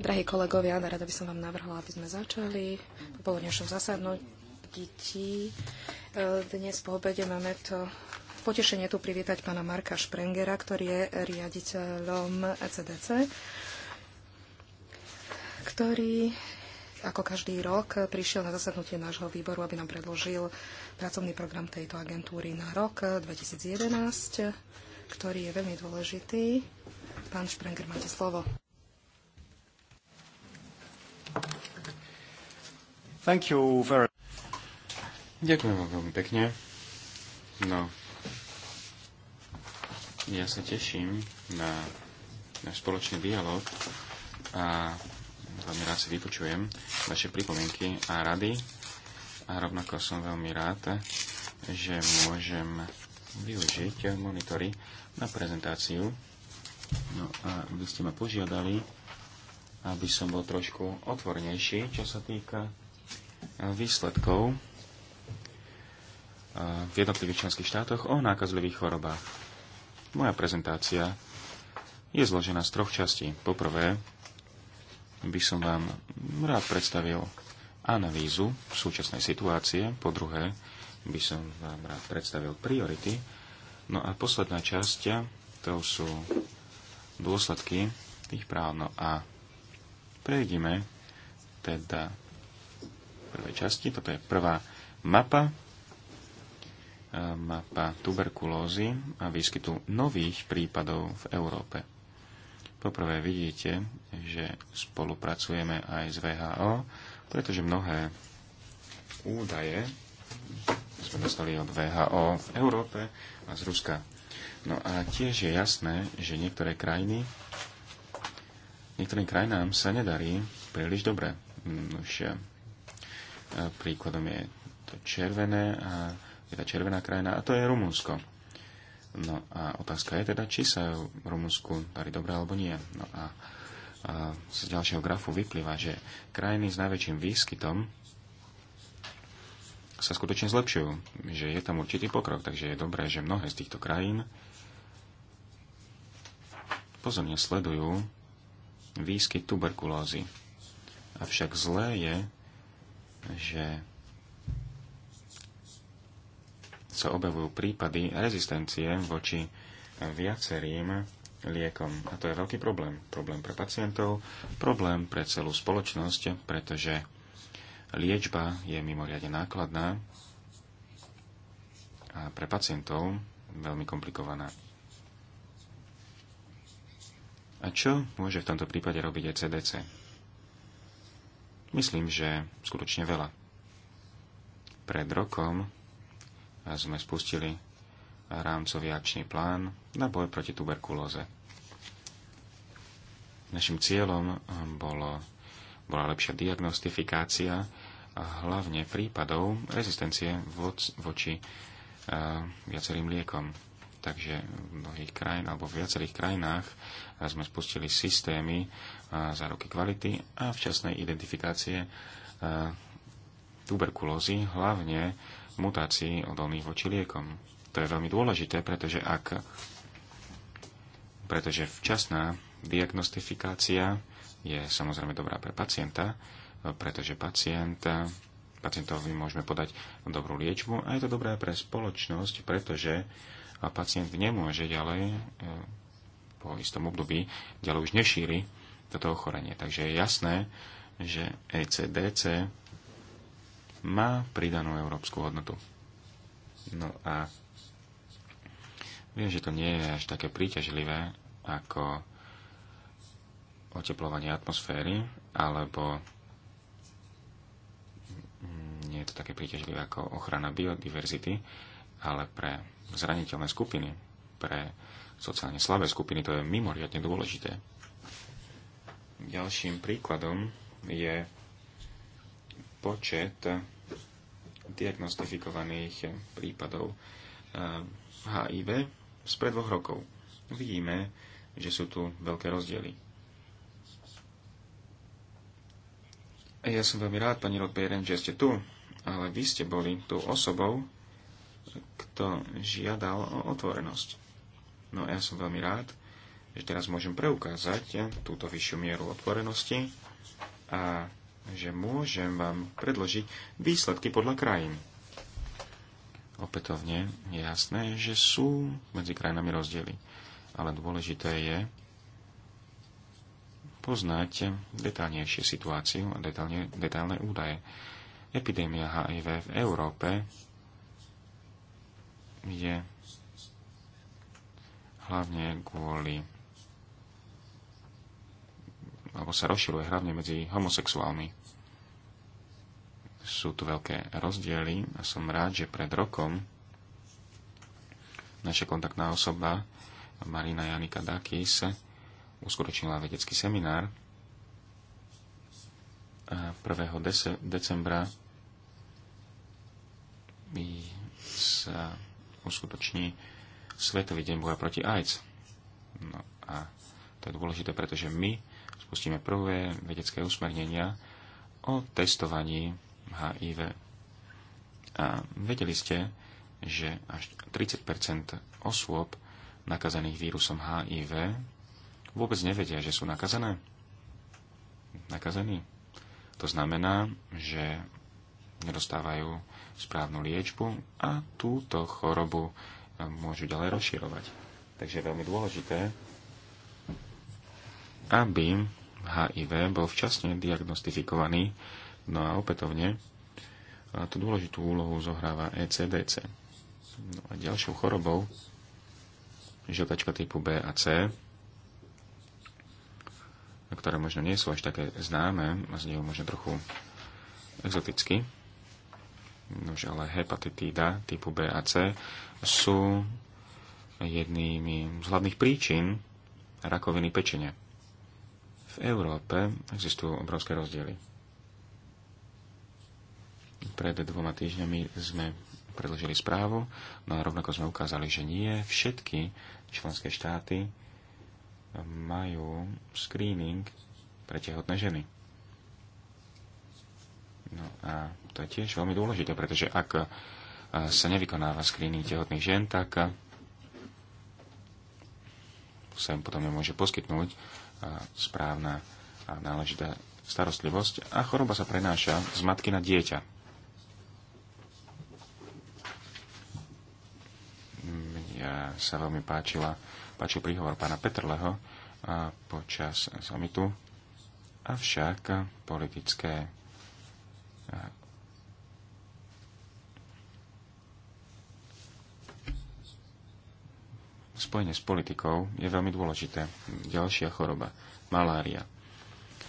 Drahí kolegovia, rada by som vám navrhla, aby sme začali po dnešnom zasadnutí. Dnes po obede máme to potešenie tu privítať pána Marka Šprengera, ktorý je riaditeľom ECDC, ktorý ako každý rok prišiel na zasadnutie nášho výboru, aby nám predložil pracovný program tejto agentúry na rok 2011, ktorý je veľmi dôležitý Pán Šprenger, máte slovo. Thank you very... Ďakujem vám veľmi pekne. No, ja sa teším na náš spoločný dialog a veľmi rád si vypočujem vaše pripomienky a rady a rovnako som veľmi rád, že môžem využiť monitory na prezentáciu No a vy ste ma požiadali, aby som bol trošku otvornejší, čo sa týka e, výsledkov e, v jednotlivých členských štátoch o nákazlivých chorobách. Moja prezentácia je zložená z troch častí. Poprvé by som vám rád predstavil analýzu súčasnej situácie, po druhé by som vám rád predstavil priority, no a posledná časť to sú dôsledky tých práv. No a prejdime teda prvej časti. Toto je prvá mapa. E, mapa tuberkulózy a výskytu nových prípadov v Európe. Poprvé vidíte, že spolupracujeme aj s VHO, pretože mnohé údaje sme dostali od VHO v Európe a z Ruska No a tiež je jasné, že niektoré krajiny, niektorým krajinám sa nedarí príliš dobre. Mm, už e, príkladom je to červené a je tá červená krajina a to je Rumunsko. No a otázka je teda, či sa Rumunsku darí dobre alebo nie. No a, a z ďalšieho grafu vyplýva, že krajiny s najväčším výskytom sa skutočne zlepšujú, že je tam určitý pokrok, takže je dobré, že mnohé z týchto krajín pozorne sledujú výskyt tuberkulózy. Avšak zlé je, že sa objavujú prípady rezistencie voči viacerým liekom. A to je veľký problém. Problém pre pacientov, problém pre celú spoločnosť, pretože liečba je mimoriadne nákladná a pre pacientov veľmi komplikovaná. A čo môže v tomto prípade robiť ECDC? Myslím, že skutočne veľa. Pred rokom sme spustili rámcový akčný plán na boj proti tuberkulóze. Našim cieľom bolo, bola lepšia diagnostifikácia hlavne prípadov rezistencie voči uh, viacerým liekom takže v mnohých krajín alebo v viacerých krajinách eh, sme spustili systémy eh, roky kvality a včasnej identifikácie eh, tuberkulózy, hlavne mutácií odolných voči liekom. To je veľmi dôležité, pretože ak pretože včasná diagnostifikácia je samozrejme dobrá pre pacienta, pretože pacienta, pacientovi môžeme podať dobrú liečbu a je to dobré pre spoločnosť, pretože a pacient nemôže ďalej e, po istom období ďalej už nešíri toto ochorenie. Takže je jasné, že ECDC má pridanú európsku hodnotu. No a viem, že to nie je až také príťažlivé ako oteplovanie atmosféry, alebo nie je to také príťažlivé ako ochrana biodiverzity, ale pre zraniteľné skupiny, pre sociálne slabé skupiny, to je mimoriadne dôležité. Ďalším príkladom je počet diagnostifikovaných prípadov HIV eh, spred dvoch rokov. Vidíme, že sú tu veľké rozdiely. Ja som veľmi rád, pani Rodbejren, že ste tu, ale vy ste boli tou osobou, kto žiadal o otvorenosť. No a ja som veľmi rád, že teraz môžem preukázať túto vyššiu mieru otvorenosti a že môžem vám predložiť výsledky podľa krajín. Opätovne je jasné, že sú medzi krajinami rozdiely, ale dôležité je poznať detálnejšie situáciu a detálne, detálne údaje. Epidémia HIV v Európe je hlavne kvôli alebo sa rozširuje hlavne medzi homosexuálmi. Sú tu veľké rozdiely a som rád, že pred rokom naša kontaktná osoba Marina Janika Dakis uskutočnila vedecký seminár 1. decembra sa uskutoční Svetový deň boja proti AIDS. No a to je dôležité, pretože my spustíme prvé vedecké usmernenia o testovaní HIV. A vedeli ste, že až 30 osôb nakazených vírusom HIV vôbec nevedia, že sú nakazené. Nakazení. To znamená, že nedostávajú správnu liečbu a túto chorobu eh, môžu ďalej rozširovať. Takže je veľmi dôležité, aby HIV bol včasne diagnostifikovaný. No a opätovne a eh, tú dôležitú úlohu zohráva ECDC. No a ďalšou chorobou žltačka typu B a C, ktoré možno nie sú až také známe a znejú možno trochu exoticky, Nož ale hepatitída typu B a C sú jednými z hlavných príčin rakoviny pečenia. V Európe existujú obrovské rozdiely. Pred dvoma týždňami sme predložili správu, no a rovnako sme ukázali, že nie všetky členské štáty majú screening pre tehotné ženy. No a to je tiež veľmi dôležité, pretože ak e, sa nevykonáva screening tehotných žien, tak e, sa im potom nemôže poskytnúť e, správna a náležitá starostlivosť a choroba sa prenáša z matky na dieťa. Ja sa veľmi páčila, páčil príhovor pána Petrleho počas samitu, avšak politické spojenie s politikou je veľmi dôležité. Ďalšia choroba, malária.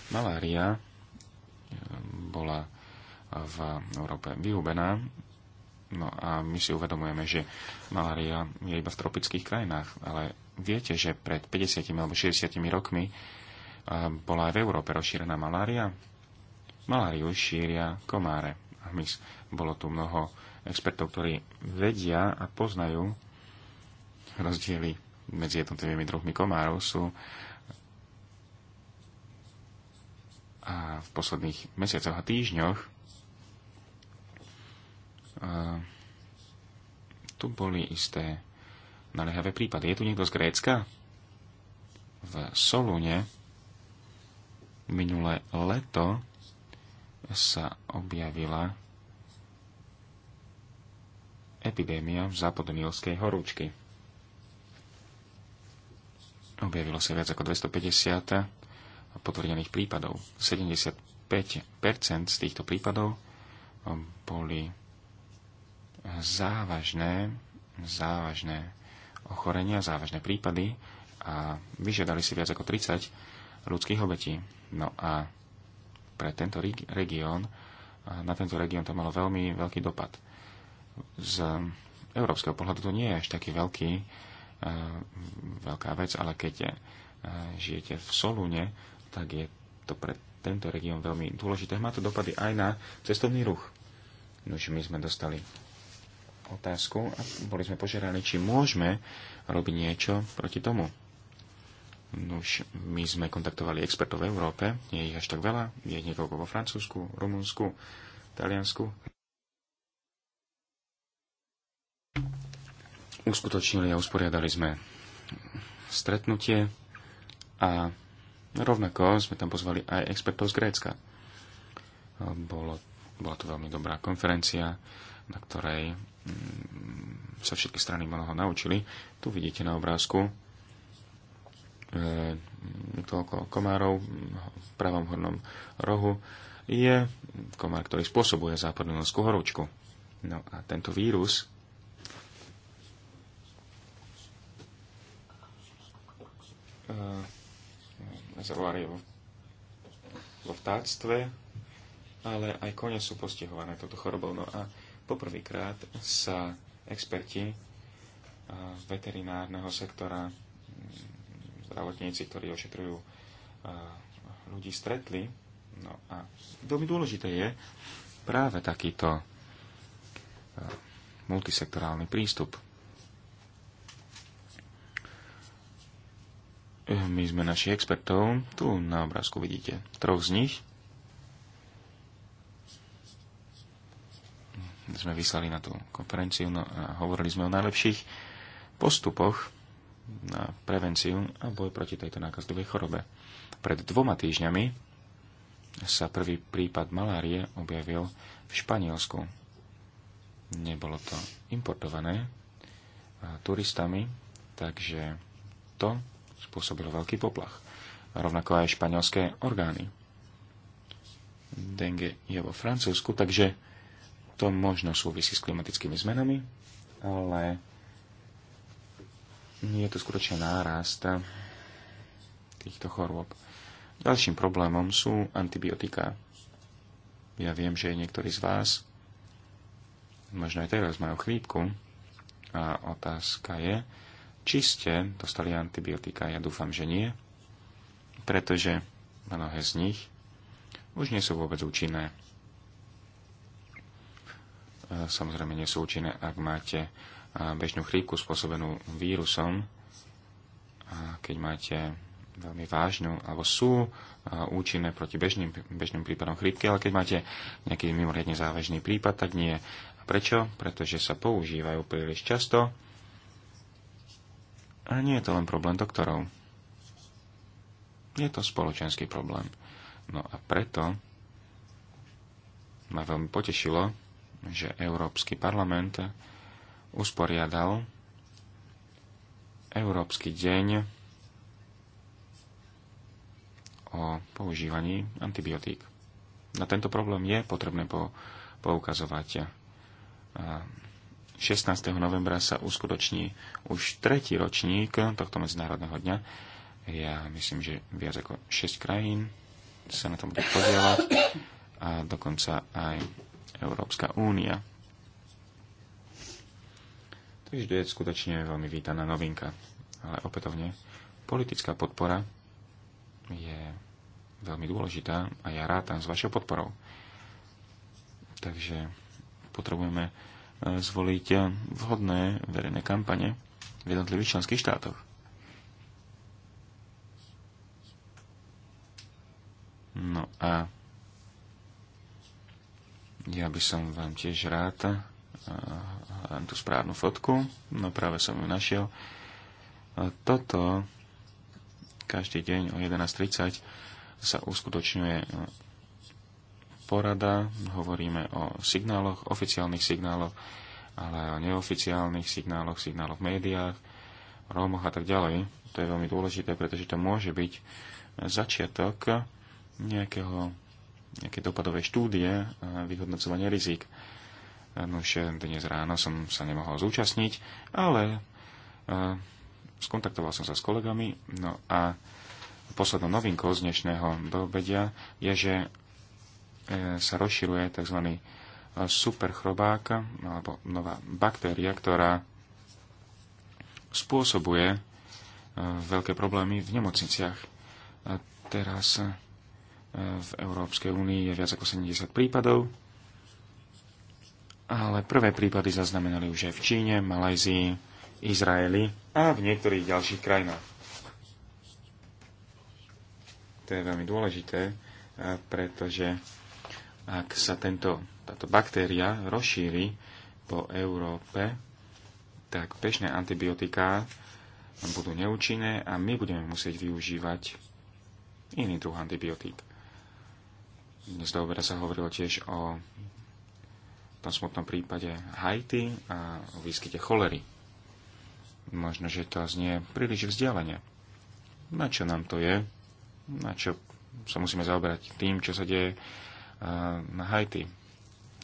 Malária eh, bola eh, v Európe vyhubená. No a my si uvedomujeme, že malária je iba v tropických krajinách, ale viete, že pred 50 alebo 60 rokmi eh, bola aj v Európe rozšírená malária? maláriu šíria komáre a hmyz. Bolo tu mnoho expertov, ktorí vedia a poznajú rozdiely medzi jednotlivými druhmi komárov sú a v posledných mesiacoch a týždňoch a tu boli isté naliehavé prípady. Je tu niekto z Grécka? V Solune minulé leto sa objavila epidémia západonilskej horúčky. Objavilo sa viac ako 250 potvrdených prípadov. 75% z týchto prípadov boli závažné, závažné ochorenia, závažné prípady a vyžiadali si viac ako 30 ľudských obetí. No a pre tento región, na tento región to malo veľmi veľký dopad. Z európskeho pohľadu to nie je až taký veľký, e, veľká vec, ale keď e, žijete v Solúne, tak je to pre tento región veľmi dôležité. Má to dopady aj na cestovný ruch. Nož my sme dostali otázku a boli sme požerali, či môžeme robiť niečo proti tomu Nuž, no my sme kontaktovali expertov v Európe, nie je ich až tak veľa, je ich niekoľko vo Francúzsku, Rumunsku, Taliansku. Uskutočnili a usporiadali sme stretnutie a rovnako sme tam pozvali aj expertov z Grécka. Bolo, bola to veľmi dobrá konferencia, na ktorej mm, sa všetky strany mnoho naučili. Tu vidíte na obrázku E, toľko komárov v pravom hornom rohu, je komár, ktorý spôsobuje západnú nosku horúčku. No a tento vírus e, zavolári vo vtáctve, ale aj kone sú postihované touto chorobou. No a poprvýkrát sa experti e, veterinárneho sektora zdravotníci, ktorí ošetrujú e, ľudí, stretli. No a veľmi dôležité je práve takýto e, multisektorálny prístup. My sme našich expertov, tu na obrázku vidíte troch z nich. Sme vyslali na tú konferenciu no a hovorili sme o najlepších postupoch na prevenciu a boj proti tejto nákazlivej chorobe. Pred dvoma týždňami sa prvý prípad malárie objavil v Španielsku. Nebolo to importované eh, turistami, takže to spôsobilo veľký poplach. Rovnako aj španielské orgány. Dengue je vo Francúzsku, takže to možno súvisí s klimatickými zmenami, ale je to skutočne nárast týchto chorôb. Ďalším problémom sú antibiotika. Ja viem, že niektorí z vás možno aj teraz majú chrípku a otázka je, či ste dostali antibiotika. Ja dúfam, že nie, pretože mnohé z nich už nie sú vôbec účinné. E, samozrejme nie sú účinné, ak máte bežnú chrípku spôsobenú vírusom, a keď máte veľmi vážnu, alebo sú účinné proti bežným, bežným prípadom chrípky, ale keď máte nejaký mimoriadne závažný prípad, tak nie. A prečo? Pretože sa používajú príliš často a nie je to len problém doktorov. Je to spoločenský problém. No a preto ma veľmi potešilo, že Európsky parlament usporiadal Európsky deň o používaní antibiotík. Na tento problém je potrebné po, poukazovať. 16. novembra sa uskutoční už tretí ročník tohto medzinárodného dňa. Ja myslím, že viac ako 6 krajín sa na tom bude podielať a dokonca aj Európska únia Takže je skutočne veľmi vítaná novinka. Ale opätovne, politická podpora je veľmi dôležitá a ja rátam s vašou podporou. Takže potrebujeme e, zvoliť vhodné verejné kampane v jednotlivých členských štátoch. No a ja by som vám tiež rád e, tú správnu fotku, no práve som ju našiel. Toto každý deň o 11.30 sa uskutočňuje porada, hovoríme o signáloch, oficiálnych signáloch, ale aj o neoficiálnych signáloch, signáloch v médiách, Rómoch a tak ďalej. To je veľmi dôležité, pretože to môže byť začiatok nejakého, nejaké dopadovej štúdie a vyhodnocovania rizik. Nož dnes ráno som sa nemohol zúčastniť, ale uh, skontaktoval som sa s kolegami. No a poslednou novinkou z dnešného dobedia je, že e, sa rozširuje tzv. superchrobák alebo nová baktéria, ktorá spôsobuje e, veľké problémy v nemocniciach. A teraz v Európskej únii je viac ako 70 prípadov ale prvé prípady zaznamenali už aj v Číne, Malajzii, Izraeli a v niektorých ďalších krajinách. To je veľmi dôležité, pretože ak sa tento, táto baktéria rozšíri po Európe, tak pešné antibiotiká budú neúčinné a my budeme musieť využívať iný druh antibiotík. Dnes do sa hovorilo tiež o v tom smutnom prípade Haiti a o výskyte cholery. Možno, že to znie príliš vzdialenie. Na čo nám to je? Na čo sa musíme zaoberať tým, čo sa deje na Haiti?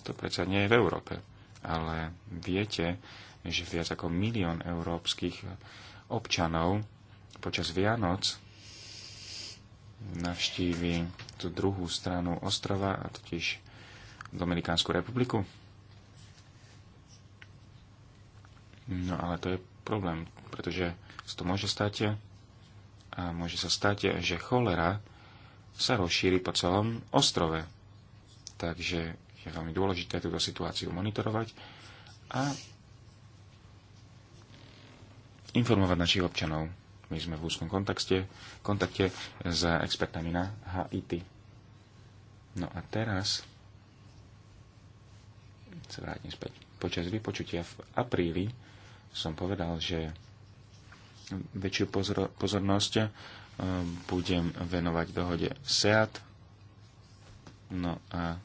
To predsa nie je v Európe. Ale viete, že viac ako milión európskych občanov počas Vianoc navštívi tú druhú stranu ostrova, a totiž Dominikánsku republiku. No ale to je problém, pretože sa to môže stať a môže sa stať, že cholera sa rozšíri po celom ostrove. Takže je veľmi dôležité túto situáciu monitorovať a informovať našich občanov. My sme v úzkom kontakte, kontakte s expertami na HIT. No a teraz sa vrátim späť. Počas vypočutia v apríli som povedal, že väčšiu pozornosť eh, budem venovať dohode SEAT. No a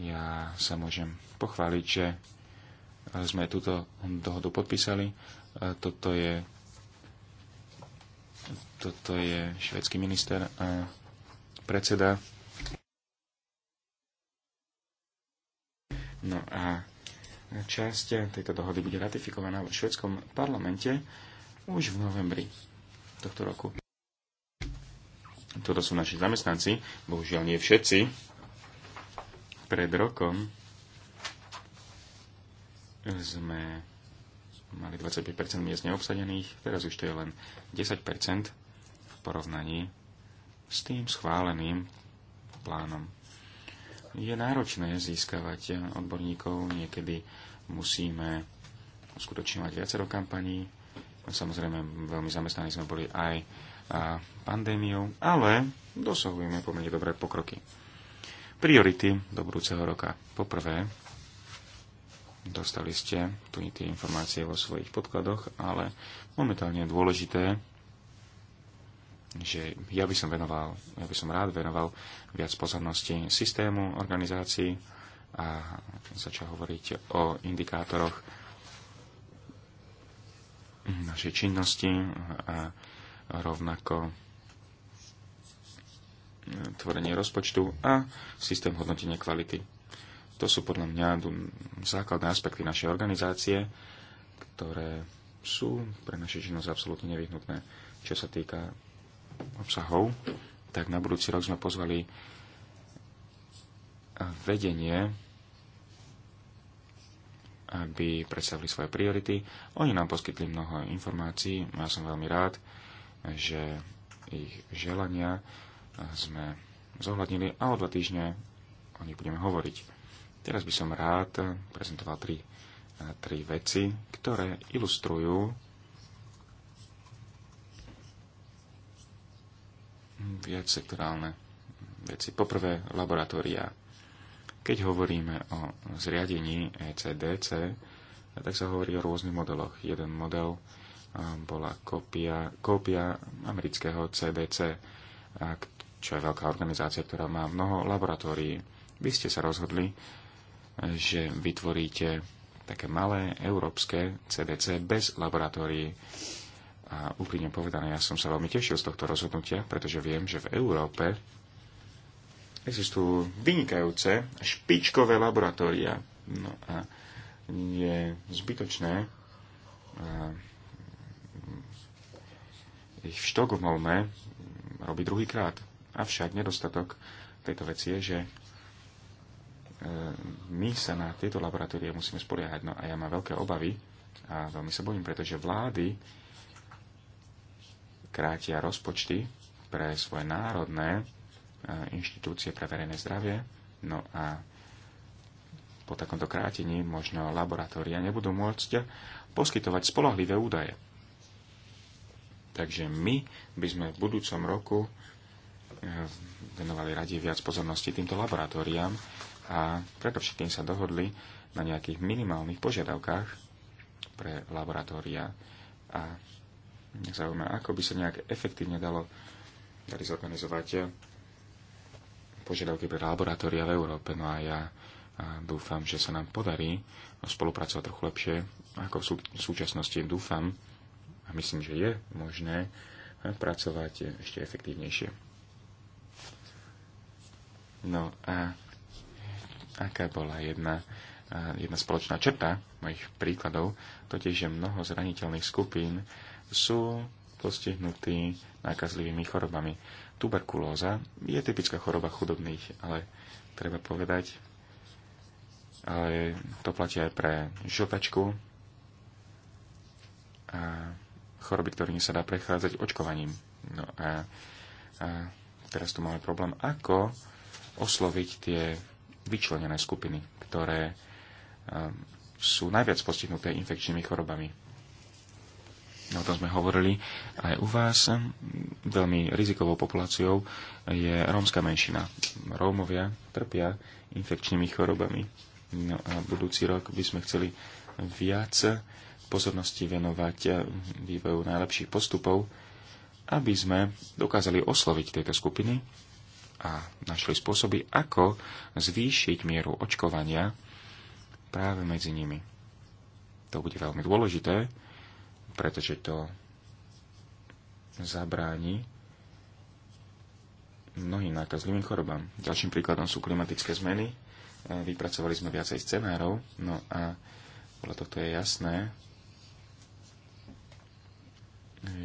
ja sa môžem pochváliť, že sme túto dohodu podpísali. Eh, toto je, toto je švedský minister a predseda. No a časť tejto dohody bude ratifikovaná vo švedskom parlamente už v novembri tohto roku. Toto sú naši zamestnanci, bohužiaľ nie všetci. Pred rokom sme mali 25% miest neobsadených, teraz už to je len 10% v porovnaní s tým schváleným plánom je náročné získavať odborníkov, niekedy musíme uskutočňovať viacero kampaní. Samozrejme, veľmi zamestnaní sme boli aj pandémiou, ale dosahujeme pomerne dobré pokroky. Priority do budúceho roka. Poprvé, dostali ste tu tie informácie vo svojich podkladoch, ale momentálne je dôležité že ja by som venoval, ja by som rád venoval viac pozornosti systému organizácií a začal hovoriť o indikátoroch našej činnosti a rovnako tvorenie rozpočtu a systém hodnotenia kvality. To sú podľa mňa základné aspekty našej organizácie, ktoré sú pre našu činnosť absolútne nevyhnutné, čo sa týka obsahov, tak na budúci rok sme pozvali vedenie, aby predstavili svoje priority. Oni nám poskytli mnoho informácií ja som veľmi rád, že ich želania sme zohľadnili a o dva týždne o nich budeme hovoriť. Teraz by som rád prezentoval tri, tri veci, ktoré ilustrujú viac sektorálne veci. Poprvé, laboratória. Keď hovoríme o zriadení ECDC, tak sa hovorí o rôznych modeloch. Jeden model bola kópia, kópia amerického CDC, čo je veľká organizácia, ktorá má mnoho laboratórií. Vy ste sa rozhodli, že vytvoríte také malé európske CDC bez laboratórií. A úprimne povedané, ja som sa veľmi tešil z tohto rozhodnutia, pretože viem, že v Európe existujú vynikajúce špičkové laboratória. No a je zbytočné mm, ich v Štokholme robí druhýkrát. Avšak nedostatok tejto veci je, že e, my sa na tieto laboratórie musíme spoliehať. No a ja mám veľké obavy a veľmi sa bojím, pretože vlády krátia rozpočty pre svoje národné e, inštitúcie pre verejné zdravie. No a po takomto krátení možno laboratória nebudú môcť poskytovať spolahlivé údaje. Takže my by sme v budúcom roku e, venovali radi viac pozornosti týmto laboratóriám a preto všetkým sa dohodli na nejakých minimálnych požiadavkách pre laboratória a Mňa zaujíma, ako by sa nejak efektívne dalo dali zorganizovať požiadavky pre laboratória v Európe. No a ja dúfam, že sa nám podarí spolupracovať trochu lepšie, ako v súčasnosti dúfam a myslím, že je možné pracovať ešte efektívnejšie. No a aká bola jedna, jedna spoločná črta mojich príkladov, totiž, že mnoho zraniteľných skupín sú postihnutí nákazlivými chorobami. Tuberkulóza je typická choroba chudobných, ale treba povedať, ale to platí aj pre žltačku a choroby, ktorými sa dá prechádzať očkovaním. No a, a teraz tu máme problém, ako osloviť tie vyčlenené skupiny, ktoré sú najviac postihnuté infekčnými chorobami o tom sme hovorili aj u vás, veľmi rizikovou populáciou je rómska menšina. Rómovia trpia infekčnými chorobami. No a budúci rok by sme chceli viac pozornosti venovať vývoju najlepších postupov, aby sme dokázali osloviť tieto skupiny a našli spôsoby, ako zvýšiť mieru očkovania práve medzi nimi. To bude veľmi dôležité, pretože to zabráni mnohým nákazlivým chorobám. Ďalším príkladom sú klimatické zmeny. E, vypracovali sme viacej scenárov, no a podľa tohto je jasné,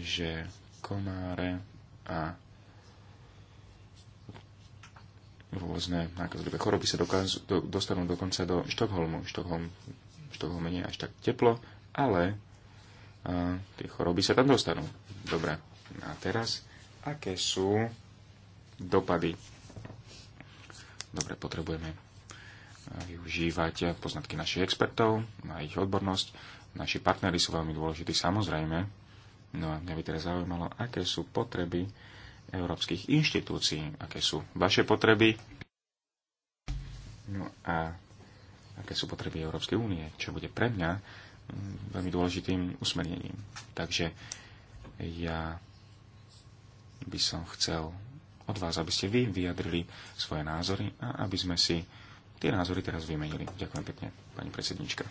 že komáre a rôzne nákazlivé choroby sa dokážu, do, dostanú dokonca do Štokholmu. Štokholm, Štokholm nie je až tak teplo, ale tie choroby sa tam dostanú. Dobre, a teraz, aké sú dopady? Dobre, potrebujeme využívať poznatky našich expertov na ich odbornosť. Naši partnery sú veľmi dôležití, samozrejme. No a mňa by teraz zaujímalo, aké sú potreby európskych inštitúcií, aké sú vaše potreby. No a aké sú potreby Európskej únie, čo bude pre mňa veľmi dôležitým usmernením. Takže ja by som chcel od vás, aby ste vy vyjadrili svoje názory a aby sme si tie názory teraz vymenili. Ďakujem pekne, pani predsednička.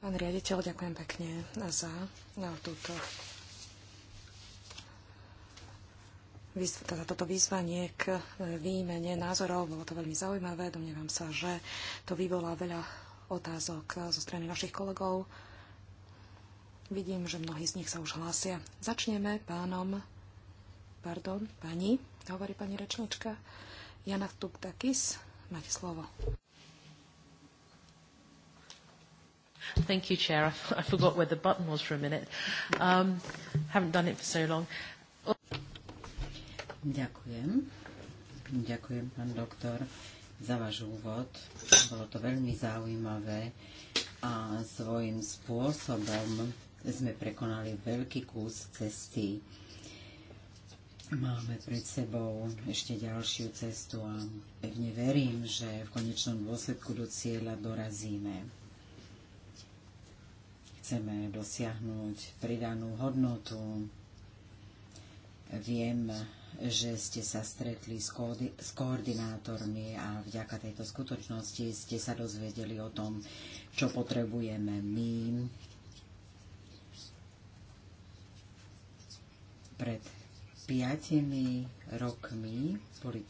Pán riaditeľ, ďakujem pekne za na túto teda toto výzvanie k výmene názorov. Bolo to veľmi zaujímavé. Domnievam sa, že to vyvolá veľa otázok zo strany našich kolegov. Vidím, že mnohí z nich sa už hlásia. Začneme pánom, pardon, pani, hovorí pani rečnička, Jana Tuktakis. Máte slovo. Thank you, Chair. I I forgot where the button was for a minute. Um, haven't done it for so long. Ďakujem. Ďakujem, pán doktor za váš úvod. Bolo to veľmi zaujímavé a svojím spôsobom sme prekonali veľký kus cesty. Máme pred sebou ešte ďalšiu cestu a pevne verím, že v konečnom dôsledku do cieľa dorazíme. Chceme dosiahnuť pridanú hodnotu. Viem, že ste sa stretli s, koordi- s koordinátormi a vďaka tejto skutočnosti ste sa dozvedeli o tom, čo potrebujeme my. Pred piatimi rokmi boli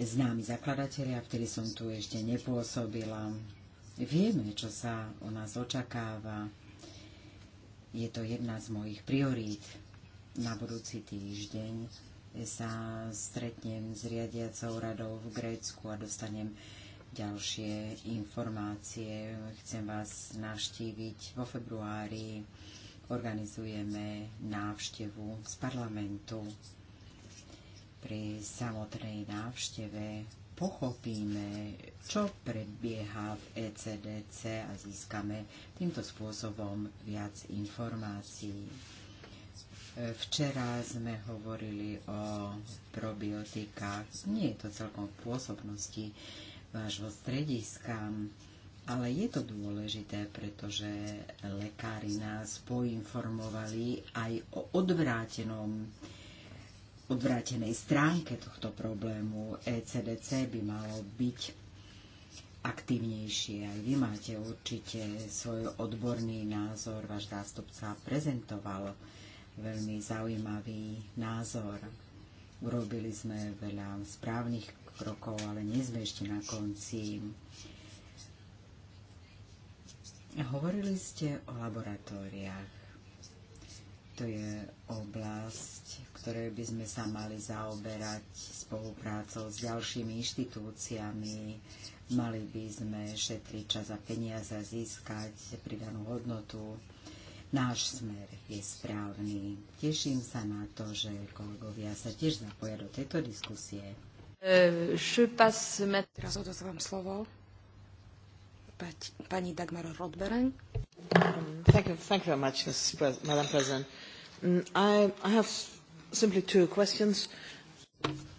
známi zakladatelia, vtedy som tu ešte nepôsobila. Vieme, čo sa o nás očakáva. Je to jedna z mojich priorít na budúci týždeň sa stretnem s riadiacou radou v Grécku a dostanem ďalšie informácie. Chcem vás navštíviť vo februári. Organizujeme návštevu z parlamentu. Pri samotnej návšteve pochopíme, čo prebieha v ECDC a získame týmto spôsobom viac informácií Včera sme hovorili o probiotikách. Nie je to celkom v pôsobnosti vášho strediska, ale je to dôležité, pretože lekári nás poinformovali aj o odvrátenom odvrátenej stránke tohto problému. ECDC by malo byť aktívnejšie. Aj vy máte určite svoj odborný názor, váš zástupca prezentoval veľmi zaujímavý názor. Urobili sme veľa správnych krokov, ale nie sme ešte na konci. Hovorili ste o laboratóriách. To je oblasť, ktoré ktorej by sme sa mali zaoberať spoluprácou s ďalšími inštitúciami. Mali by sme šetriť čas a peniaze, získať pridanú hodnotu náš smer je správny. Teším sa na to, že kolegovia sa tiež zapoja do tejto diskusie. E, Teraz odozvám slovo pani Dagmar Rodberen. Thank you, thank you very much, Madam President. Mm, I, I have simply two questions.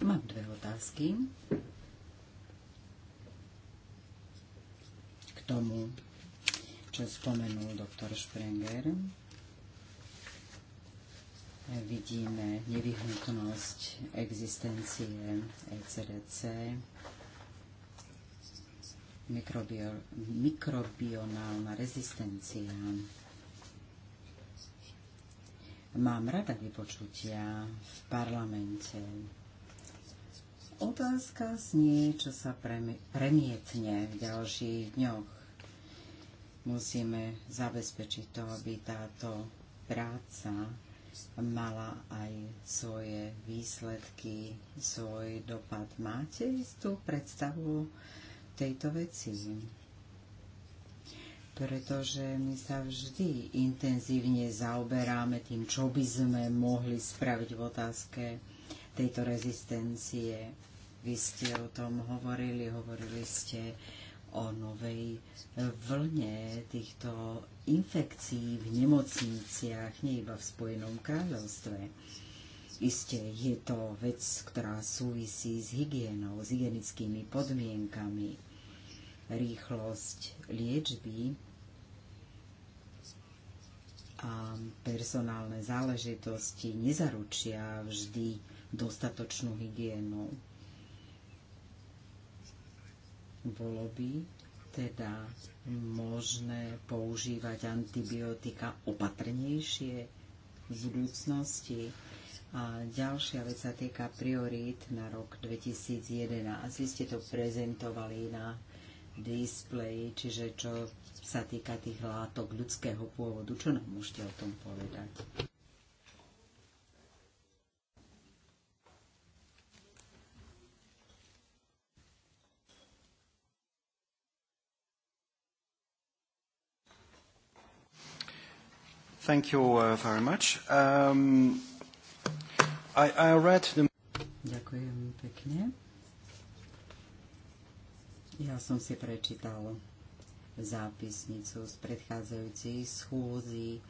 Mám dve otázky. K tomu, čo spomenul doktor Sprenger. Vidíme nevyhnutnosť existencie ECDC, mikrobio, mikrobionálna rezistencia. Mám rada vypočutia v parlamente. Otázka znie, čo sa premietne v ďalších dňoch. Musíme zabezpečiť to, aby táto práca mala aj svoje výsledky, svoj dopad. Máte istú predstavu tejto veci? pretože my sa vždy intenzívne zaoberáme tým, čo by sme mohli spraviť v otázke tejto rezistencie. Vy ste o tom hovorili, hovorili ste o novej vlne týchto infekcií v nemocniciach, nie iba v Spojenom kráľovstve. Isté je to vec, ktorá súvisí s hygienou, s hygienickými podmienkami. Rýchlosť liečby a personálne záležitosti nezaručia vždy dostatočnú hygienu bolo by teda možné používať antibiotika opatrnejšie v budúcnosti. A ďalšia vec sa týka priorít na rok 2011. Vy ste to prezentovali na displeji, čiže čo sa týka tých látok ľudského pôvodu. Čo nám môžete o tom povedať? Thank you uh, very much. Um, I, I read the... Ďakujem pekne. Ja som si prečítal zápisnicu z predchádzajúcej schôzy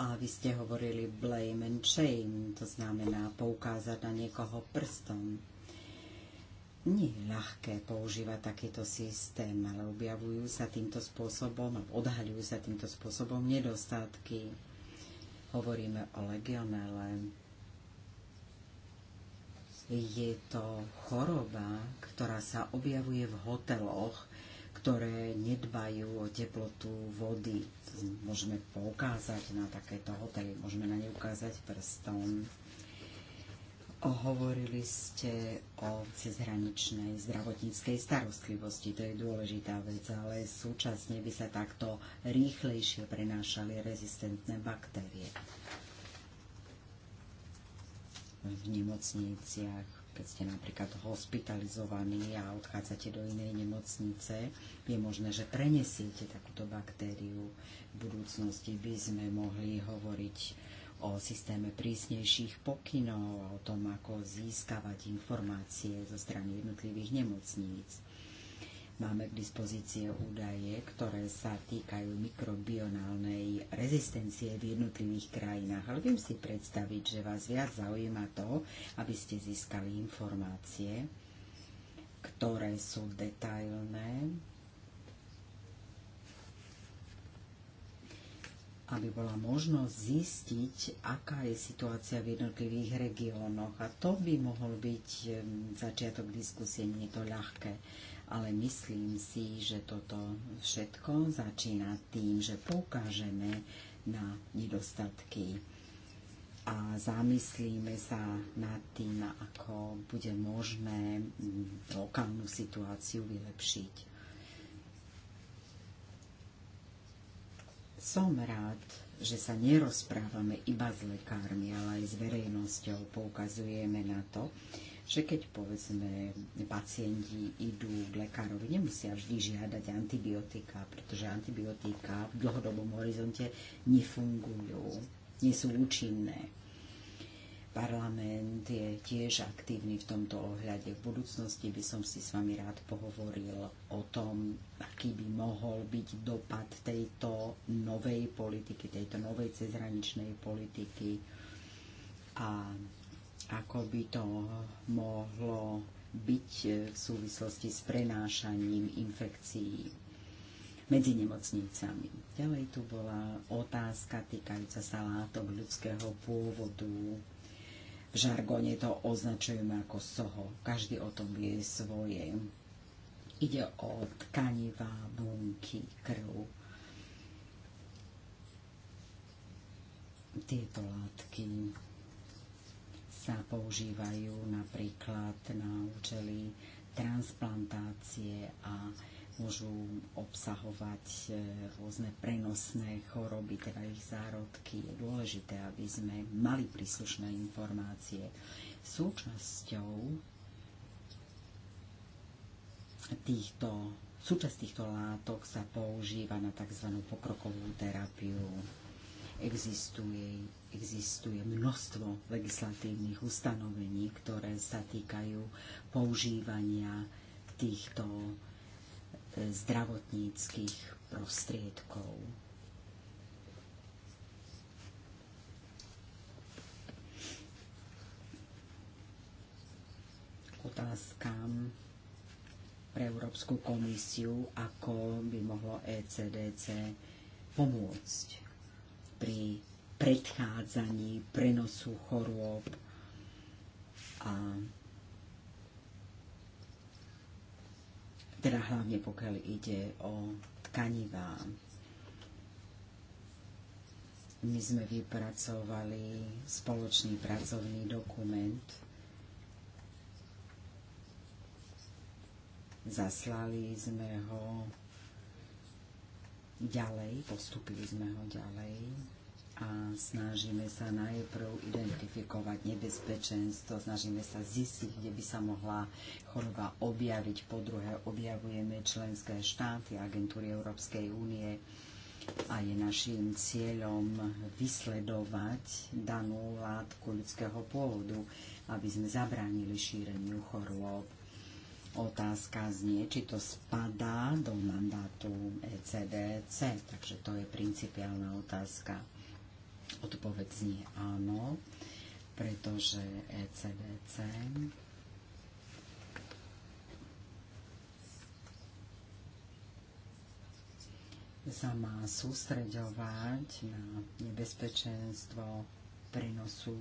a vy ste hovorili blame and shame, to znamená poukázať na niekoho prstom nie je ľahké používať takýto systém, ale objavujú sa týmto spôsobom, odhaľujú sa týmto spôsobom nedostatky. Hovoríme o legionele. Je to choroba, ktorá sa objavuje v hoteloch, ktoré nedbajú o teplotu vody. Môžeme poukázať na takéto hotely, môžeme na ne ukázať prstom Hovorili ste o cezhraničnej zdravotníckej starostlivosti, to je dôležitá vec, ale súčasne by sa takto rýchlejšie prenášali rezistentné baktérie. V nemocniciach, keď ste napríklad hospitalizovaní a odchádzate do inej nemocnice, je možné, že prenesiete takúto baktériu. V budúcnosti by sme mohli hovoriť o systéme prísnejších pokynov, o tom, ako získavať informácie zo strany jednotlivých nemocníc. Máme k dispozície údaje, ktoré sa týkajú mikrobionálnej rezistencie v jednotlivých krajinách, ale viem si predstaviť, že vás viac zaujíma to, aby ste získali informácie, ktoré sú detailné, aby bola možnosť zistiť, aká je situácia v jednotlivých regiónoch. A to by mohol byť začiatok diskusie, nie je to ľahké. Ale myslím si, že toto všetko začína tým, že poukážeme na nedostatky a zamyslíme sa nad tým, ako bude možné lokálnu situáciu vylepšiť. Som rád, že sa nerozprávame iba s lekármi, ale aj s verejnosťou. Poukazujeme na to, že keď povedzme pacienti idú k lekárovi, nemusia vždy žiadať antibiotika, pretože antibiotika v dlhodobom horizonte nefungujú, nie sú účinné. Parlament je tiež aktívny v tomto ohľade. V budúcnosti by som si s vami rád pohovoril o tom, aký by mohol byť dopad tejto novej politiky, tejto novej cezhraničnej politiky a ako by to mohlo byť v súvislosti s prenášaním infekcií medzi nemocnicami. Ďalej tu bola otázka týkajúca sa látok ľudského pôvodu, žargone to označujeme ako soho. Každý o tom vie svoje. Ide o tkanivá, bunky, krv. Tieto látky sa používajú napríklad na účely transplantácie a môžu obsahovať e, rôzne prenosné choroby, teda ich zárodky. Je dôležité, aby sme mali príslušné informácie. Súčasťou týchto, súčasť týchto látok sa používa na tzv. pokrokovú terapiu. Existuje, existuje množstvo legislatívnych ustanovení, ktoré sa týkajú používania týchto zdravotníckých prostriedkov. otázkam pre Európsku komisiu, ako by mohlo ECDC pomôcť pri predchádzaní prenosu chorôb a teda hlavne pokiaľ ide o tkanivá. My sme vypracovali spoločný pracovný dokument, zaslali sme ho ďalej, postupili sme ho ďalej a snažíme sa najprv identifikovať nebezpečenstvo, snažíme sa zistiť, kde by sa mohla choroba objaviť. Po druhé, objavujeme členské štáty agentúry Európskej únie a je našim cieľom vysledovať danú látku ľudského pôvodu, aby sme zabránili šíreniu chorôb. Otázka znie, či to spadá do mandátu ECDC, takže to je principiálna otázka. Odpoveď znie áno, pretože ECDC sa má sústreďovať na nebezpečenstvo prínosu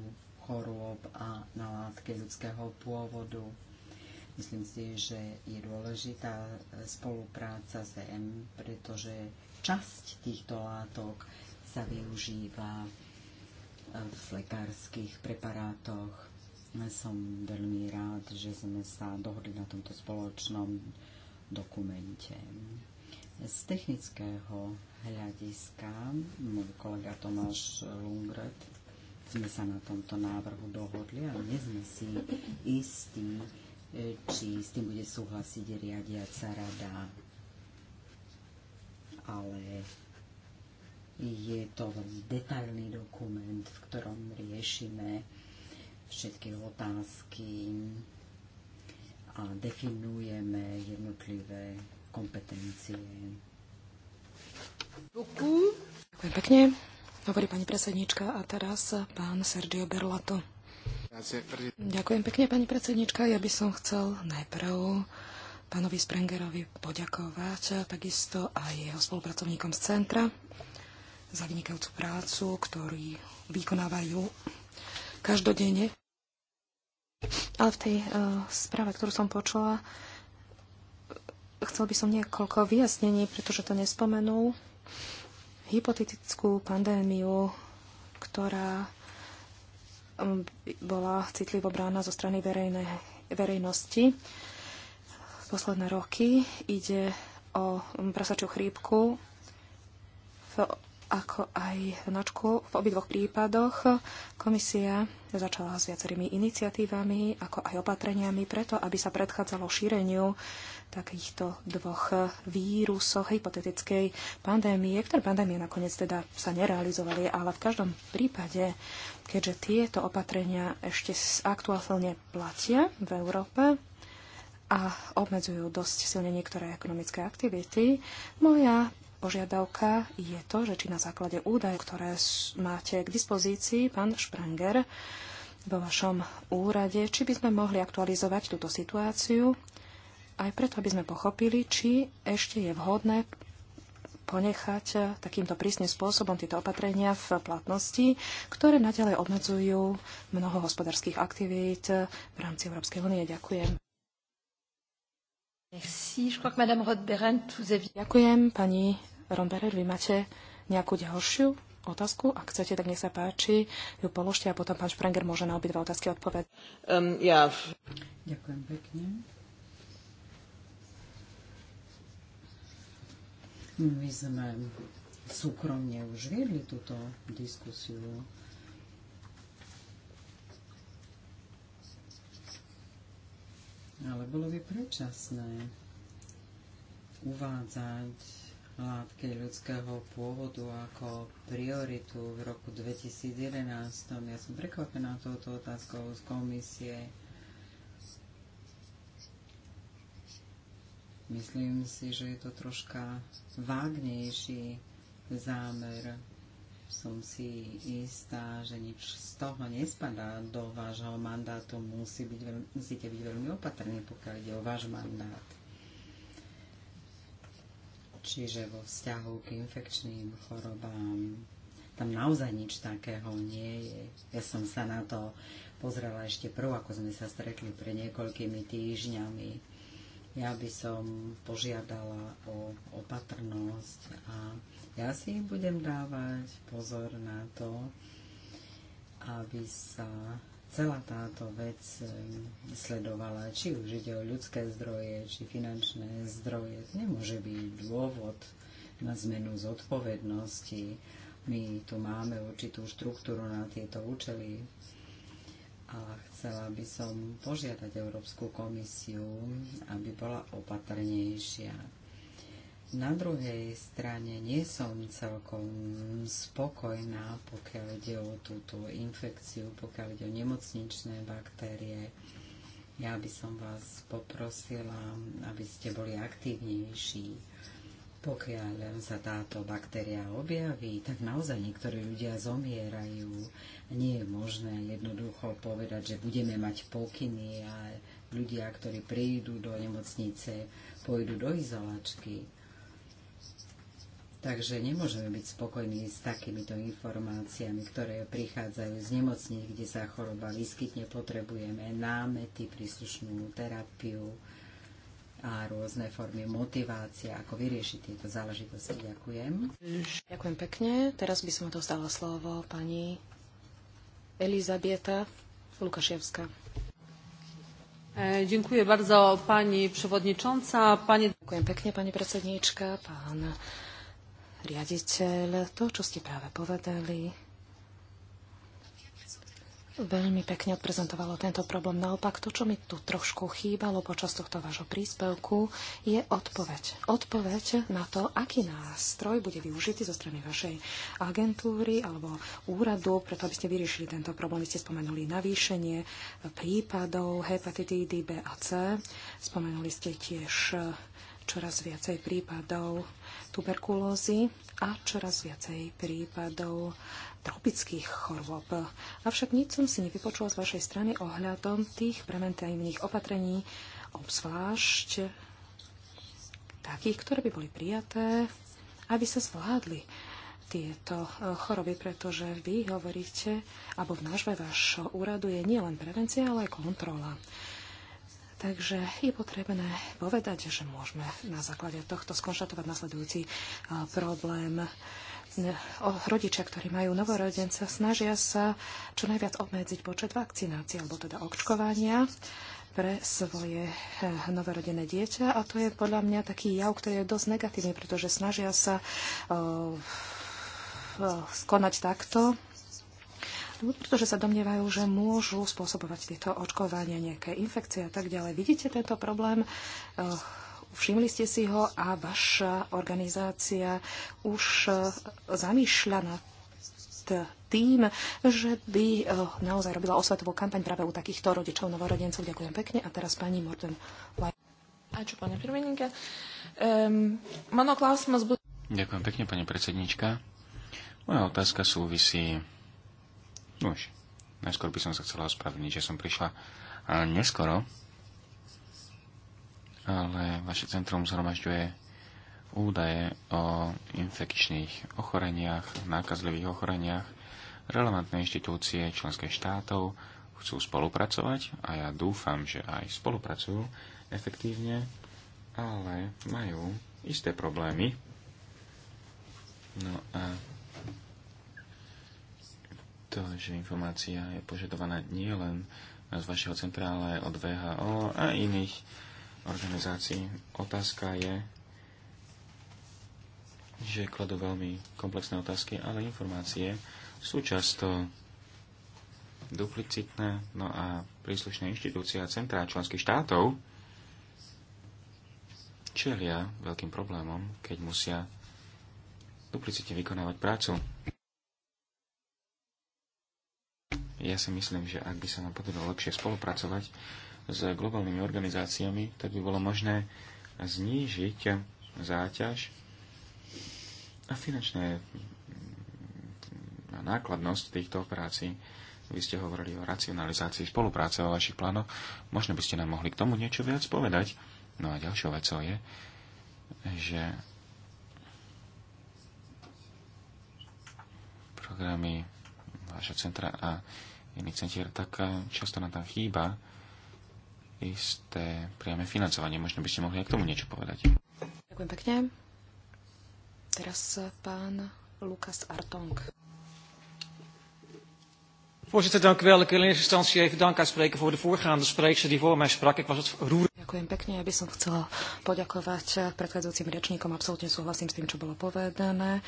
chorôb a na látke ľudského pôvodu. Myslím si, že je dôležitá spolupráca s EM, pretože časť týchto látok sa využíva v lekárskych preparátoch. Som veľmi rád, že sme sa dohodli na tomto spoločnom dokumente. Z technického hľadiska, môj kolega Tomáš Lungret, sme sa na tomto návrhu dohodli a nie sme si istí, či s tým bude súhlasiť riadiaca rada. Ale je to veľmi detailný dokument, v ktorom riešime všetky otázky a definujeme jednotlivé kompetencie. Ďakujem pekne. Hovorí pani predsednička a teraz pán Sergio Berlato. Ďakujem pekne, pani predsednička. Ja by som chcel najprv pánovi Sprengerovi poďakovať, takisto aj jeho spolupracovníkom z centra za vynikajúcu prácu, ktorý vykonávajú každodenne. Ale v tej uh, správe, ktorú som počula, chcel by som niekoľko vyjasnení, pretože to nespomenul. Hypotetickú pandémiu, ktorá mm, bola citlivo brána zo strany verejnej, verejnosti posledné roky. Ide o mm, prasačiu chrípku v ako aj vnočku. V obidvoch prípadoch komisia začala s viacerými iniciatívami, ako aj opatreniami preto, aby sa predchádzalo šíreniu takýchto dvoch vírusov hypotetickej pandémie, ktoré pandémie nakoniec teda sa nerealizovali, ale v každom prípade, keďže tieto opatrenia ešte aktuálne platia v Európe, a obmedzujú dosť silne niektoré ekonomické aktivity. Moja požiadavka je to, že či na základe údajov, ktoré máte k dispozícii, pán Špranger, vo vašom úrade, či by sme mohli aktualizovať túto situáciu, aj preto, aby sme pochopili, či ešte je vhodné ponechať eh, takýmto prísnym spôsobom tieto opatrenia v platnosti, ktoré naďalej obmedzujú mnoho hospodárskych aktivít eh, v rámci Európskej únie. Ďakujem. Ďakujem, pani Romberer, vy máte nejakú ďalšiu otázku? Ak chcete, tak nech sa páči, ju položte a potom pán Šprenger môže na obidva otázky odpovedať. Um, ja... Ďakujem pekne. My sme súkromne už viedli túto diskusiu. Ale bolo by predčasné uvádzať látky ľudského pôvodu ako prioritu v roku 2011. Ja som prekvapená touto otázkou z komisie. Myslím si, že je to troška vágnejší zámer. Som si istá, že nič z toho nespadá do vášho mandátu. Musí byť, musíte byť veľmi opatrní, pokiaľ ide o váš mandát čiže vo vzťahu k infekčným chorobám. Tam naozaj nič takého nie je. Ja som sa na to pozrela ešte prv, ako sme sa stretli pre niekoľkými týždňami. Ja by som požiadala o opatrnosť a ja si budem dávať pozor na to, aby sa celá táto vec eh, sledovala, či už ide o ľudské zdroje, či finančné zdroje. Nemôže byť dôvod na zmenu zodpovednosti. My tu máme určitú štruktúru na tieto účely a chcela by som požiadať Európsku komisiu, aby bola opatrnejšia na druhej strane nie som celkom spokojná, pokiaľ ide o túto infekciu, pokiaľ ide o nemocničné baktérie. Ja by som vás poprosila, aby ste boli aktívnejší. Pokiaľ sa táto baktéria objaví, tak naozaj niektorí ľudia zomierajú. Nie je možné jednoducho povedať, že budeme mať pokyny a ľudia, ktorí prídu do nemocnice, pôjdu do izolačky. Takže nemôžeme byť spokojní s takýmito informáciami, ktoré prichádzajú z nemocní, kde sa choroba vyskytne. Potrebujeme námety, príslušnú terapiu a rôzne formy motivácie, ako vyriešiť tieto záležitosti. Ďakujem. Ďakujem pekne. Teraz by som dostala slovo pani Elizabieta Lukaševská. E, bardzo pani przewodnicząca. Pani... Ďakujem pekne, pani predsedníčka, pán riaditeľ, to, čo ste práve povedali, veľmi pekne odprezentovalo tento problém. Naopak, to, čo mi tu trošku chýbalo počas tohto vášho príspevku, je odpoveď. Odpoveď na to, aký nástroj bude využitý zo strany vašej agentúry alebo úradu, preto aby ste vyriešili tento problém. Vy ste spomenuli navýšenie prípadov hepatitídy B a C. Spomenuli ste tiež čoraz viacej prípadov tuberkulózy a čoraz viacej prípadov tropických chorôb. Avšak nič som si nevypočula z vašej strany ohľadom tých preventívnych opatrení, obzvlášť takých, ktoré by boli prijaté, aby sa zvládli tieto e, choroby, pretože vy hovoríte, alebo v nášve vášho úradu je nielen prevencia, ale aj kontrola. Takže je potrebné povedať, že môžeme na základe tohto skonštatovať nasledujúci problém. O rodičia, ktorí majú novorodenca, snažia sa čo najviac obmedziť počet vakcinácií alebo teda očkovania pre svoje e, novorodené dieťa a to je podľa mňa taký jav, ktorý je dosť negatívny, pretože snažia sa skonať takto pretože sa domnievajú, že môžu spôsobovať tieto očkovania nejaké infekcie a tak ďalej. Vidíte tento problém? Eh, všimli ste si ho a vaša organizácia už eh, zamýšľa nad tým, že by eh, naozaj robila osvetovú kampaň práve u takýchto rodičov novorodencov. Ďakujem pekne. A teraz pani Morten. Ačiū, pani pirmininkė. Um, ehm, Ďakujem pekne, pani predsednička. Moja otázka súvisí Nož, najskôr by som sa chcela ospravedlniť, že som prišla neskoro, ale vaše centrum zhromažďuje údaje o infekčných ochoreniach, nákazlivých ochoreniach. Relevantné inštitúcie členských štátov chcú spolupracovať a ja dúfam, že aj spolupracujú efektívne, ale majú isté problémy. No a to, že informácia je požadovaná len z vašeho centrále od VHO a iných organizácií. Otázka je, že kladú veľmi komplexné otázky, ale informácie sú často duplicitné, no a príslušné inštitúcie a centrá členských štátov čelia veľkým problémom, keď musia duplicitne vykonávať prácu. Ja si myslím, že ak by sa nám podarilo lepšie spolupracovať s globálnymi organizáciami, tak by bolo možné znížiť záťaž a finančné mm, nákladnosť týchto operácií. Vy ste hovorili o racionalizácii spolupráce, o vašich plánoch. Možno by ste nám mohli k tomu niečo viac povedať. No a ďalšou vecou je, že programy vášho centra a iných centier, tak eh, často nám tam chýba isté priame financovanie. Možno by ste mohli aj k tomu niečo povedať. Ďakujem pekne. Teraz eh, pán Lukas Artong. Voorzitter, dank u wel. Ik wil in eerste instantie even dank uitspreken voor de voorgaande spreekster die voor mij sprak. Ik was het roerend. Ďakujem pekne. Ja by som chcela poďakovať eh, predchádzajúcim rečníkom. Absolútne súhlasím s tým, čo bolo povedané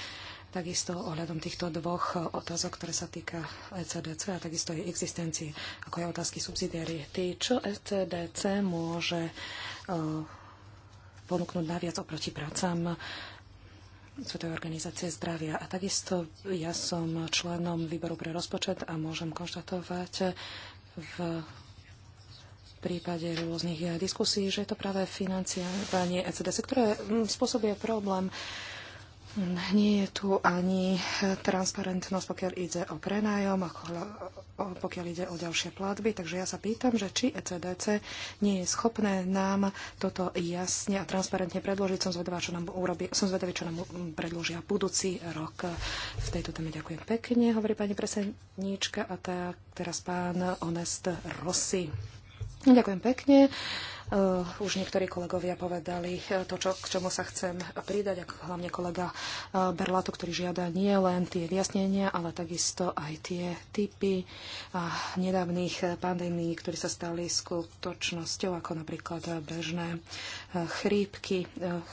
takisto ohľadom týchto dvoch otázok, ktoré sa týka ECDC a takisto jej existencie ako je otázky subsidiarity. Čo ECDC môže e, ponúknuť naviac oproti prácam Svetovej organizácie zdravia. A takisto ja som členom výboru pre rozpočet a môžem konštatovať v prípade rôznych diskusí, že je to práve financiovanie ECDC, ktoré mm, spôsobuje problém uh, nie je tu ani eh, transparentnosť, pokiaľ ide o prenájom, pokiaľ ide o ďalšie platby. Takže ja sa pýtam, že či ECDC nie je schopné nám toto jasne a transparentne predložiť. Som zvedavá, čo nám, urobi, som zvedavý, čo nám predložia budúci rok. Eh, v tejto téme ďakujem pekne, hovorí pani preseníčka a tá, teraz pán Onest Rossi. Ďakujem pekne. Uh, už niektorí kolegovia povedali eh, to, čo, k čomu sa chcem pridať, ako hlavne kolega uh, eh, Berlato, ktorý žiada nie len tie vyjasnenia, ale takisto aj tie typy uh, nedávnych pandémií, ktoré sa stali skutočnosťou, ako napríklad bežné chrípky.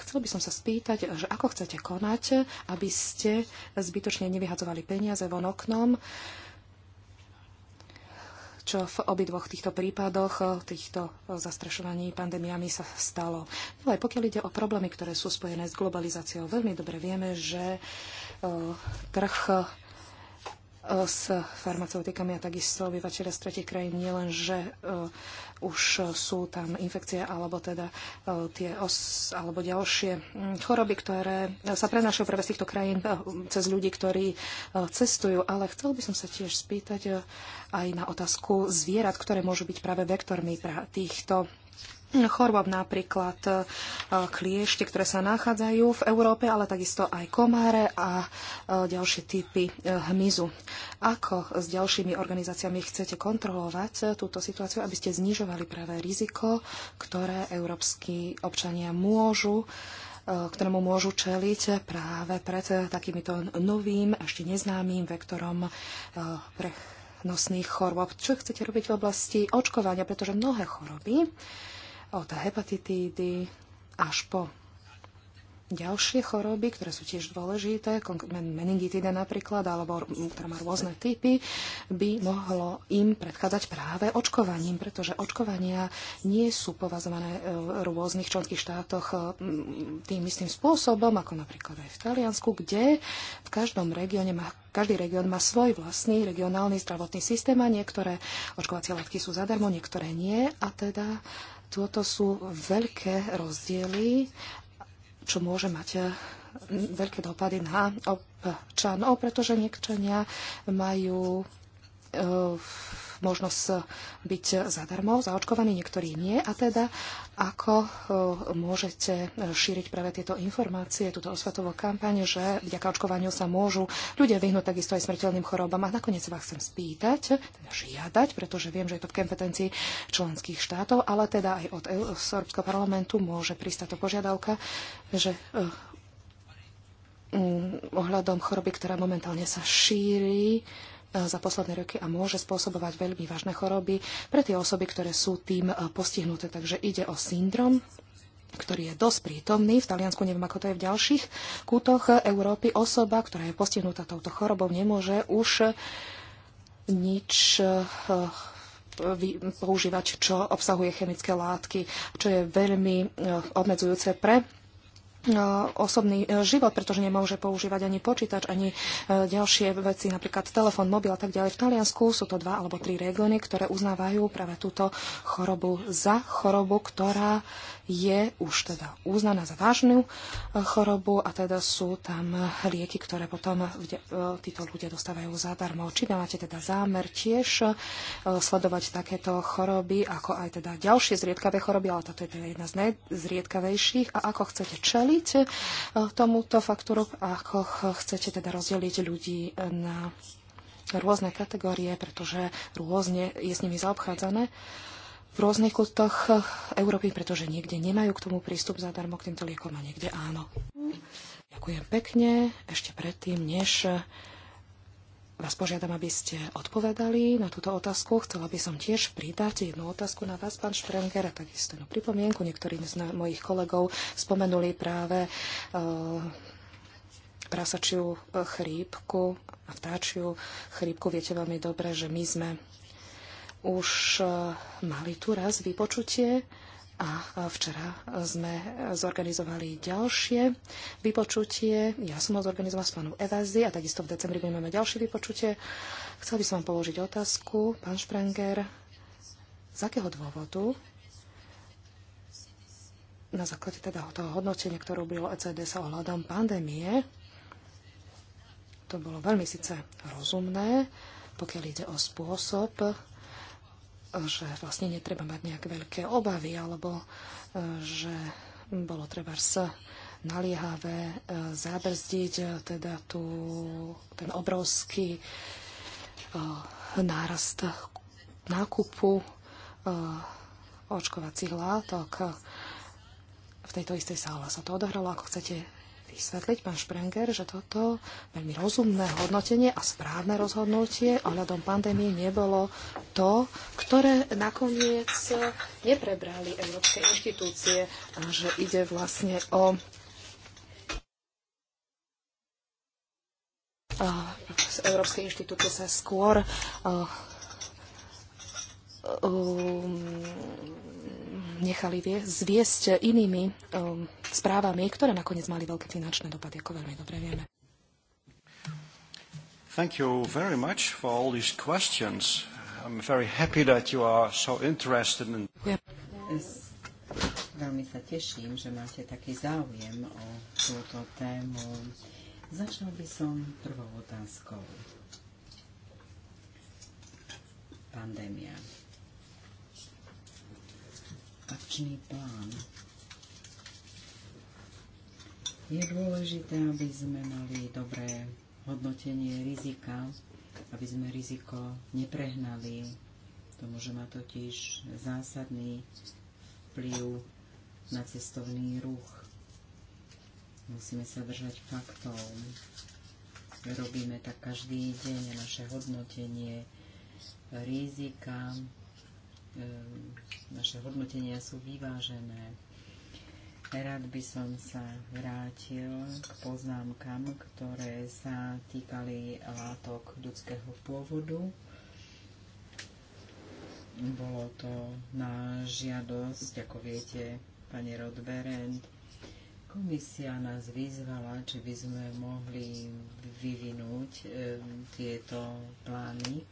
Chcel by som sa spýtať, že ako chcete konať, aby ste zbytočne nevyhadzovali peniaze von oknom, čo v obidvoch týchto prípadoch, eh, týchto eh, zastrašovaní pandémiami sa stalo. No Ale pokiaľ ide o problémy, ktoré sú spojené s globalizáciou, veľmi dobre vieme, že eh, trh E, s farmaceutikami a takisto obyvateľia z tretich krajín nielen, že e, už sú tam infekcie alebo teda e, tie os, alebo ďalšie mm, choroby, ktoré sa prenášajú práve z týchto krajín cez ľudí, ktorí cestujú. Ale chcel by som sa tiež spýtať aj na otázku zvierat, ktoré môžu byť práve vektormi týchto chorob napríklad e, kliešte, ktoré sa nachádzajú v Európe, ale takisto aj komáre a e, ďalšie typy e, hmyzu. Ako s ďalšími organizáciami chcete kontrolovať túto situáciu, aby ste znižovali práve riziko, ktoré európsky občania môžu ktorému môžu čeliť práve pred takýmito novým, ešte neznámym vektorom prenosných chorôb. Čo chcete robiť v oblasti očkovania, pretože mnohé choroby od hepatitídy až po ďalšie choroby, ktoré sú tiež dôležité, meningitida napríklad, alebo ktorá má rôzne typy, by mohlo im predchádzať práve očkovaním, pretože očkovania nie sú považované e, v rôznych členských štátoch e, tým istým spôsobom, ako napríklad aj v Taliansku, kde v každom regióne má každý región má svoj vlastný regionálny zdravotný systém a niektoré očkovacie látky sú zadarmo, niektoré nie. A teda toto sú veľké rozdiely, čo môže mať eh, veľké dopady na občanov, pretože niekčania majú eh, možnosť eh, byť zadarmo zaočkovaní, niektorí nie. A teda, ako eh, môžete eh, šíriť práve tieto informácie, túto osvetovú kampaň, že vďaka očkovaniu sa môžu ľudia vyhnúť takisto aj smrteľným chorobám. A nakoniec sa vás chcem spýtať, teda žiadať, pretože viem, že je to v kompetencii členských štátov, ale teda aj od e Európskeho parlamentu môže prísť táto požiadavka, že mm, ohľadom choroby, ktorá momentálne sa šíri, za posledné roky a môže spôsobovať veľmi vážne choroby pre tie osoby, ktoré sú tým eh, postihnuté. Takže ide o syndrom ktorý je dosť prítomný. V Taliansku neviem, ako to je v ďalších kútoch Európy. Osoba, ktorá je postihnutá touto chorobou, nemôže už eh, nič eh, používať, čo obsahuje chemické látky, čo je veľmi obmedzujúce pre E, osobný e, život, pretože nemôže používať ani počítač, ani e, ďalšie veci, napríklad telefon, mobil a tak ďalej. V Taliansku sú to dva alebo tri regióny, ktoré uznávajú práve túto chorobu za chorobu, ktorá je už teda uznaná za vážnu e, chorobu a teda sú tam lieky, ktoré potom e, títo ľudia dostávajú zadarmo. Či máte teda zámer tiež e, sledovať takéto choroby, ako aj teda ďalšie zriedkavé choroby, ale táto je teda jedna z najzriedkavejších. A ako chcete čeliť tomuto faktúru, ako chcete teda rozdeliť ľudí na rôzne kategórie, pretože rôzne je s nimi zaobchádzané. Uh, v rôznych kútoch Európy, pretože niekde nemajú k tomu prístup zadarmo k týmto liekom a niekde áno. Ďakujem pekne. Ešte predtým, než vás požiadam, aby ste odpovedali na túto otázku. Chcela by som tiež pridať jednu otázku na vás, pán Šprenger, a takisto jednu pripomienku. Niektorí z mojich kolegov spomenuli práve uh, prasačiu chrípku a vtáčiu chrípku. Viete veľmi dobre, že my sme už eh, mali tu raz vypočutie a včera sme zorganizovali ďalšie vypočutie. Ja som ho zorganizovala s pánom Evazy a takisto v decembri budeme mať ďalšie vypočutie. Chcel by som vám položiť otázku, pán Špranger, z akého dôvodu na základe teda toho hodnotenia, ktoré bylo ECD sa ohľadom pandémie, to bolo veľmi síce rozumné, pokiaľ ide o spôsob, že vlastne netreba mať nejaké veľké obavy, alebo e, že bolo treba sa naliehavé e, zabrzdiť e, teda tu ten obrovský nárast nákupu očkovacích látok. V tejto istej sále sa to odohralo. Ako chcete vysvetliť, pán Šprenger, že toto veľmi rozumné hodnotenie a správne rozhodnutie ohľadom pandémie nebolo to, ktoré nakoniec neprebrali európske inštitúcie a že ide vlastne o Európske inštitúcie sa skôr Um, nechali zviesť inými um, správami, ktoré nakoniec mali veľké finančné dopady, ako veľmi dobre vieme. Thank you very much for all these questions. I'm very happy that you are so interested in... Veľmi sa teším, že máte taký záujem o túto tému. Začal by som prvou otázkou. Pandémia akčný plán. Je dôležité, aby sme mali dobré hodnotenie rizika, aby sme riziko neprehnali. To môže mať totiž zásadný vplyv na cestovný ruch. Musíme sa držať faktov. Robíme tak každý deň naše hodnotenie rizika, Ehm, naše hodnotenia sú vyvážené. Rád by som sa vrátil k poznámkam, ktoré sa týkali látok ľudského pôvodu. Bolo to na žiadosť, ako viete, pani Rodberend. Komisia nás vyzvala, či by sme mohli vyvinúť e, tieto plány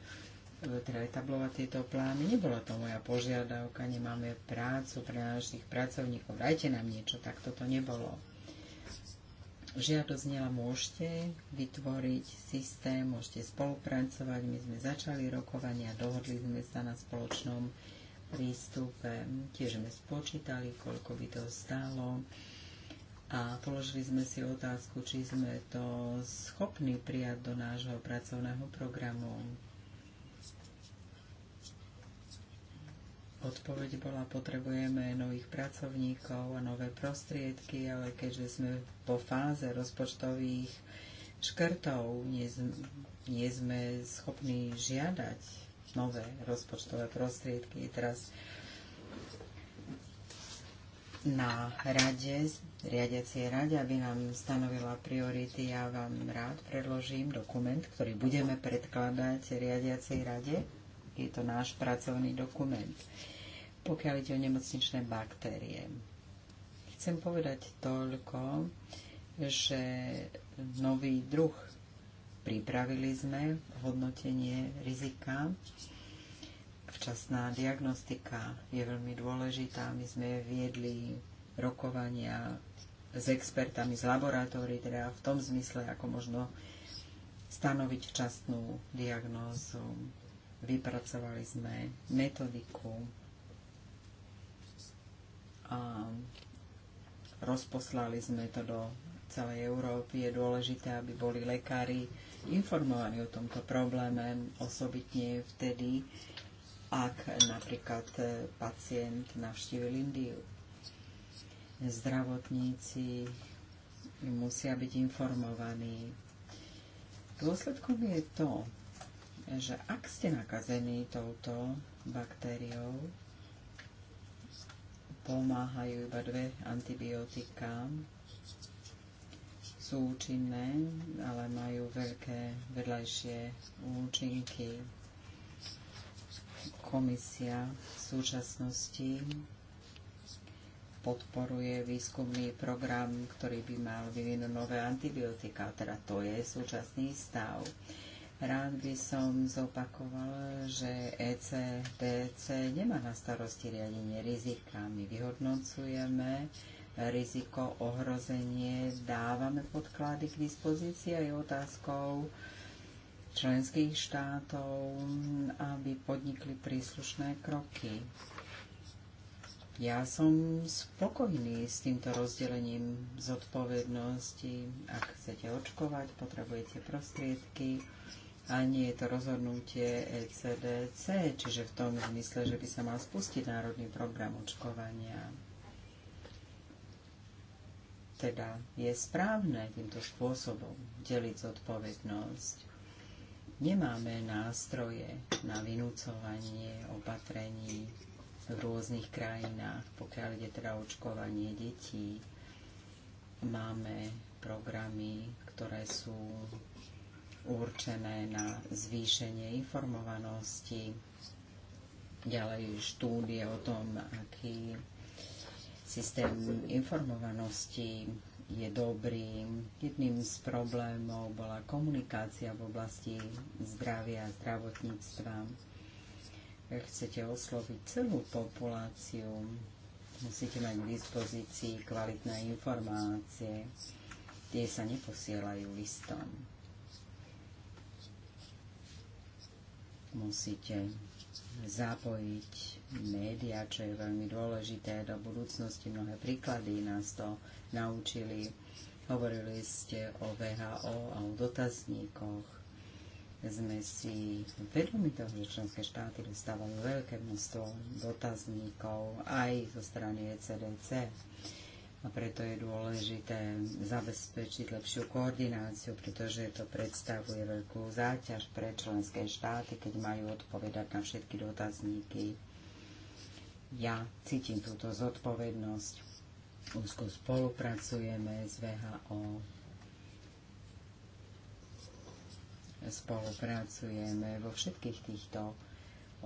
E, teda etablovať tieto plány. Nebola to moja požiadavka, nemáme prácu pre našich pracovníkov, dajte nám niečo, tak toto nebolo. Žiadosť znela, môžete vytvoriť systém, môžete spolupracovať. My sme začali rokovania, dohodli sme sa na spoločnom prístupe, tiež sme spočítali, koľko by to stálo a položili sme si otázku, či sme to schopní prijať do nášho pracovného programu Odpoveď bola, potrebujeme nových pracovníkov a nové prostriedky, ale keďže sme po fáze rozpočtových škrtov, nie, nie sme schopní žiadať nové rozpočtové prostriedky. Teraz na rade, riadiacie rade, aby nám stanovila priority. Ja vám rád predložím dokument, ktorý budeme predkladať riadiacej rade je to náš pracovný dokument. Pokiaľ ide o nemocničné baktérie. Chcem povedať toľko, že nový druh pripravili sme hodnotenie rizika. Včasná diagnostika je veľmi dôležitá. My sme viedli rokovania s expertami z laboratórií, teda v tom zmysle, ako možno stanoviť včasnú diagnózu. Vypracovali sme metodiku a rozposlali sme to do celej Európy. Je dôležité, aby boli lekári informovaní o tomto probléme, osobitne vtedy, ak napríklad e, pacient navštívil Indiu. Zdravotníci musia byť informovaní. Dôsledkom je to, že ak ste nakazení touto baktériou, pomáhajú iba dve antibiotika. Sú účinné, ale majú veľké vedľajšie účinky. Komisia v súčasnosti podporuje výskumný program, ktorý by mal vyvinúť nové antibiotika. Teda to je súčasný stav. Rád by som zopakovala, že ECDC nemá na starosti riadenie rizika. My vyhodnocujeme riziko, ohrozenie, dávame podklady k dispozícii aj otázkou členských štátov, aby podnikli príslušné kroky. Ja som spokojný s týmto rozdelením zodpovednosti. Ak chcete očkovať, potrebujete prostriedky nie je to rozhodnutie ECDC, čiže v tom zmysle, že by sa mal spustiť národný program očkovania. Teda je správne týmto spôsobom deliť zodpovednosť. Nemáme nástroje na vynúcovanie opatrení v rôznych krajinách, pokiaľ ide teda očkovanie detí. Máme programy, ktoré sú určené na zvýšenie informovanosti, ďalej štúdie o tom, aký systém informovanosti je dobrý. Jedným z problémov bola komunikácia v oblasti zdravia a zdravotníctva. Ak chcete osloviť celú populáciu, musíte mať k dispozícii kvalitné informácie. Tie sa neposielajú listom. Musíte zapojiť médiá, čo je veľmi dôležité. Do budúcnosti mnohé príklady nás to naučili. Hovorili ste o VHO a o dotazníkoch. Sme si vedomi toho, že členské štáty dostávajú veľké množstvo dotazníkov aj zo strany ECDC a preto je dôležité zabezpečiť lepšiu koordináciu, pretože to predstavuje veľkú záťaž pre členské štáty, keď majú odpovedať na všetky dotazníky. Ja cítim túto zodpovednosť. Úzko spolupracujeme s VHO. Spolupracujeme vo všetkých týchto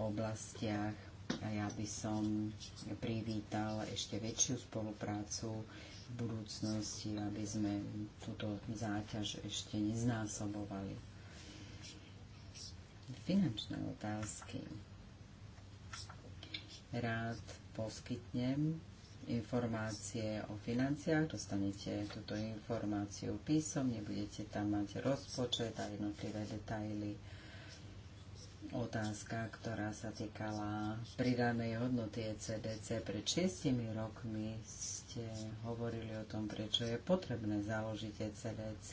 oblastiach a ja by som privítal ešte väčšiu spoluprácu v budúcnosti, aby sme túto záťaž ešte neznásobovali. Finančné otázky. Rád poskytnem informácie o financiách, dostanete túto informáciu písomne, budete tam mať rozpočet a jednotlivé detaily otázka, ktorá sa týkala pridanej hodnoty ECDC. Pred šiestimi rokmi ste hovorili o tom, prečo je potrebné založiť ECDC.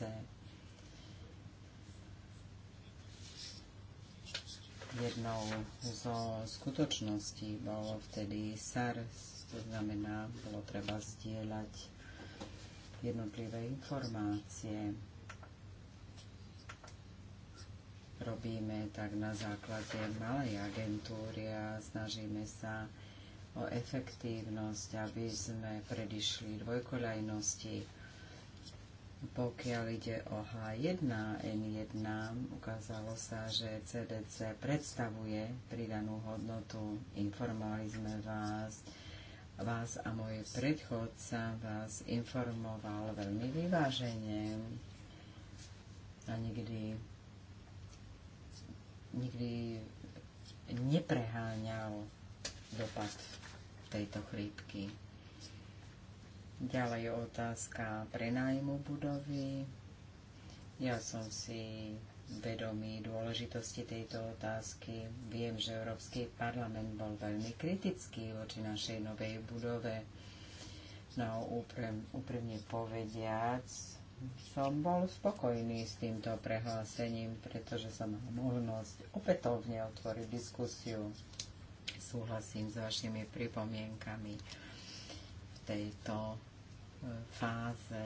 Jednou zo skutočností bolo vtedy SARS, to znamená, bolo treba zdieľať jednotlivé informácie robíme tak na základe malej agentúry a snažíme sa o efektívnosť, aby sme predišli dvojkoľajnosti. Pokiaľ ide o H1N1, ukázalo sa, že CDC predstavuje pridanú hodnotu. Informovali sme vás, vás a môj predchodca vás informoval veľmi vyvážene a nikdy nikdy nepreháňal dopad tejto chrípky. Ďalej je otázka prenájmu budovy. Ja som si vedomý dôležitosti tejto otázky. Viem, že Európsky parlament bol veľmi kritický voči našej novej budove. No úprimne povediac, som bol spokojný s týmto prehlásením, pretože som mal možnosť opätovne otvoriť diskusiu. Súhlasím s vašimi pripomienkami v tejto e, fáze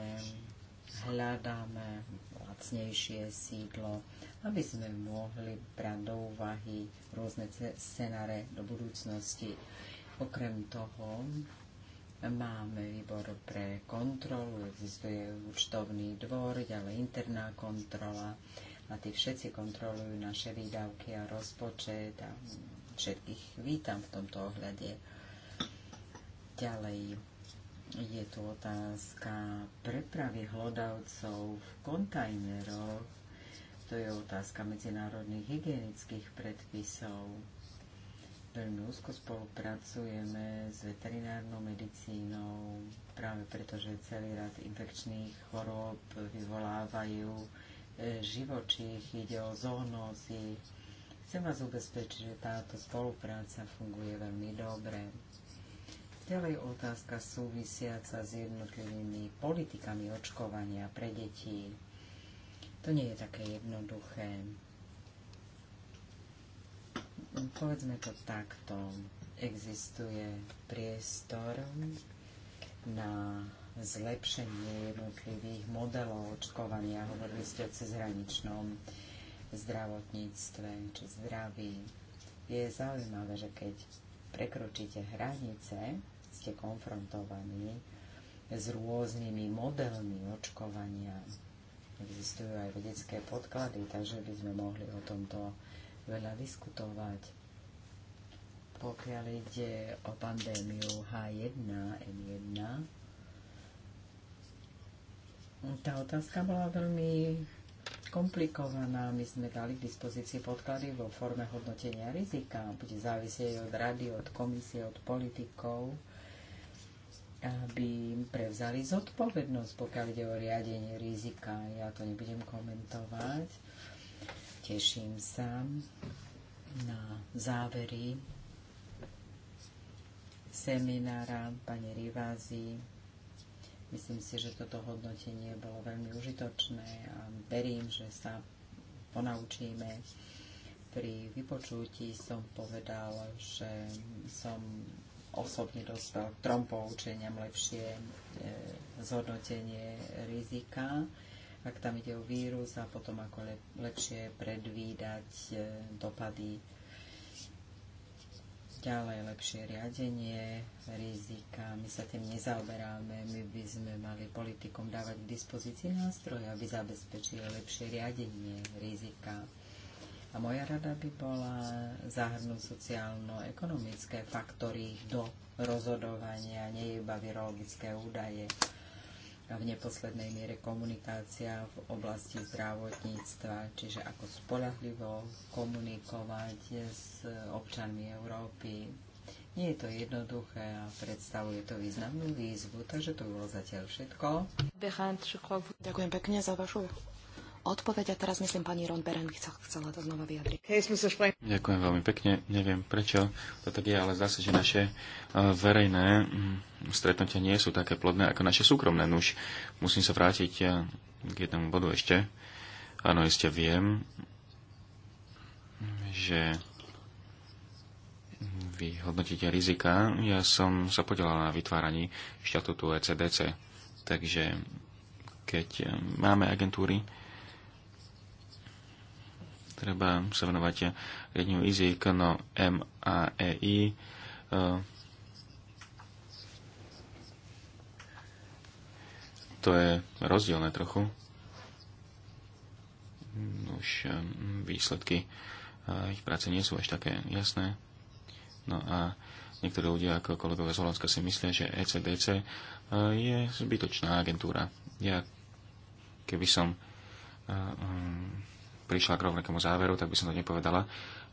hľadáme lacnejšie sídlo, aby sme mohli brať do úvahy rôzne scenáre do budúcnosti. Okrem toho Máme výbor pre kontrolu, existuje účtovný dvor, ďalej interná kontrola a tí všetci kontrolujú naše výdavky a rozpočet a všetkých vítam v tomto ohľade. Ďalej je tu otázka prepravy hlodavcov v kontajneroch. To je otázka medzinárodných hygienických predpisov veľmi úzko spolupracujeme s veterinárnou medicínou, práve preto, že celý rad infekčných chorôb vyvolávajú e, živočích, ide o zoonózy. Chcem vás ubezpečiť, že táto spolupráca funguje veľmi dobre. Ďalej otázka súvisiaca s jednotlivými politikami očkovania pre detí. To nie je také jednoduché Povedzme to takto. Existuje priestor na zlepšenie jednotlivých modelov očkovania. Hovorili ste o cezhraničnom zdravotníctve či zdraví. Je zaujímavé, že keď prekročíte hranice, ste konfrontovaní s rôznymi modelmi očkovania. Existujú aj vedecké podklady, takže by sme mohli o tomto veľa diskutovať. Pokiaľ ide o pandémiu H1N1, tá otázka bola veľmi komplikovaná. My sme dali k dispozícii podklady vo forme hodnotenia rizika. Bude závisieť od rady, od komisie, od politikov, aby prevzali zodpovednosť, pokiaľ ide o riadenie rizika. Ja to nebudem komentovať Teším sa na závery seminára pani Rivázy. Myslím si, že toto hodnotenie bolo veľmi užitočné a verím, že sa ponaučíme. Pri vypočutí som povedal, že som osobne dostal k trom poučeniam lepšie e, zhodnotenie rizika ak tam ide o vírus a potom ako lepšie predvídať e, dopady ďalej lepšie riadenie rizika. My sa tým nezaoberáme, my by sme mali politikom dávať k dispozícii nástroje, aby zabezpečili lepšie riadenie rizika. A moja rada by bola zahrnúť sociálno-ekonomické faktory do rozhodovania, nie iba virologické údaje a v neposlednej miere komunikácia v oblasti zdravotníctva, čiže ako spolahlivo komunikovať s občanmi Európy. Nie je to jednoduché a predstavuje to významnú výzvu, takže to bolo zatiaľ všetko. Ďakujem pekne za vašu odpoveď. A teraz myslím, pani Ron Beren sa chcela to znova vyjadriť. Ďakujem veľmi pekne. Neviem prečo to tak je, ale zdá sa, že naše e, verejné mm, stretnutia nie sú také plodné ako naše súkromné. Nuž, no musím sa vrátiť e, k jednému bodu ešte. Áno, ešte viem, že vy hodnotíte rizika. Ja som sa podelal na vytváraní štatútu ECDC, takže keď e, máme agentúry, treba sa venovať no M A E I e, To je rozdielne trochu. Už mm, výsledky ich práce nie sú až také jasné. No a niektorí ľudia ako kolegovia z Holandska si myslia, že ECDC e, je zbytočná agentúra. Ja keby som prišla k rovnakému záveru, tak by som to nepovedala.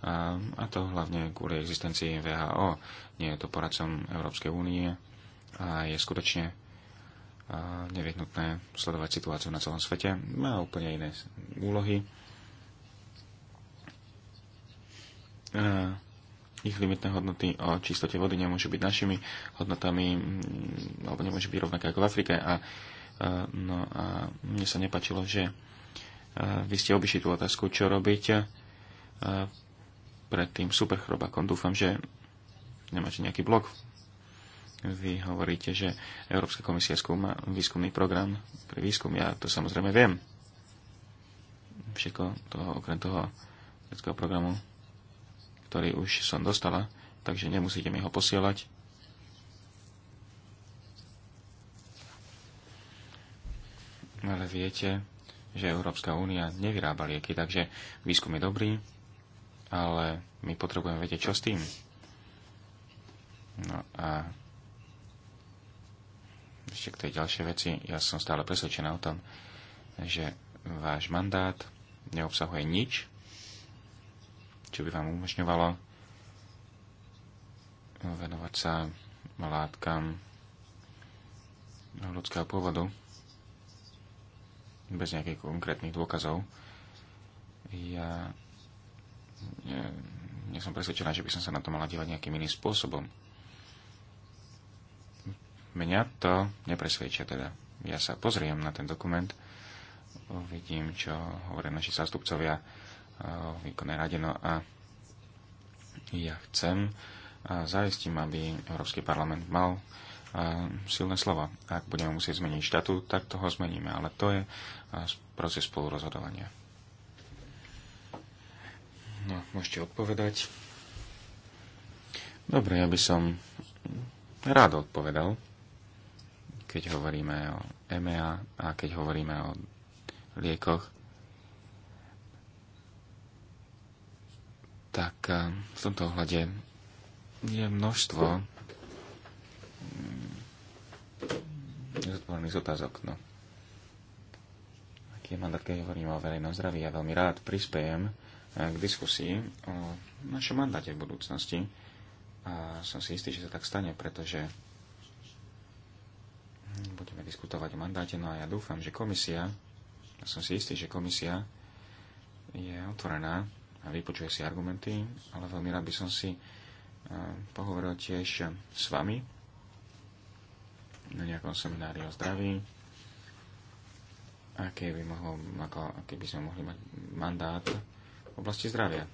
A, a to hlavne kvôli existencii VHO. Nie je to poradcom Európskej únie a je skutočne nevyhnutné sledovať situáciu na celom svete. Má úplne iné úlohy. A, ich limitné hodnoty o čistote vody nemôžu byť našimi hodnotami, alebo nemôžu byť rovnaké ako v Afrike. A, no a mne sa nepačilo, že Eh, vy ste obišli tú otázku, čo robiť eh, pred tým superchrobakom. Dúfam, že nemáte nejaký blok. Vy hovoríte, že Európska komisia skúma výskumný program pre výskum. Ja to samozrejme viem. Všetko toho, okrem toho vedeckého programu, ktorý už som dostala, takže nemusíte mi ho posielať. Ale viete, že Európska únia nevyrába lieky, takže výskum je dobrý, ale my potrebujeme vedieť, čo s tým. No a ešte k tej ďalšej veci, ja som stále presvedčená o tom, že váš mandát neobsahuje nič, čo by vám umožňovalo venovať sa látkam ľudského pôvodu bez nejakých konkrétnych dôkazov. Ja nie, nie som presvedčená, že by som sa na to mala dívať nejakým iným spôsobom. Mňa to nepresvedčia teda. Ja sa pozriem na ten dokument, vidím, čo hovoria naši zástupcovia o e, výkonnej rade, no a ja chcem a zaistím, aby Európsky parlament mal silné slova. Ak budeme musieť zmeniť štatút, tak toho zmeníme, ale to je proces spolurozhodovania. No, môžete odpovedať. Dobre, ja by som rád odpovedal, keď hovoríme o EMEA a keď hovoríme o liekoch. Tak v tomto ohľade je množstvo z otázok. No. Aký je mandát, keď hovorím o verejnom zdraví? Ja veľmi rád prispiejem eh, k diskusii o našom mandáte v budúcnosti. A som si istý, že sa tak stane, pretože budeme diskutovať o mandáte, no a ja dúfam, že komisia, ja som si istý, že komisia je otvorená a vypočuje si argumenty, ale veľmi rád by som si eh, pohovoril tiež s vami na nejakom seminári o zdraví, aké by, mohol, ako, aké by sme mohli mať mandát v oblasti zdravia.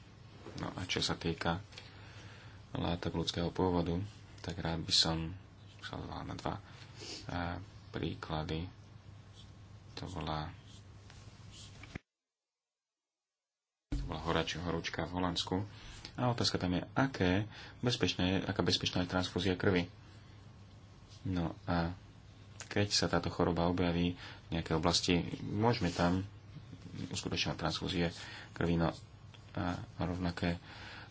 No a čo sa týka látok ľudského pôvodu, tak rád by som sa na dva a, príklady. To bola to bola horač, horúčka v Holandsku. A otázka tam je, aké bezpečné, aká bezpečná je transfúzia krvi No a keď sa táto choroba objaví v nejakej oblasti, môžeme tam uskutočňovať transfúzie krvi, no a rovnaké,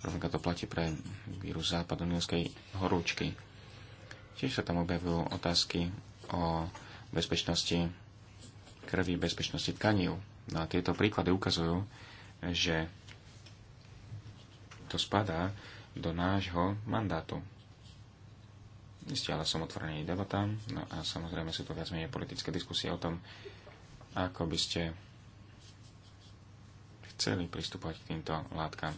rovnaké to platí pre vírus západu nilskej horúčky. Tiež sa tam objavujú otázky o bezpečnosti krvi, bezpečnosti tkanív. No a tieto príklady ukazujú, že to spadá do nášho mandátu. Isté, som otvorený debata No a samozrejme sú to viac menej politické diskusie o tom, ako by ste chceli pristupovať k týmto látkam.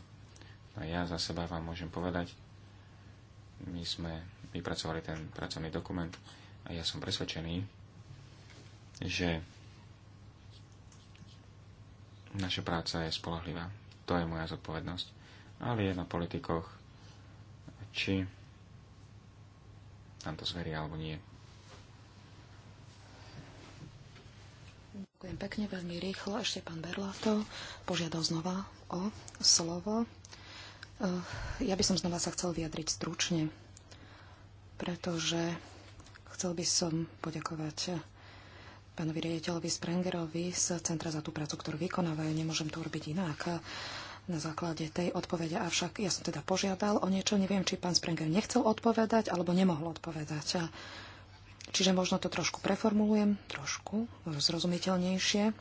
No ja za seba vám môžem povedať, my sme vypracovali ten pracovný dokument a ja som presvedčený, že naša práca je spolahlivá. To je moja zodpovednosť. Ale je na politikoch, či nám to zveria alebo nie. Ďakujem pekne, veľmi rýchlo. Ešte pán Berlato požiadal znova o slovo. Eh, ja by som znova sa chcel vyjadriť stručne, pretože chcel by som poďakovať eh, pánovi riaditeľovi Sprengerovi z Centra za tú prácu, ktorú vykonávajú. Nemôžem to urobiť inak na základe tej odpovede. Avšak ja som teda požiadal o niečo, neviem, či pán Sprenger nechcel odpovedať alebo nemohol odpovedať. Čiže možno to trošku preformulujem, trošku zrozumiteľnejšie.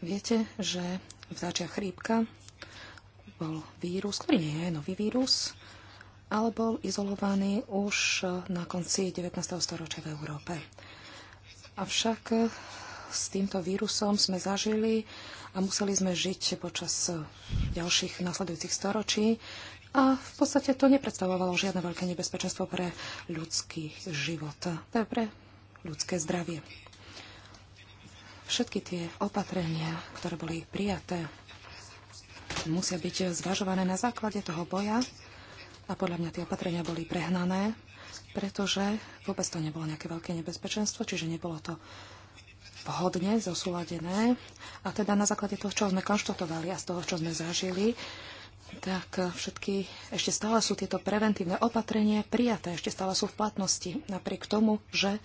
Viete, že vtáčia chrípka bol vírus, ktorý nie je nový vírus, ale bol izolovaný už na konci 19. storočia v Európe. Avšak s týmto vírusom sme zažili a museli sme žiť počas eh, ďalších nasledujúcich storočí. A v podstate to nepredstavovalo žiadne veľké nebezpečenstvo pre ľudský život, teda pre ľudské zdravie. Všetky tie opatrenia, ktoré boli prijaté, musia byť zvažované na základe toho boja a podľa mňa tie opatrenia boli prehnané, pretože vôbec to nebolo nejaké veľké nebezpečenstvo, čiže nebolo to vhodne zosúladené. A teda na základe toho, čo sme konštatovali a z toho, čo sme zažili, tak všetky, ešte stále sú tieto preventívne opatrenia prijaté, ešte stále sú v platnosti, napriek tomu, že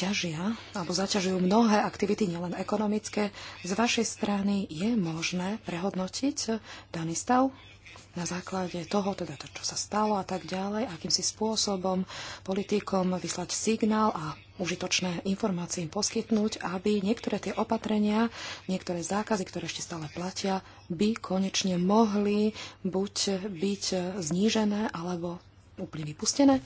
ťažia alebo zaťažujú mnohé aktivity, nielen ekonomické. Z vašej strany je možné prehodnotiť daný stav? na základe toho, teda to, čo sa stalo a tak ďalej, akýmsi spôsobom politikom vyslať signál a užitočné informácie im poskytnúť, aby niektoré tie opatrenia, niektoré zákazy, ktoré ešte stále platia, by konečne mohli buď byť znížené alebo úplne vypustené.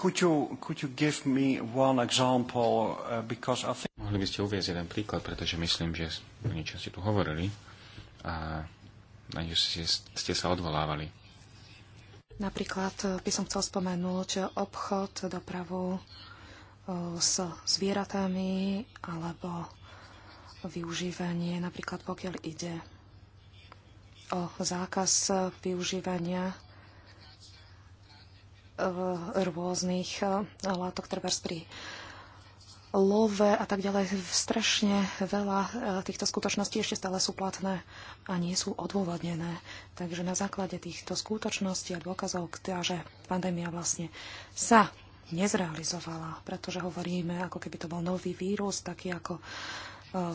Could you, could you give me one example, uh, because I think... Mohli by ste uviezť jeden príklad, pretože myslím, že o niečom ste tu hovorili a na niečo ste, ste sa odvolávali. Napríklad eh, by som chcel spomenúť obchod, dopravu eh, s zvieratami alebo využívanie, napríklad pokiaľ ide o zákaz využívania Eh, rôznych eh, látok, trebárs teda pri love a tak ďalej. Strašne veľa eh, týchto skutočností ešte stále sú platné a nie sú odôvodnené. Takže na základe týchto skutočností a dôkazov, že pandémia vlastne sa nezrealizovala, pretože hovoríme, ako keby to bol nový vírus, taký ako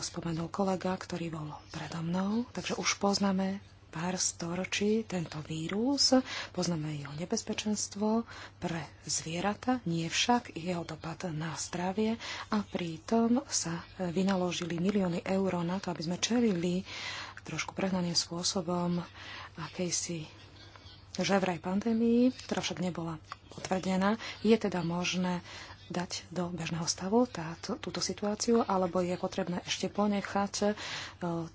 spomenul kolega, ktorý bol predo mnou. Takže už poznáme pár storočí tento vírus, poznáme jeho nebezpečenstvo pre zvieratá, nie však jeho dopad na zdravie a pritom sa vynaložili milióny eur na to, aby sme čelili trošku prehnaným spôsobom akejsi ževraj pandémii, ktorá však nebola potvrdená. Je teda možné dať do bežného stavu táto, túto situáciu, alebo je potrebné ešte ponechať e,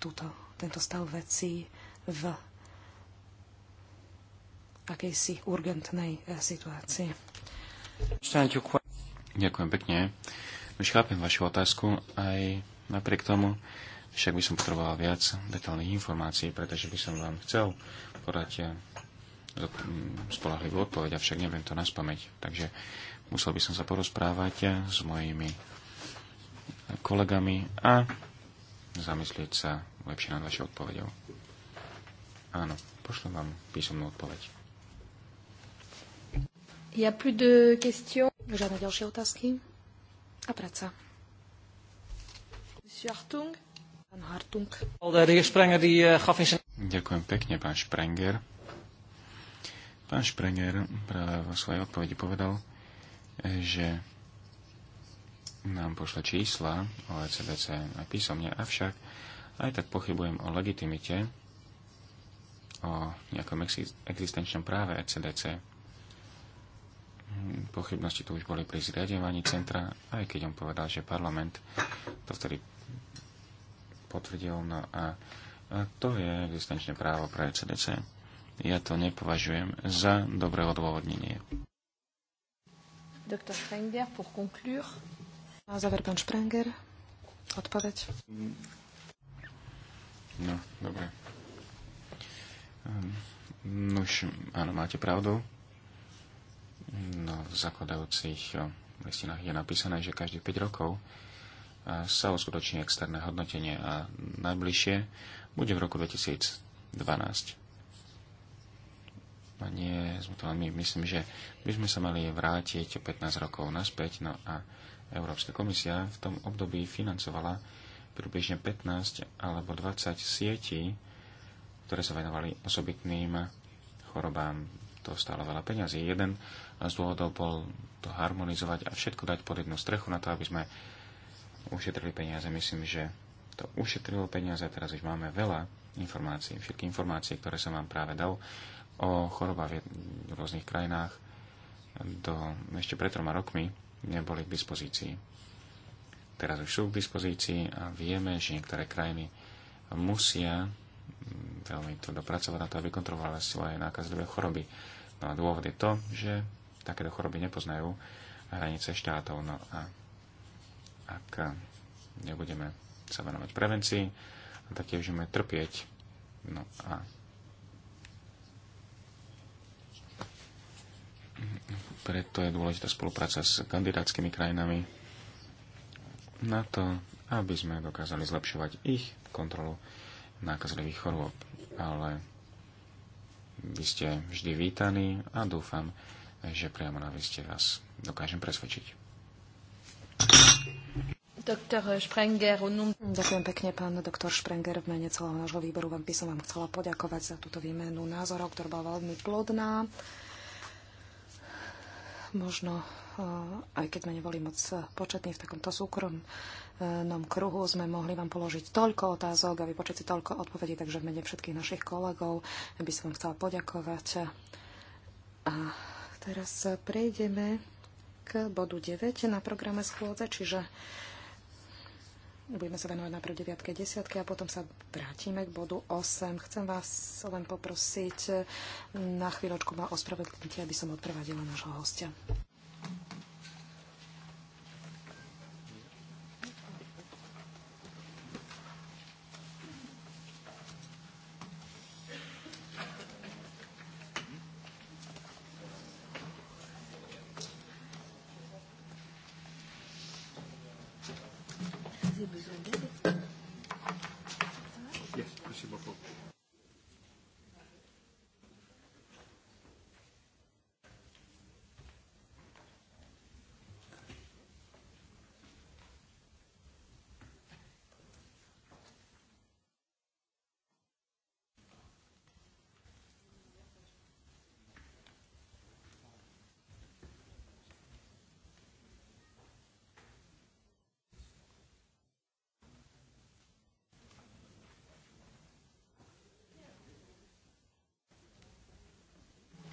túto, tento stav veci v akejsi urgentnej eh, situácii. Ďakujem pekne. Už chápem vašu otázku aj napriek tomu, však by som potreboval viac detálnych informácií, pretože by som vám chcel podať eh, mm, spolahlivú odpoveď, avšak neviem to naspameť. Takže musel by som sa porozprávať eh, s mojimi kolegami a zamyslieť sa lepšie nad vašou odpoveďou. Áno, pošlem vám písomnú odpoveď. Ja plus de question. Žiadne ďalšie otázky? A práca. Hartung. Pán Hartung. Eh, Ďakujem pekne, pán Sprenger. Pán Sprenger práve vo svojej odpovedi povedal, že nám pošle čísla o ECDC aj písomne, avšak aj tak pochybujem o legitimite o nejakom existenčnom práve ECDC. Hm, pochybnosti tu už boli pri zriadovaní centra, aj keď on povedal, že parlament to vtedy potvrdil. No a, a to je existenčné právo pre ECDC. Ja to nepovažujem za dobré odôvodnenie. Doktor Sprenger, pour conclure. Na záver pán Sprenger, odpoveď. No, dobre. Nuž, áno, máte pravdu. No, v zakladajúcich eh, listinách je napísané, že každých 5 rokov eh, sa uskutoční externé hodnotenie a najbližšie bude v roku 2012. A nie, sme to my myslím, že by sme sa mali vrátiť 15 rokov naspäť, no a Európska komisia v tom období financovala približne 15 alebo 20 sietí ktoré sa venovali osobitným chorobám. To stálo veľa peňazí. Jeden z dôvodov bol to harmonizovať a všetko dať pod jednu strechu na to, aby sme ušetrili peniaze. Myslím, že to ušetrilo peniaze. Teraz už máme veľa informácií. Všetky informácie, ktoré som vám práve dal o chorobách v rôznych krajinách do ešte pred troma rokmi neboli k dispozícii. Teraz už sú k dispozícii a vieme, že niektoré krajiny musia veľmi to dopracovať na to, aby kontrolovala svoje nákazlivé choroby. No a dôvod je to, že takéto choroby nepoznajú hranice štátov. No a ak nebudeme sa venovať prevencii, tak tiež môžeme trpieť. No a preto je dôležitá spolupráca s kandidátskymi krajinami na to, aby sme dokázali zlepšovať ich kontrolu nákazlivých chorôb ale vy ste vždy vítaní a dúfam, že priamo na ste vás dokážem presvedčiť. Doktor Sprenger, unum... Ďakujem pekne, pán doktor Sprenger. V mene celého nášho výboru vám by som vám chcela poďakovať za túto výmenu názorov, ktorá bola veľmi plodná. Možno, eh, aj keď sme neboli moc početní v takomto súkrom, jednom kruhu sme mohli vám položiť toľko otázok a vypočuť si toľko odpovedí, takže v mene všetkých našich kolegov by som vám chcela poďakovať. A teraz prejdeme k bodu 9 na programe schôdze, čiže budeme sa venovať najprv 9. 10. a potom sa vrátime k bodu 8. Chcem vás len poprosiť na chvíľočku ma ospravedlniť, aby som odprevadila nášho hostia.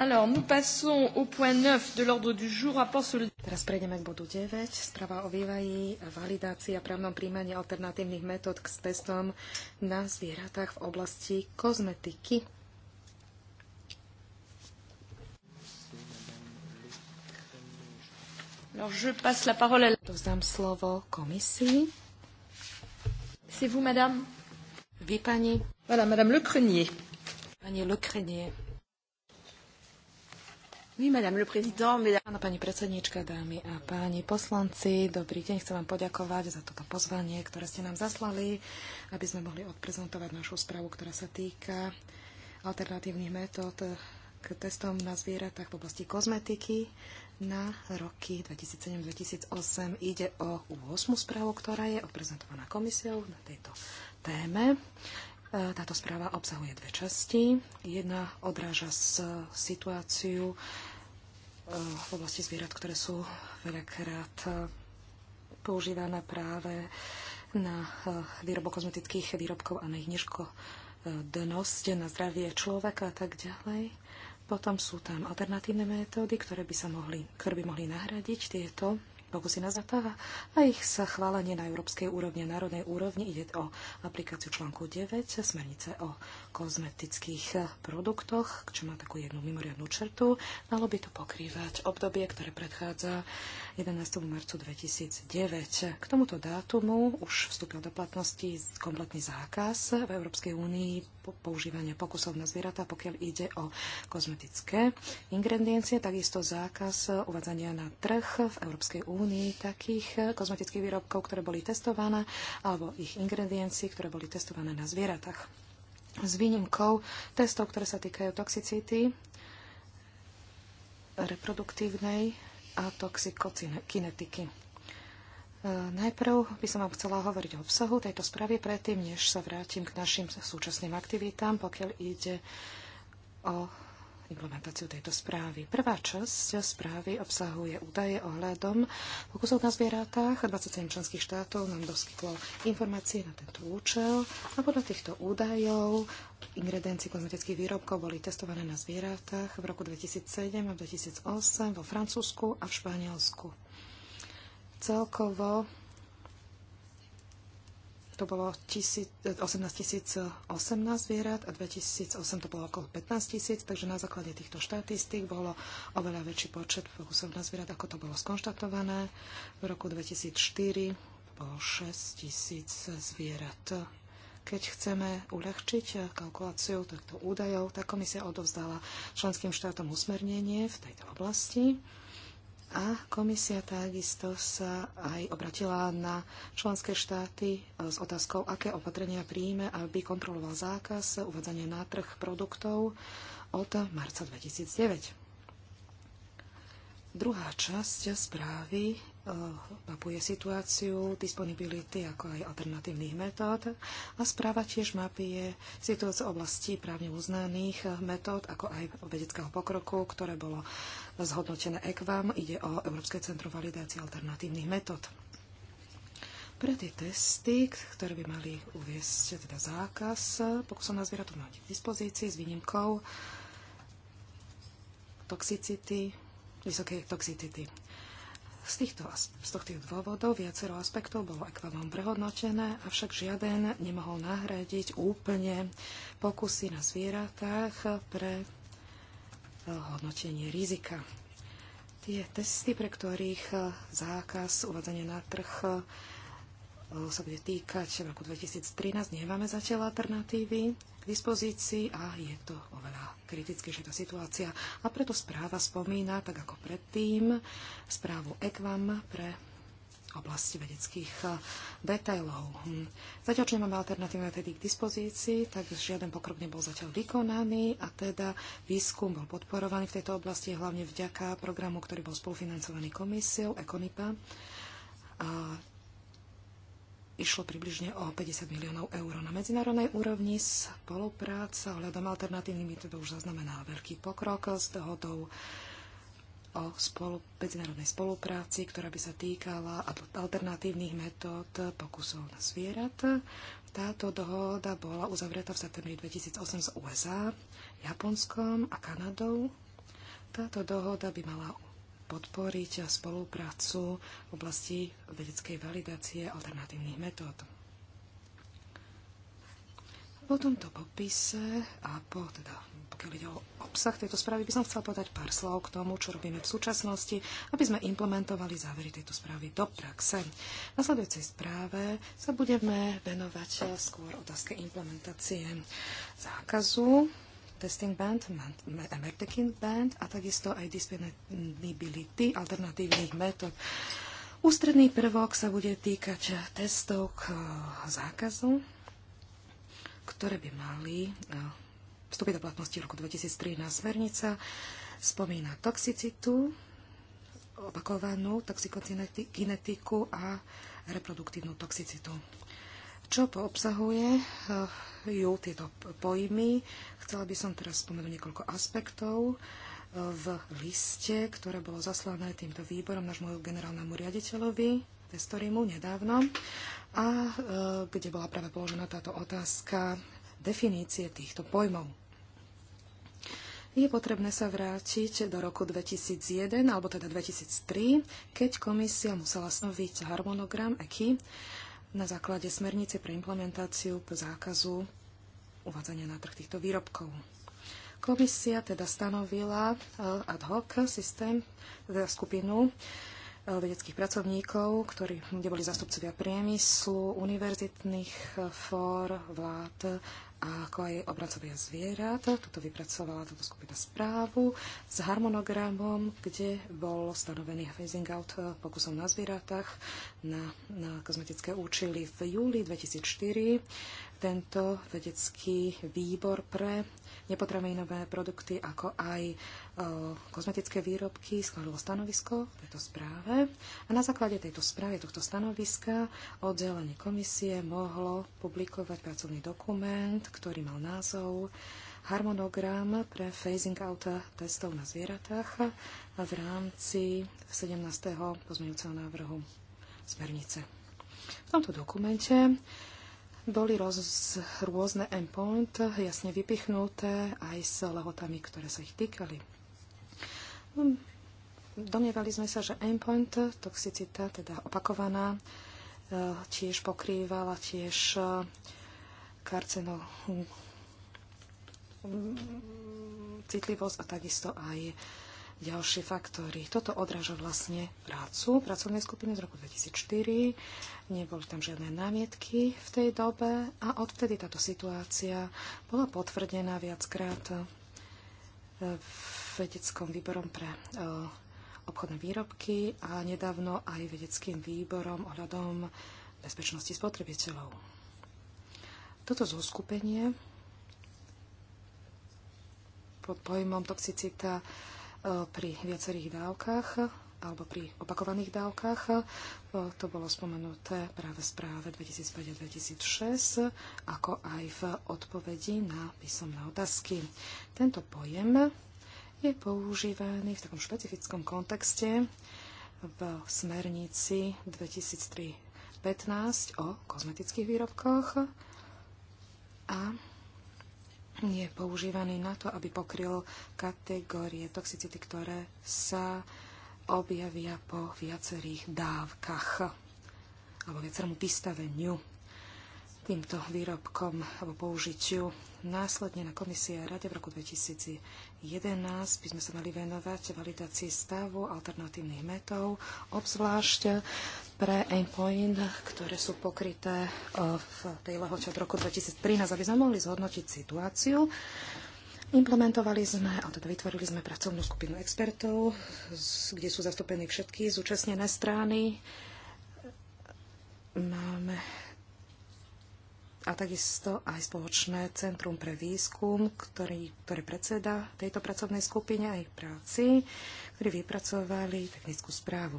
Alors, nous passons au point 9 de l'ordre du jour, rapport sur le... Teraz prejdeme k bodu 9, správa o vývaji validácii a právnom príjmaní alternatívnych metód k testom na zvieratách v oblasti kozmetiky. Alors, je passe la parole à... Dozdám slovo komisii. C'est vous, madame? Vy, pani. Voilà, madame Le Crenier. Pani Le Crenier pani predsedníčka, dámy a páni poslanci, dobrý deň. Chcem vám poďakovať za toto pozvanie, ktoré ste nám zaslali, aby sme mohli odprezentovať našu správu, ktorá sa týka alternatívnych metód k testom na zvieratách v oblasti kozmetiky na roky 2007-2008. Ide o 8. správu, ktorá je odprezentovaná komisiou na tejto téme. E, táto správa obsahuje dve časti. Jedna odráža situáciu v oblasti zvierat, ktoré sú veľakrát e, používané práve na e, výrobu kozmetických výrobkov a na ich e, dnosť na zdravie človeka a tak ďalej. Potom sú tam alternatívne metódy, ktoré by, sa mohli, ktoré by mohli nahradiť tieto pokusy na a ich sa chválenie na európskej úrovni a národnej úrovni ide o aplikáciu článku 9 smernice o kozmetických produktoch, čo má takú jednu mimoriadnú črtu. Malo by to pokrývať obdobie, ktoré predchádza 11. marcu 2009. K tomuto dátumu už vstúpil do platnosti kompletný zákaz v Európskej únii používania pokusov na zvieratá, pokiaľ ide o kozmetické ingrediencie, takisto zákaz uvádzania na trh v Európskej únii únii takých eh, kozmetických výrobkov, ktoré boli testované, alebo ich ingrediencií, ktoré boli testované na zvieratách. S výnimkou testov, ktoré sa týkajú toxicity, reproduktívnej a toxikokinetiky. Eh, najprv by som vám chcela hovoriť o obsahu tejto správy predtým, než sa vrátim k našim súčasným aktivitám, pokiaľ ide o implementáciu tejto správy. Prvá časť správy obsahuje údaje ohľadom pokusov na zvieratách. 27 členských štátov nám doskytlo informácie na tento účel a podľa týchto údajov ingrediencie kozmetických výrobkov boli testované na zvieratách v roku 2007 a 2008 vo Francúzsku a v Španielsku. Celkovo to bolo 18 018 eh, eh, zvierat a 2008 to bolo okolo 15 tisíc, takže na základe týchto štatistík bolo oveľa väčší počet pokusov na zvierat, ako to bolo skonštatované. V roku 2004 bolo 6 tisíc zvierat. Keď chceme uľahčiť eh, kalkuláciu týchto údajov, tak komisia odovzdala členským štátom usmernenie v tejto oblasti a komisia takisto sa aj obratila na členské štáty e, s otázkou, aké opatrenia príjme, aby kontroloval zákaz uvádzania na trh produktov od marca 2009. Druhá časť správy Eh, mapuje situáciu, disponibility, ako aj alternatívnych metód. A správa tiež mapuje situáciu oblasti právne uznaných metód, ako aj vedeckého pokroku, ktoré bolo zhodnotené ECVAM. Ide o Európske centrum validácie alternatívnych metód. Pre tie testy, ktoré by mali uviesť teda zákaz, pokusom na zvieratu mať k dispozícii s výnimkou toxicity, vysokej toxicity z, týchto, z tohto dôvodov viacero aspektov bolo ekvalom prehodnotené, avšak žiaden nemohol nahradiť úplne pokusy na zvieratách pre e, hodnotenie rizika. Tie testy, pre ktorých e, zákaz uvedenia na trh e, sa bude týkať v roku 2013. Nemáme zatiaľ alternatívy k dispozícii a je to oveľa kritickejšia tá situácia. A preto správa spomína, tak ako predtým, správu EQUAM pre oblasti vedeckých eh, detailov. Hm. Zatiaľ, čo nemáme alternatívne tedy k dispozícii, tak žiaden pokrok nebol zatiaľ vykonaný a teda výskum bol podporovaný v tejto oblasti hlavne vďaka programu, ktorý bol spolufinancovaný komisiou ECONIPA. A išlo približne o 50 miliónov eur. Na medzinárodnej úrovni spolupráca ohľadom alternatívnymi teda už zaznamená veľký pokrok s dohodou o spolu, medzinárodnej spolupráci, ktorá by sa týkala alternatívnych metód pokusov na zvierat. Táto dohoda bola uzavretá v septembri 2008 s USA, Japonskom a Kanadou. Táto dohoda by mala podporiť spoluprácu v oblasti vedeckej validácie alternatívnych metód. Po tomto popise a po teda pokiaľ ide o obsah tejto správy, by som chcela podať pár slov k tomu, čo robíme v súčasnosti, aby sme implementovali závery tejto správy do praxe. V nasledujúcej správe sa budeme venovať skôr otázke implementácie zákazu testing band, Mertekin band a takisto aj disponibility alternatívnych metód. Ústredný prvok sa bude týkať testov k eh, zákazu, ktoré by mali eh, vstúpiť do platnosti v roku 2013. Smernica spomína toxicitu, opakovanú toxikokinetiku a reproduktívnu toxicitu čo obsahuje eh, ju tieto pojmy. Chcela by som teraz spomenúť niekoľko aspektov eh, v liste, ktoré bolo zaslané týmto výborom nášmu generálnemu riaditeľovi, testorimu nedávno, a eh, kde bola práve položená táto otázka definície týchto pojmov. Je potrebné sa vrátiť do roku 2001, alebo teda 2003, keď komisia musela stanoviť harmonogram EKI, na základe smernice pre implementáciu po zákazu uvádzania na trh týchto výrobkov. Komisia teda stanovila eh, ad hoc systém, teda skupinu eh, vedeckých pracovníkov, ktorí, kde boli zastupcovia priemyslu, univerzitných eh, fór, vlád, a ako aj obracovia zvierat. Toto vypracovala táto skupina správu s harmonogramom, kde bol stanovený phasing out pokusom na zvieratách na, na kozmetické účely v júli 2004. Tento vedecký výbor pre nepotravinové produkty, ako aj e, kozmetické výrobky, schválilo stanovisko v tejto správe. A na základe tejto správy, tohto stanoviska, oddelenie komisie mohlo publikovať pracovný dokument, ktorý mal názov harmonogram pre phasing out testov na zvieratách v rámci 17. pozmeňujúceho návrhu smernice. V tomto dokumente boli roz, rôzne endpoint jasne vypichnuté aj s lehotami, ktoré sa ich týkali. Hm, domnievali sme sa, že endpoint, toxicita, teda opakovaná, e, tiež pokrývala tiež e, karceno mm, citlivosť a takisto aj ďalšie faktory. Toto odráža vlastne prácu pracovnej skupiny z roku 2004. Neboli tam žiadne námietky v tej dobe a odvtedy táto situácia bola potvrdená viackrát e, vedeckom výborom pre e, obchodné výrobky a nedávno aj vedeckým výborom ohľadom bezpečnosti spotrebiteľov. Toto zoskupenie pod pojmom toxicita E, pri viacerých dávkach alebo pri opakovaných dávkach. E, to bolo spomenuté práve v správe 2005-2006, ako aj v odpovedi na písomné otázky. Tento pojem je používaný v takom špecifickom kontexte v smernici 2003-15 o kozmetických výrobkoch a je používaný na to, aby pokryl kategórie toxicity, ktoré sa objavia po viacerých dávkach alebo viacerému vystaveniu týmto výrobkom alebo použitiu. Následne na komisie a rade v roku 2011 by sme sa mali venovať validácii stavu alternatívnych metov, obzvlášť pre endpoint, ktoré sú pokryté e, v tej lehote od roku 2013, aby sme mohli zhodnotiť situáciu. Implementovali sme, a teda vytvorili sme pracovnú skupinu expertov, kde sú zastúpení všetky zúčastnené strany. Máme a takisto aj spoločné centrum pre výskum, ktorý, ktoré predseda tejto pracovnej skupine ich práci, ktorí vypracovali technickú správu.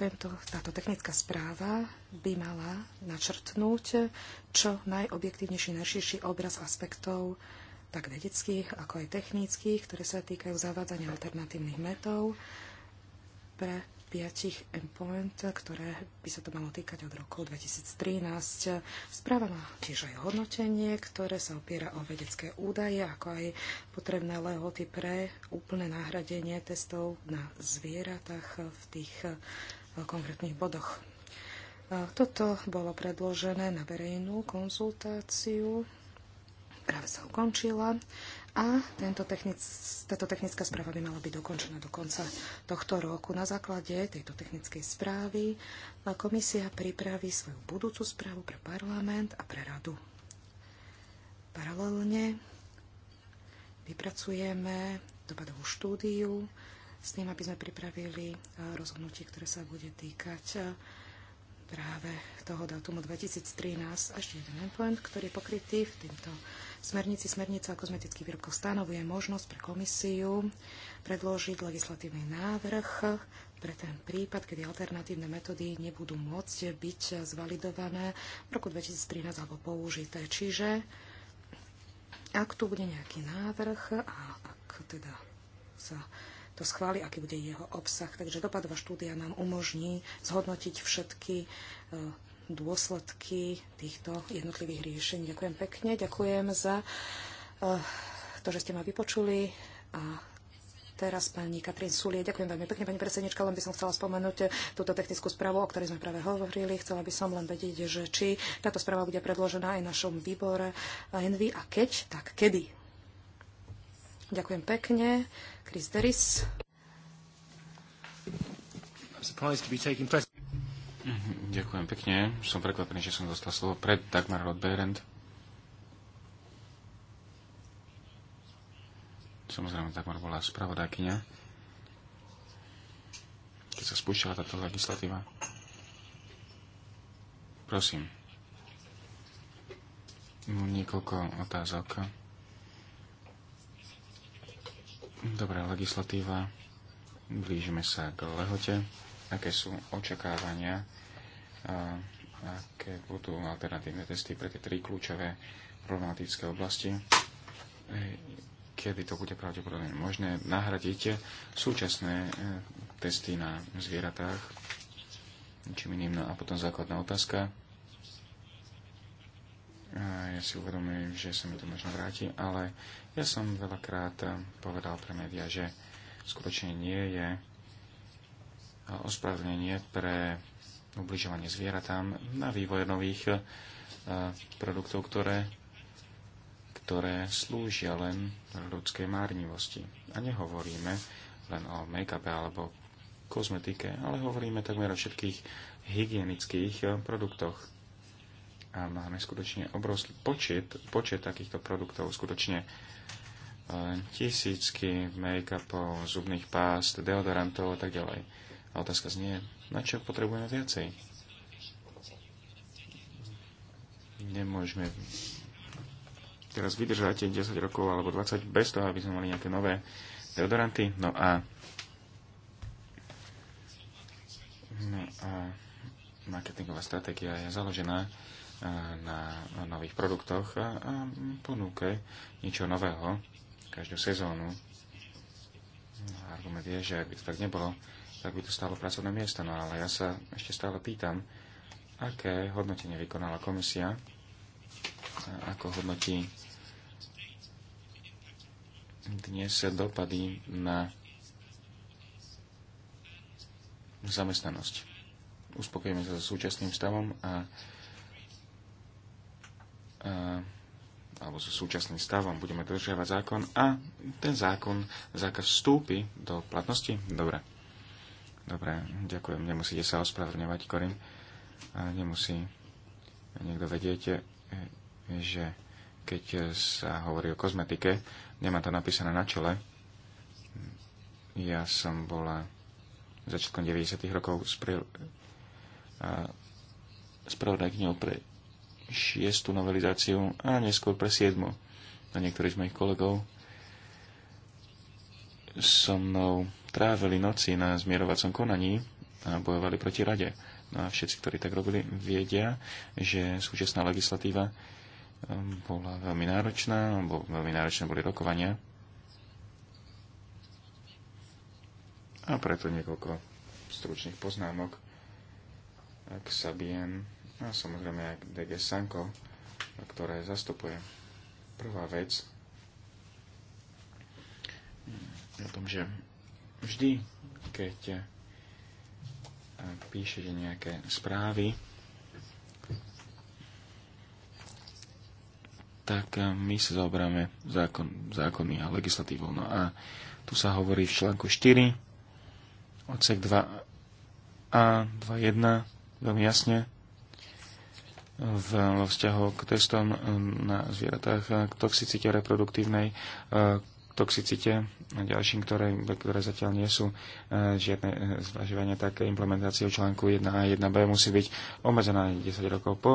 Tento, táto technická správa by mala načrtnúť čo najobjektívnejší, najširší obraz aspektov tak vedeckých, ako aj technických, ktoré sa týkajú zavádzania alternatívnych metov pre piatich endpoint, ktoré by sa to malo týkať od roku 2013. Správa má tiež aj hodnotenie, ktoré sa opiera o vedecké údaje, ako aj potrebné lehoty pre úplné nahradenie testov na zvieratách v tých eh, konkrétnych bodoch. Toto bolo predložené na verejnú konzultáciu práve sa ukončila a tento technic, táto technická správa by mala byť dokončená do konca tohto roku. Na základe tejto technickej správy komisia pripraví svoju budúcu správu pre parlament a pre radu. Paralelne vypracujeme dopadovú štúdiu s tým, aby sme pripravili eh, rozhodnutie, ktoré sa bude týkať eh, práve toho dátumu 2013. Ešte jeden endpoint, ktorý je pokrytý v týmto smernici. Smernica o kozmetických výrobkoch stanovuje možnosť pre komisiu predložiť legislatívny návrh pre ten prípad, kedy alternatívne metódy nebudú môcť byť zvalidované v roku 2013 alebo použité. Čiže ak tu bude nejaký návrh a ak teda sa to schváli, aký bude jeho obsah. Takže dopadová štúdia nám umožní zhodnotiť všetky e, dôsledky týchto jednotlivých riešení. Ďakujem pekne, ďakujem za e, to, že ste ma vypočuli a teraz pani Katrin Sulie. Ďakujem veľmi pekne, pani predsednička, len by som chcela spomenúť túto technickú správu, o ktorej sme práve hovorili. Chcela by som len vedieť, že či táto správa bude predložená aj našom výbore Envy a keď, tak kedy. Ďakujem pekne. Chris Deris. Mhm, ďakujem pekne. Som prekvapený, že som dostal slovo pred Dagmar Rodberend. Samozrejme, Dagmar bola spravodajkyňa, keď sa spúšťala táto legislatíva. Prosím. Niekoľko otázok Dobrá legislatíva. Blížime sa k lehote. Aké sú očakávania? A aké budú alternatívne testy pre tie tri kľúčové problematické oblasti? E, kedy to bude pravdepodobne možné? Nahradíte súčasné e, testy na zvieratách? Čím iným. No a potom základná otázka a ja si uvedomujem, že sa mi to možno vráti, ale ja som veľakrát povedal pre médiá, že skutočne nie je ospravedlnenie pre ubližovanie zvieratám na vývoj nových e, produktov, ktoré, ktoré slúžia len ľudskej márnivosti. A nehovoríme len o make-upe alebo kozmetike, ale hovoríme takmer o všetkých hygienických e, produktoch a máme skutočne obrovský počet, počet takýchto produktov, skutočne e, tisícky make-upov, zubných pást, deodorantov a tak ďalej. A otázka znie, na čo potrebujeme viacej? Nemôžeme teraz vydržať 10 rokov alebo 20 bez toho, aby sme mali nejaké nové deodoranty. No a, no a marketingová stratégia je založená na nových produktoch a ponúke niečo nového každú sezónu. Argument je, že ak by to tak nebolo, tak by to stalo pracovné miesto. No ale ja sa ešte stále pýtam, aké hodnotenie vykonala komisia, ako hodnotí dnes dopady na zamestnanosť. Uspokojíme sa so súčasným stavom a alebo so súčasným stavom budeme dodržiavať zákon a ten zákon, zákaz vstúpi do platnosti? Dobre. Dobre, ďakujem. Nemusíte sa ospravedlňovať, Korin. Nemusí niekto vedieť, e, že keď sa hovorí o kozmetike, nemá to napísané na čele. Ja som bola začiatkom 90. rokov spre, spravodajkňou pre šiestu novelizáciu a neskôr pre siedmu. A niektorí z mojich kolegov so mnou trávili noci na zmierovacom konaní a bojovali proti rade. No a všetci, ktorí tak robili, vedia, že súčasná legislatíva um, bola veľmi náročná, bo veľmi náročné boli rokovania. A preto niekoľko stručných poznámok k Sabien a samozrejme aj DG Sanko, ktoré zastupuje. Prvá vec o tom, že vždy, keď eh, píšete nejaké správy, tak eh, my sa zaoberáme zákon, zákony a legislatívou. No a tu sa hovorí v článku 4, odsek 2 a 2.1 veľmi jasne, v vzťahu k testom na zvieratách eh, k toxicite reproduktívnej, eh, k toxicite a ďalším, ktoré, ktoré zatiaľ nie sú eh, žiadne zvažovania, tak implementácia článku 1 a 1b musí byť obmedzená 10 rokov po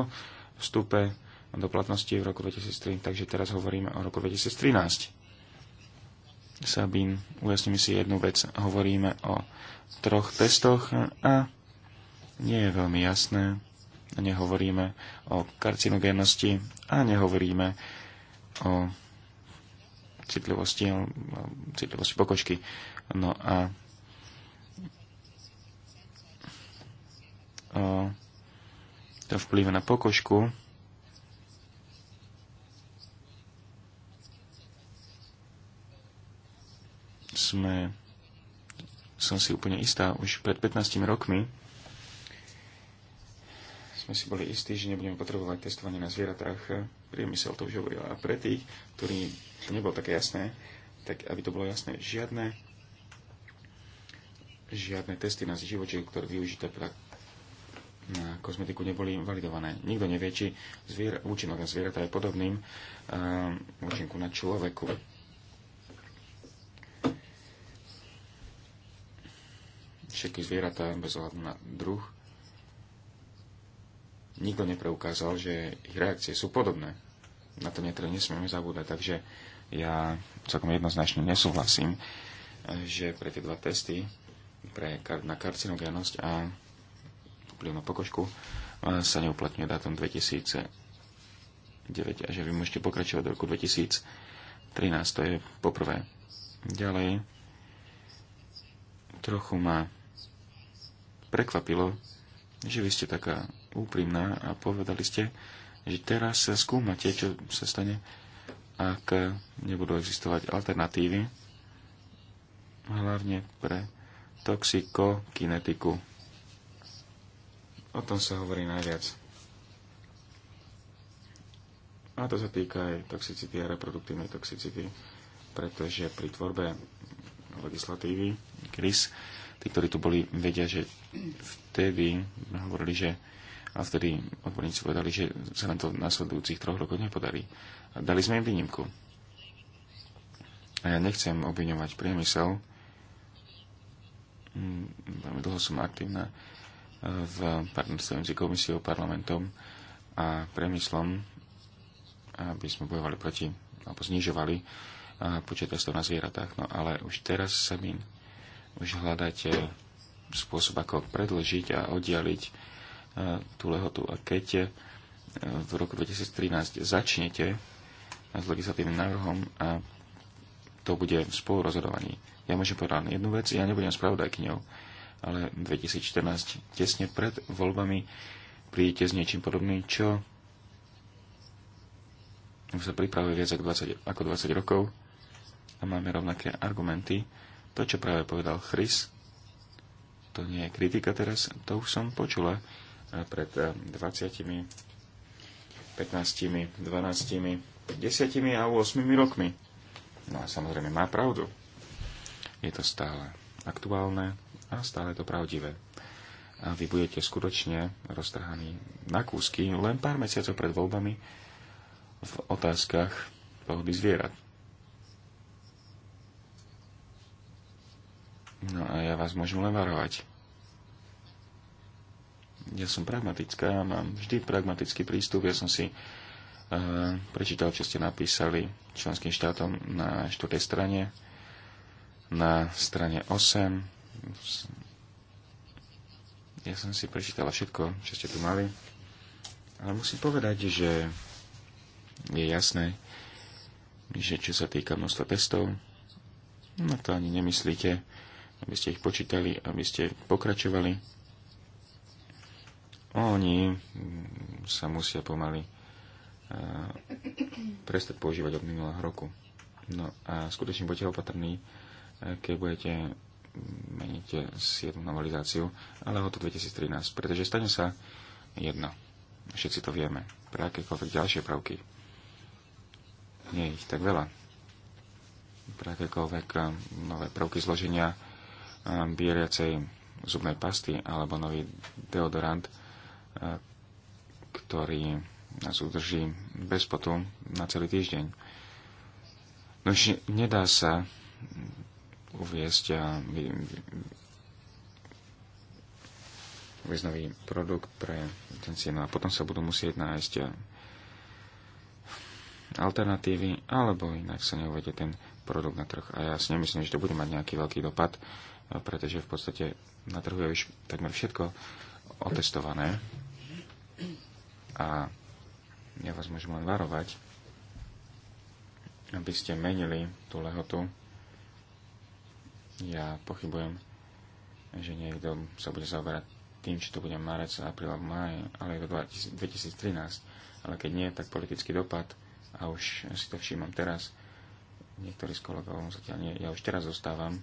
vstupe do platnosti v roku 2003, takže teraz hovoríme o roku 2013. Sabín, ujasníme si jednu vec. Hovoríme o troch testoch a nie je veľmi jasné, nehovoríme o karcinogénnosti a nehovoríme o citlivosti, citlivosti pokožky. No a o, to vplyv na pokožku sme som si úplne istá, už pred 15 rokmi sme si boli istí, že nebudeme potrebovať testovanie na zvieratách. Priemysel to už hovoril. A pre tých, ktorí to nebolo také jasné, tak aby to bolo jasné, žiadne, žiadne testy na živočí, ktoré využité pre na kozmetiku neboli validované. Nikto nevie, či zvier- účinok na zvieratá je podobným uh, účinku na človeku. Všetky zvieratá bez ohľadu na druh nikto nepreukázal, že ich reakcie sú podobné. Na to netreba nesmieme zabúdať, takže ja celkom jednoznačne nesúhlasím, že pre tie dva testy pre, na karcinogénosť a vplyv na pokožku sa neuplatňuje dátum 2009 a že vy môžete pokračovať do roku 2013, to je poprvé. Ďalej, trochu ma prekvapilo, že vy ste taká úprimná a povedali ste, že teraz skúmate, čo sa stane, ak nebudú existovať alternatívy, hlavne pre toxikokinetiku. O tom sa hovorí najviac. A to sa týka aj toxicity a reproduktívnej toxicity, pretože pri tvorbe legislatívy, KRIS, tí, ktorí tu boli, vedia, že vtedy hovorili, že a vtedy odborníci povedali, že sa nám to v následujúcich troch rokoch nepodarí. A dali sme im výnimku. A ja nechcem obviňovať priemysel. Mm, veľmi dlho som aktívna e, v partnerstve medzi komisiou, parlamentom a priemyslom, aby sme bojovali proti, alebo znižovali e, počet testov na zvieratách. No ale už teraz sa mi už hľadáte spôsob, ako predlžiť a oddialiť tú lehotu. A keď e, v roku 2013 začnete s legislatívnym návrhom a to bude v spolurozhodovaní. Ja môžem povedať len jednu vec, ja nebudem spravodajkňou, ale 2014, tesne pred voľbami, prídete s niečím podobným, čo sa pripravuje viac ako 20, ako 20 rokov a máme rovnaké argumenty. To, čo práve povedal Chris, to nie je kritika teraz, to už som počula pred 20, 15, 12, 10 a 8 rokmi. No a samozrejme má pravdu. Je to stále aktuálne a stále to pravdivé. A vy budete skutočne roztrhaní na kúsky len pár mesiacov pred voľbami v otázkach pohody zvierat. No a ja vás môžem len varovať ja som pragmatická, ja mám vždy pragmatický prístup, ja som si e, prečítal, čo ste napísali členským štátom na štvrtej strane, na strane 8. Ja som si prečítala všetko, čo ste tu mali. Ale musím povedať, že je jasné, že čo sa týka množstva testov, na no to ani nemyslíte, aby ste ich počítali, aby ste pokračovali oni mm, sa musia pomaly e, prestať používať od minulého roku. No a skutočne buďte opatrní, e, keď budete mm, meniť jednu novelizáciu, ale ho to 2013, pretože stane sa jedno. Všetci to vieme. Pre akékoľvek ďalšie prvky. Nie je ich tak veľa. Pre akékoľvek e, nové prvky zloženia bieriacej zubnej pasty alebo nový deodorant, ktorý nás udrží bez potu na celý týždeň. No nedá sa uviesť a vy, vy, nový produkt pre ten cieno a potom sa budú musieť nájsť alternatívy, alebo inak sa neuvede ten produkt na trh. A ja si nemyslím, že to bude mať nejaký veľký dopad, pretože v podstate na trhu je už takmer všetko otestované a ja vás môžem len varovať, aby ste menili tú lehotu. Ja pochybujem, že niekto sa bude zaoberať tým, či to bude marec, apríl alebo maj, ale je to 2013. Ale keď nie, tak politický dopad, a už si to všímam teraz, niektorí z kolegov zatiaľ nie, ja už teraz zostávam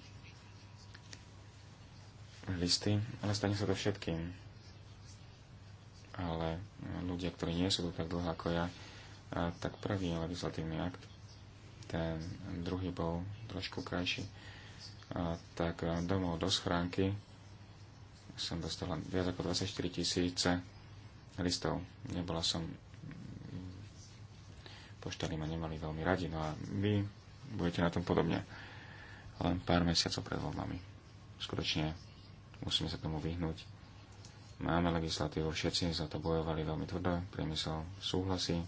listy, ale stane sa to všetkým ale e, ľudia, ktorí nie sú tu tak dlho ako ja, e, tak prvý legislatívny akt, ten druhý bol trošku krajší, tak e, domov do schránky som dostal viac ako 24 tisíc listov. Nebola som poštári ma nemali veľmi radi, no a vy budete na tom podobne. Len pár mesiacov pred voľbami. Skutočne musíme sa tomu vyhnúť. Máme legislatívu, všetci za to bojovali veľmi tvrdo, priemysel súhlasí.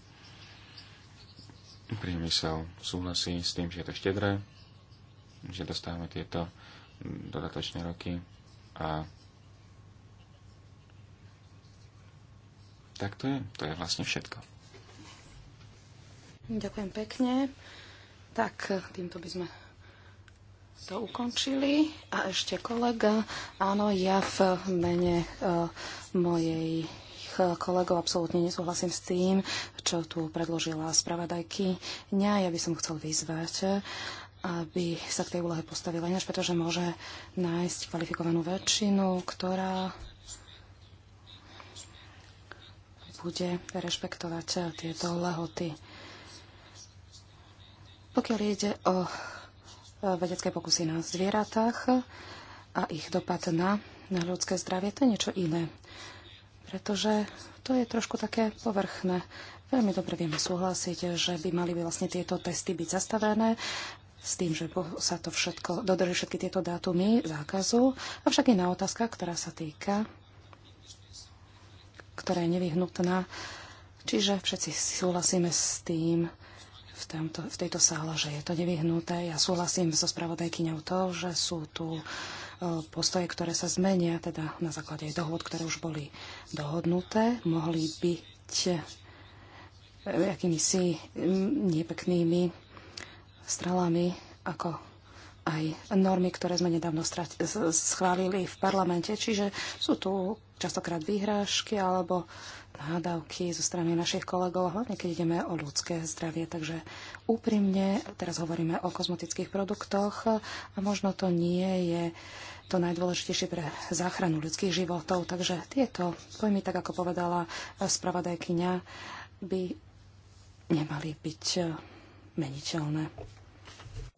Priemysel súhlasí s tým, že je to štedré, že dostávame tieto dodatočné roky a tak to je. To je vlastne všetko. Ďakujem pekne. Tak, týmto by sme to ukončili. A ešte kolega, áno, ja v mene uh, e, mojej kolegov absolútne nesúhlasím s tým, čo tu predložila spravodajky. Ja by som chcel vyzvať, aby sa k tej úlohe postavila ináč, pretože môže nájsť kvalifikovanú väčšinu, ktorá bude rešpektovať tieto lehoty. Pokiaľ ide o E, vedecké pokusy na zvieratách a ich dopad na, na ľudské zdravie, to je niečo iné. Pretože to je trošku také povrchné. Veľmi dobre vieme súhlasiť, že by mali by vlastne tieto testy byť zastavené s tým, že sa to všetko, dodrží všetky tieto dátumy zákazu. Avšak iná otázka, ktorá sa týka, ktorá je nevyhnutná. Čiže všetci súhlasíme s tým, v, tomto, v tejto sále, že je to nevyhnuté. Ja súhlasím so spravodajkyňou to, že sú tu e, postoje, ktoré sa zmenia, teda na základe dohod, ktoré už boli dohodnuté, mohli byť e, akými si nepeknými stralami, ako aj normy, ktoré sme nedávno schválili v parlamente. Čiže sú tu častokrát výhrážky alebo hádavky zo strany našich kolegov, hlavne keď ideme o ľudské zdravie. Takže úprimne, teraz hovoríme o kozmetických produktoch a možno to nie je to najdôležitejšie pre záchranu ľudských životov. Takže tieto pojmy, tak ako povedala spravodajkyňa, by nemali byť eh, meniteľné.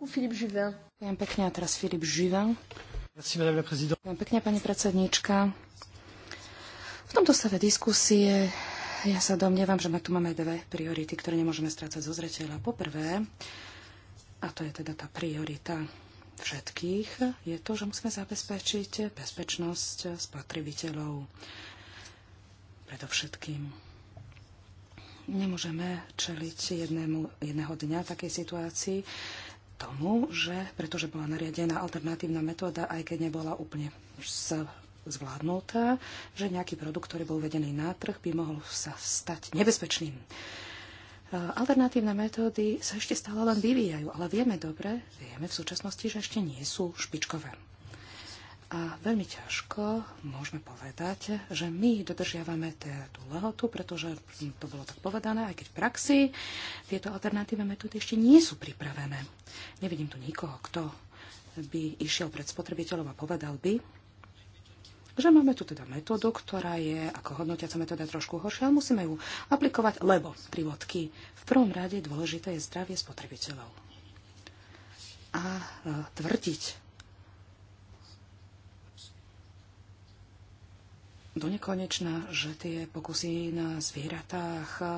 Filip Živel. Ďakujem pekne a teraz Filip Živan. Ďakujem pekne, pani predsednička. V tomto stave diskusie ja sa domnievam, že tu máme dve priority, ktoré nemôžeme strácať zo zreteľa. Poprvé, a to je teda tá priorita všetkých, je to, že musíme zabezpečiť bezpečnosť spotrebiteľov predovšetkým. Nemôžeme čeliť jednému, jedného dňa takej situácii, tomu, že pretože bola nariadená alternatívna metóda, aj keď nebola úplne zvládnutá, že nejaký produkt, ktorý bol uvedený na trh, by mohol sa stať nebezpečným. Alternatívne metódy sa ešte stále len vyvíjajú, ale vieme dobre, vieme v súčasnosti, že ešte nie sú špičkové. A veľmi ťažko môžeme povedať, že my dodržiavame tú lehotu, pretože to bolo tak povedané, aj keď v praxi tieto alternatívne metódy ešte nie sú pripravené. Nevidím tu nikoho, kto by išiel pred spotrebiteľom a povedal by, že máme tu teda metódu, ktorá je ako hodnotiaca metóda trošku horšia, ale musíme ju aplikovať, lebo prívodky. V prvom rade dôležité je zdravie spotrebiteľov. A e, tvrdiť, do nekonečna, že tie pokusy na zvieratách eh,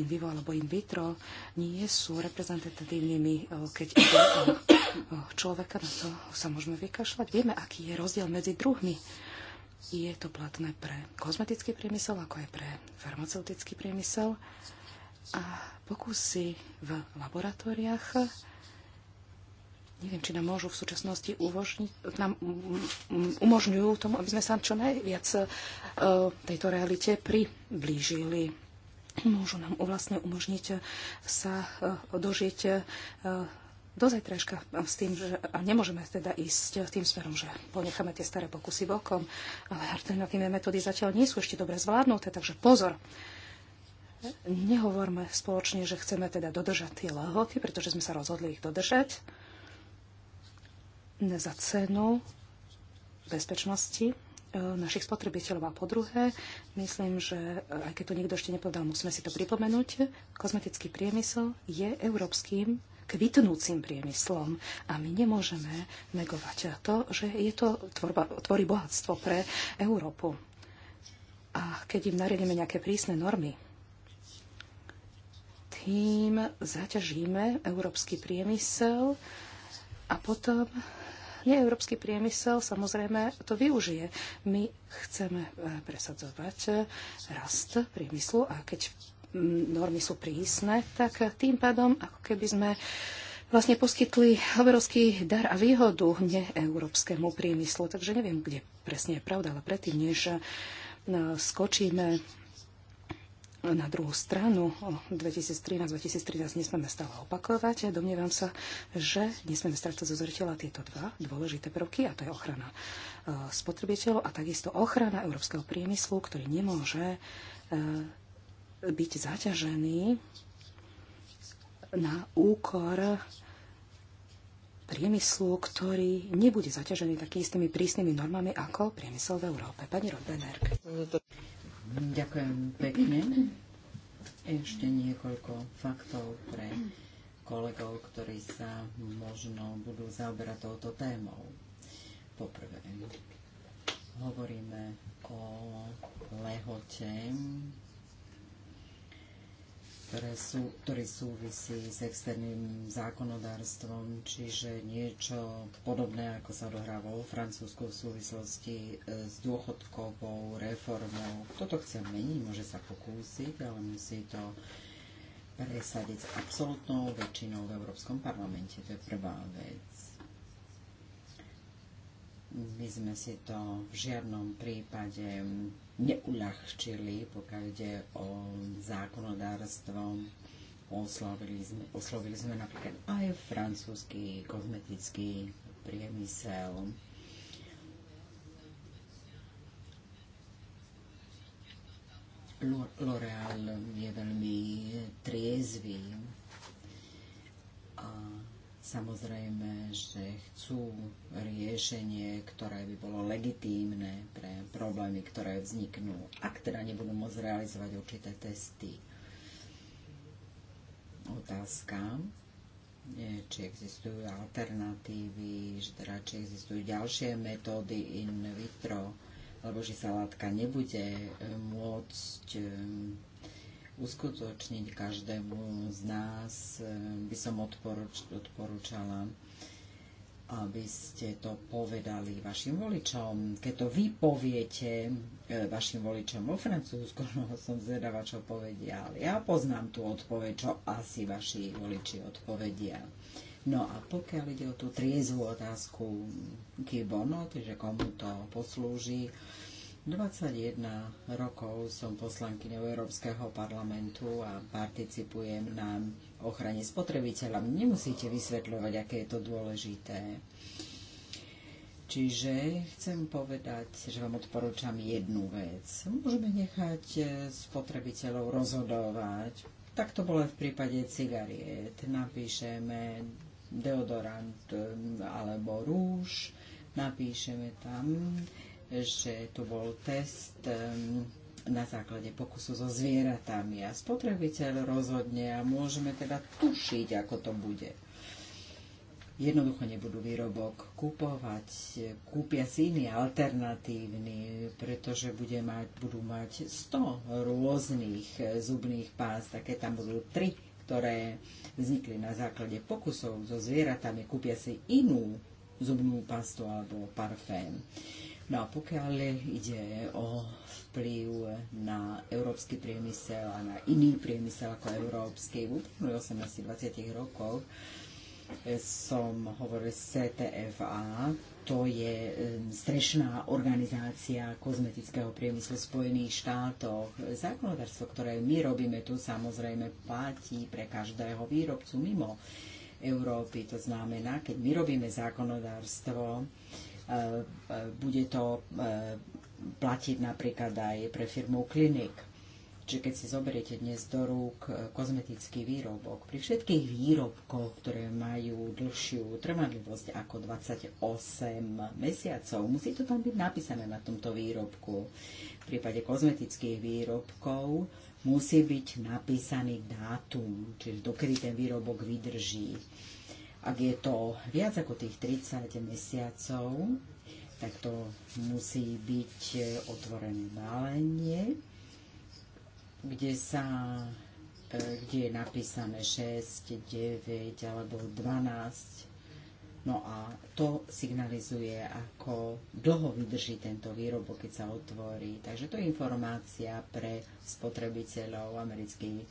in vivo alebo in vitro nie sú reprezentatívnymi, eh, keď ide o eh, človeka. Na to sa môžeme vykašľať. Vieme, aký je rozdiel medzi druhmi. Je to platné pre kozmetický priemysel, ako aj pre farmaceutický priemysel. A pokusy v laboratóriách neviem, či nám môžu v súčasnosti uvožniť, nám mm, mm, umožňujú tomu, aby sme sa čo najviac e, tejto realite priblížili. Môžu nám vlastne umožniť sa e, dožiť e, do zajtrajška s tým, že a nemôžeme teda ísť tým smerom, že ponecháme tie staré pokusy bokom, ale alternatívne metódy zatiaľ nie sú ešte dobre zvládnuté, takže pozor. Nehovorme spoločne, že chceme teda dodržať tie lehoty, pretože sme sa rozhodli ich dodržať za cenu bezpečnosti e, našich spotrebiteľov. A po druhé, myslím, že e, aj keď to nikto ešte nepovedal, musíme si to pripomenúť, kozmetický priemysel je európskym kvitnúcim priemyslom a my nemôžeme negovať to, že je to tvorba, tvorí bohatstvo pre Európu. A keď im nariadíme nejaké prísne normy, tým zaťažíme európsky priemysel a potom nie, európsky priemysel samozrejme to využije. My chceme eh, presadzovať eh, rast priemyslu a keď mm, normy sú prísne, tak tým pádom ako keby sme vlastne poskytli obrovský dar a výhodu neeurópskemu priemyslu. Takže neviem, kde presne je pravda, ale predtým, než eh, skočíme na druhú stranu 2013-2013 nesmieme stále opakovať. Domnievam sa, že nesmieme strácať zo zreteľa tieto dva dôležité prvky, a to je ochrana e, spotrebiteľov a takisto ochrana európskeho priemyslu, ktorý nemôže e, byť zaťažený na úkor priemyslu, ktorý nebude zaťažený takými istými prísnymi normami ako priemysel v Európe. Pani Rodbenerk. Ďakujem pekne. Ešte niekoľko faktov pre kolegov, ktorí sa možno budú zaoberať touto témou. Poprvé, hovoríme o lehote ktoré sú, ktorý súvisí s externým zákonodárstvom, čiže niečo podobné, ako sa odohráva vo Francúzsku v súvislosti e, s dôchodkovou reformou. Kto to chce meniť, môže sa pokúsiť, ale musí to presadiť s absolútnou väčšinou v Európskom parlamente. To je prvá vec. My sme si to v žiadnom prípade neuľahčili, pokiaľ ide o zákonodárstvo. Oslovili sme, oslovili sme napríklad aj francúzsky kozmetický priemysel. L'Oreal je veľmi triezvý a Samozrejme, že chcú riešenie, ktoré by bolo legitímne pre problémy, ktoré vzniknú, ak teda nebudú môcť realizovať určité testy. Otázka, je, či existujú alternatívy, že teda, či existujú ďalšie metódy in vitro, alebo že sa látka nebude môcť uskutočniť každému z nás. Eh, by som odporuč, odporúčala, aby ste to povedali vašim voličom. Keď to vy poviete eh, vašim voličom vo Francúzsku, no som zvedavá, čo povedia, ale ja poznám tú odpoveď, čo asi vaši voliči odpovedia. No a pokiaľ ide o tú triezvu otázku mm, Kibono, takže komu to poslúži, 21 rokov som poslankyňou Európskeho parlamentu a participujem na ochrane spotrebiteľa. Nemusíte vysvetľovať, aké je to dôležité. Čiže chcem povedať, že vám odporúčam jednu vec. Môžeme nechať eh, spotrebiteľov rozhodovať. Tak to bolo v prípade cigariet. Napíšeme deodorant eh, alebo rúž, napíšeme tam že tu bol test na základe pokusu so zvieratami a spotrebiteľ rozhodne a môžeme teda tušiť, ako to bude. Jednoducho nebudú výrobok kupovať, kúpia si iný alternatívny, pretože bude mať, budú mať 100 rôznych zubných pás, také tam budú tri, ktoré vznikli na základe pokusov so zvieratami, kúpia si inú zubnú pastu alebo parfém. Uh, No a pokiaľ ide o vplyv na európsky priemysel a na iný priemysel ako európsky, v 18-20 rokov eh, som hovoril z CTFA, to je eh, strešná organizácia kozmetického priemyslu v Spojených štátoch. Zákonodárstvo, ktoré my robíme tu, samozrejme platí pre každého výrobcu mimo Európy. To znamená, keď my robíme zákonodárstvo, E, e, bude to e, platiť napríklad aj pre firmu Klinik. Čiže keď si zoberiete dnes do rúk kozmetický výrobok, pri všetkých výrobkoch, ktoré majú dlhšiu trvanlivosť ako 28 mesiacov, musí to tam byť napísané na tomto výrobku. V prípade kozmetických výrobkov musí byť napísaný dátum, čiže dokedy ten výrobok vydrží ak je to viac ako tých 30 mesiacov, tak to musí byť otvorené balenie, kde sa e, kde je napísané 6, 9 alebo 12. No a to signalizuje, ako dlho vydrží tento výrobok, keď sa otvorí. Takže to je informácia pre spotrebiteľov amerických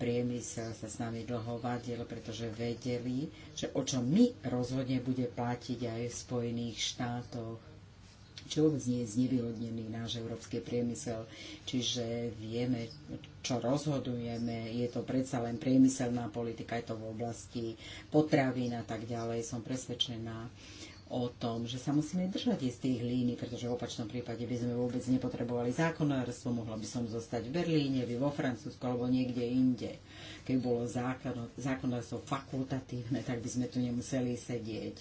priemysel sa s nami dlho vadil, pretože vedeli, že o čo my rozhodne bude platiť aj v Spojených štátoch čo vôbec nie je znevýhodnený náš európsky priemysel. Čiže vieme, čo rozhodujeme, je to predsa len priemyselná politika, je to v oblasti potravín a tak ďalej. Som presvedčená, o tom, že sa musíme držať tých líny, pretože v opačnom prípade by sme vôbec nepotrebovali zákonárstvo, mohla by som zostať v Berlíne, vy vo Francúzsku alebo niekde inde. Keby bolo zákonárstvo fakultatívne, tak by sme tu nemuseli sedieť.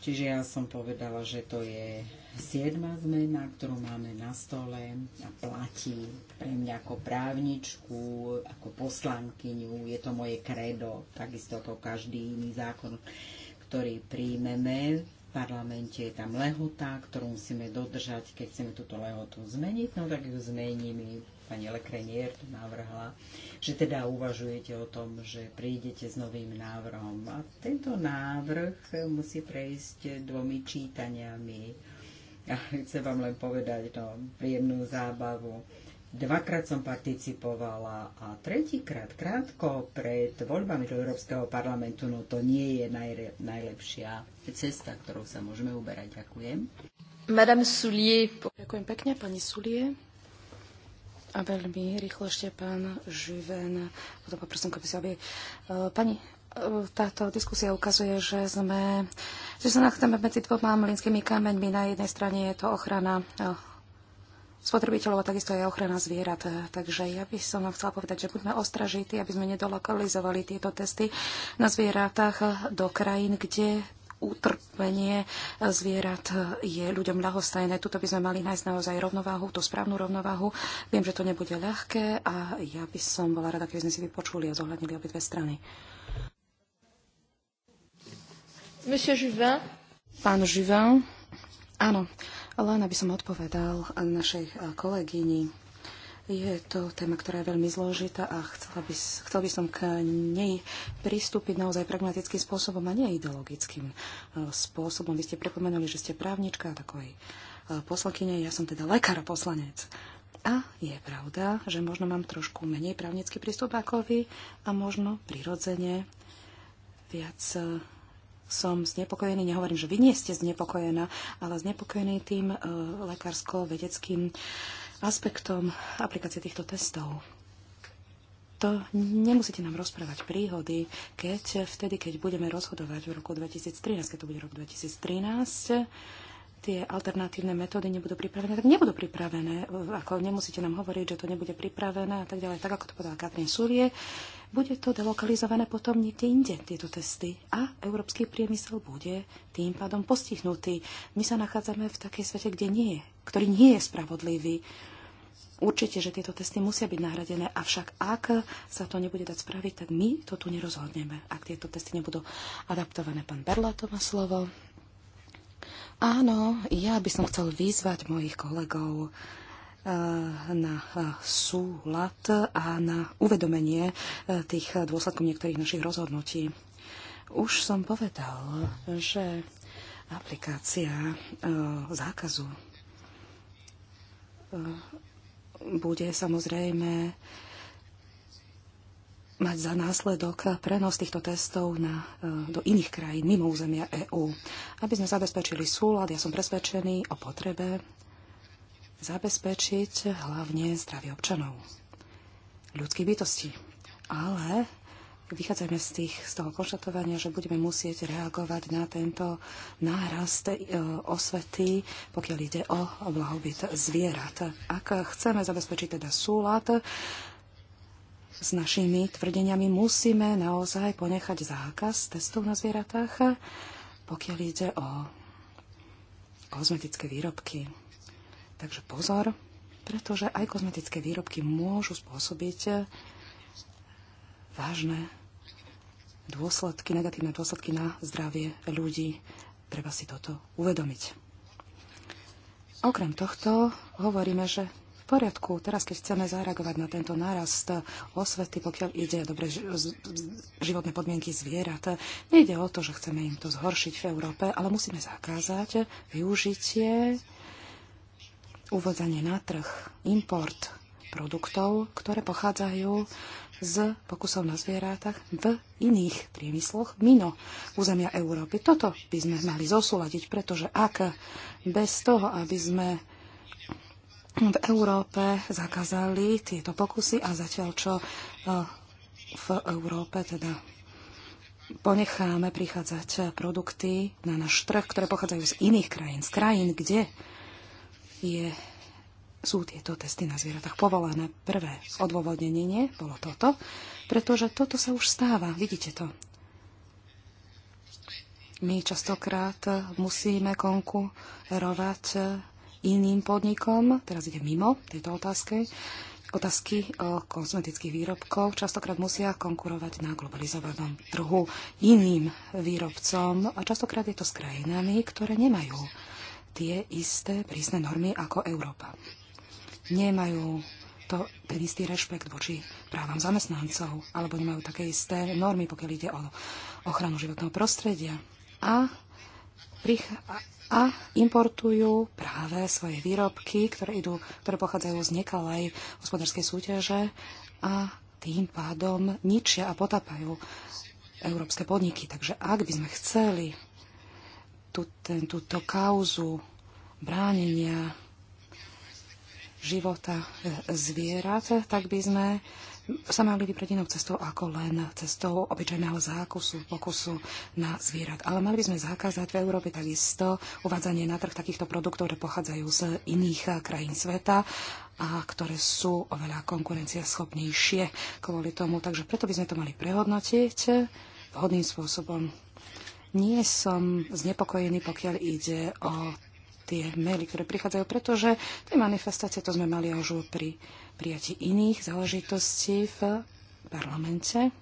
Čiže ja som povedala, že to je siedma zmena, ktorú máme na stole a platí pre mňa ako právničku, ako poslankyňu. Je to moje kredo, takisto ako každý iný zákon ktorý príjmeme. V parlamente je tam lehota, ktorú musíme dodržať. Keď chceme túto lehotu zmeniť, no tak ju zmením Pani Lekrenier to navrhla, že teda uvažujete o tom, že prídete s novým návrhom. A tento návrh musí prejsť dvomi čítaniami. Ja chcem vám len povedať no, príjemnú zábavu Dvakrát som participovala a tretíkrát, krátko pred voľbami do Európskeho parlamentu, no to nie je najre, najlepšia cesta, ktorou sa môžeme uberať. Ďakujem. Madame Soulier. Ďakujem pekne, pani Soulier. A veľmi rýchlo ešte pán Živen. Potom poprosím sa aby... Eh, pani, eh, táto diskusia ukazuje, že sme, že sa nachádzame medzi dvoma mlinskými kameňmi. Na jednej strane je to ochrana eh, spotrebiteľov a takisto aj ochrana zvierat. Takže ja by som vám chcela povedať, že buďme ostražití, aby sme nedolokalizovali tieto testy na zvieratách do krajín, kde utrpenie zvierat je ľuďom ľahostajné. Tuto by sme mali nájsť naozaj rovnováhu, tú správnu rovnováhu. Viem, že to nebude ľahké a ja by som bola rada, keby sme si vypočuli a zohľadnili obidve strany. Monsieur Juvin. Pán Juvin. Áno, len aby som odpovedal našej eh, kolegyni. Je to téma, ktorá je veľmi zložitá a chcela by, chcel by som k nej pristúpiť naozaj pragmatickým spôsobom a nie ideologickým eh, spôsobom. Vy ste pripomenuli, že ste právnička a takovej eh, poslankyne, ja som teda lekár a poslanec. A je pravda, že možno mám trošku menej právnický prístup ako vy a možno prirodzene viac som znepokojený, nehovorím, že vy nie ste znepokojená, ale znepokojený tým e, lekársko-vedeckým aspektom aplikácie týchto testov. To nemusíte nám rozprávať príhody, keď vtedy, keď budeme rozhodovať v roku 2013, keď to bude rok 2013, tie alternatívne metódy nebudú pripravené, tak nebudú pripravené. Ako nemusíte nám hovoriť, že to nebude pripravené a tak ďalej. Tak ako to povedala Katrin Surie, bude to delokalizované potom niekde inde, tieto testy. A európsky priemysel bude tým pádom postihnutý. My sa nachádzame v takej svete, kde nie je, ktorý nie je spravodlivý. Určite, že tieto testy musia byť nahradené, avšak ak sa to nebude dať spraviť, tak my to tu nerozhodneme, ak tieto testy nebudú adaptované. Pán Berla to má slovo. Áno, ja by som chcel vyzvať mojich kolegov, Eh, na eh, súlad a na uvedomenie eh, tých dôsledkov niektorých našich rozhodnutí. Už som povedal, že aplikácia zákazu bude samozrejme mať za následok prenos týchto testov na, do iných krajín mimo územia EÚ. Aby sme zabezpečili súlad, ja som presvedčený o potrebe zabezpečiť hlavne zdravie občanov, ľudských bytostí. Ale vychádzame z, tých, z toho konštatovania, že budeme musieť reagovať na tento nárast e, osvety, pokiaľ ide o blahobyt zvierat. Ak chceme zabezpečiť teda súlad s našimi tvrdeniami, musíme naozaj ponechať zákaz testov na zvieratách, pokiaľ ide o kozmetické výrobky Takže pozor, pretože aj kozmetické výrobky môžu spôsobiť eh, vážne dôsledky, negatívne dôsledky na zdravie ľudí. Treba si toto uvedomiť. Okrem tohto hovoríme, že v poriadku, teraz keď chceme zareagovať na tento nárast osvety, pokiaľ ide o dobre životné podmienky zvierat, nejde o to, že chceme im to zhoršiť v Európe, ale musíme zakázať využitie uvádzanie na trh, import produktov, ktoré pochádzajú z pokusov na zvieratách v iných priemysloch mimo územia Európy. Toto by sme mali zosúľadiť, pretože ak bez toho, aby sme v Európe zakázali tieto pokusy a zatiaľ čo e, v Európe teda ponecháme prichádzať produkty na náš trh, ktoré pochádzajú z iných krajín, z krajín, kde je, sú tieto testy na zvieratách povolené. Prvé odôvodnenie nie, bolo toto, pretože toto sa už stáva, vidíte to. My častokrát musíme konkurovať iným podnikom, teraz ide mimo tejto otázky, otázky o kozmetických výrobkov častokrát musia konkurovať na globalizovanom trhu iným výrobcom a častokrát je to s krajinami, ktoré nemajú tie isté prísne normy ako Európa. Nemajú to ten istý rešpekt voči právam zamestnancov, alebo nemajú také isté normy, pokiaľ ide o ochranu životného prostredia. A, prich- a, a importujú práve svoje výrobky, ktoré, idú, ktoré pochádzajú z nekalej hospodárskej súťaže a tým pádom ničia a potapajú európske podniky. Takže ak by sme chceli tú, ten, túto kauzu bránenia života e, zvierat, tak by sme sa mali vybrať inou cestou ako len cestou obyčajného zákusu, pokusu na zvierat. Ale mali by sme zakázať v Európe takisto uvádzanie na trh takýchto produktov, ktoré pochádzajú z iných krajín sveta a ktoré sú oveľa konkurencieschopnejšie kvôli tomu. Takže preto by sme to mali prehodnotiť vhodným spôsobom nie som znepokojený, pokiaľ ide o tie maily, ktoré prichádzajú, pretože tie manifestácie to sme mali už pri prijati iných záležitostí v parlamente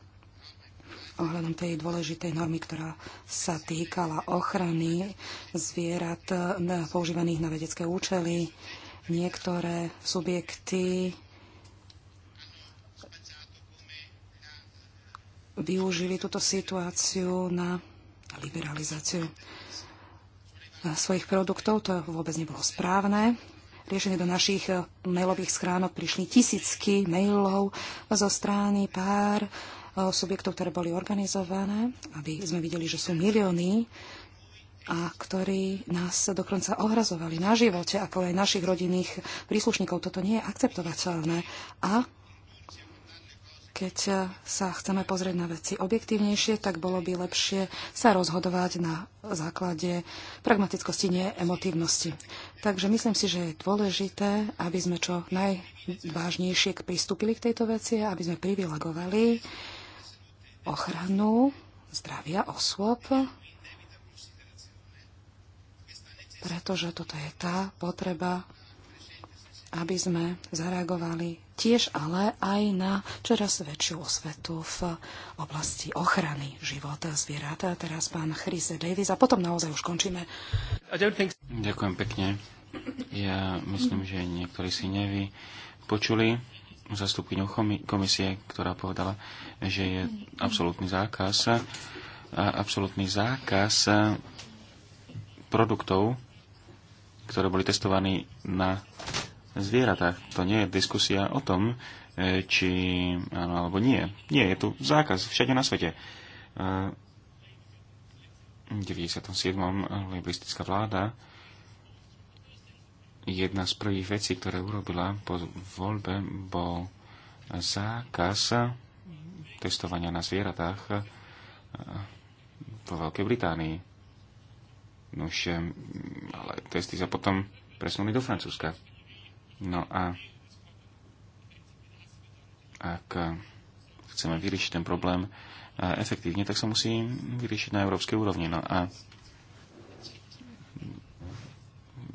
ohľadom tej dôležitej normy, ktorá sa týkala ochrany zvierat používaných na vedecké účely. Niektoré subjekty využili túto situáciu na liberalizáciu svojich produktov. To vôbec nebolo správne. Riešenie do našich eh, mailových schránok prišli tisícky mailov zo strany pár eh, subjektov, ktoré boli organizované, aby sme videli, že sú milióny a ktorí nás dokonca ohrazovali na živote, ako aj našich rodinných príslušníkov. Toto nie je akceptovateľné. A keď e, sa chceme pozrieť na veci objektívnejšie, tak bolo by lepšie sa rozhodovať na základe pragmatickosti, nie emotívnosti. Takže myslím si, že je dôležité, aby sme čo najvážnejšie pristúpili k tejto veci, aby sme privilegovali ochranu zdravia osôb, pretože toto je tá potreba, aby sme zareagovali tiež ale aj na čoraz väčšiu osvetu v oblasti ochrany života zvieratá, teraz pán Chrise Davis a potom naozaj už končíme. Think... Ďakujem pekne. Ja myslím, že niektorí si nevy počuli zastupkyňu komisie, ktorá povedala, že je absolútny zákaz absolútny zákaz produktov, ktoré boli testovaní na zvieratách. To nie je diskusia o tom, e, či áno alebo nie. Nie, je tu zákaz všade na svete. E, v 97. liberistická vláda jedna z prvých vecí, ktoré urobila po voľbe, bol zákaz testovania na zvieratách e, vo Veľkej Británii. No ale testy sa potom presunuli do Francúzska. No a ak chceme vyriešiť ten problém e, efektívne, tak sa musí vyriešiť na európskej úrovni. No a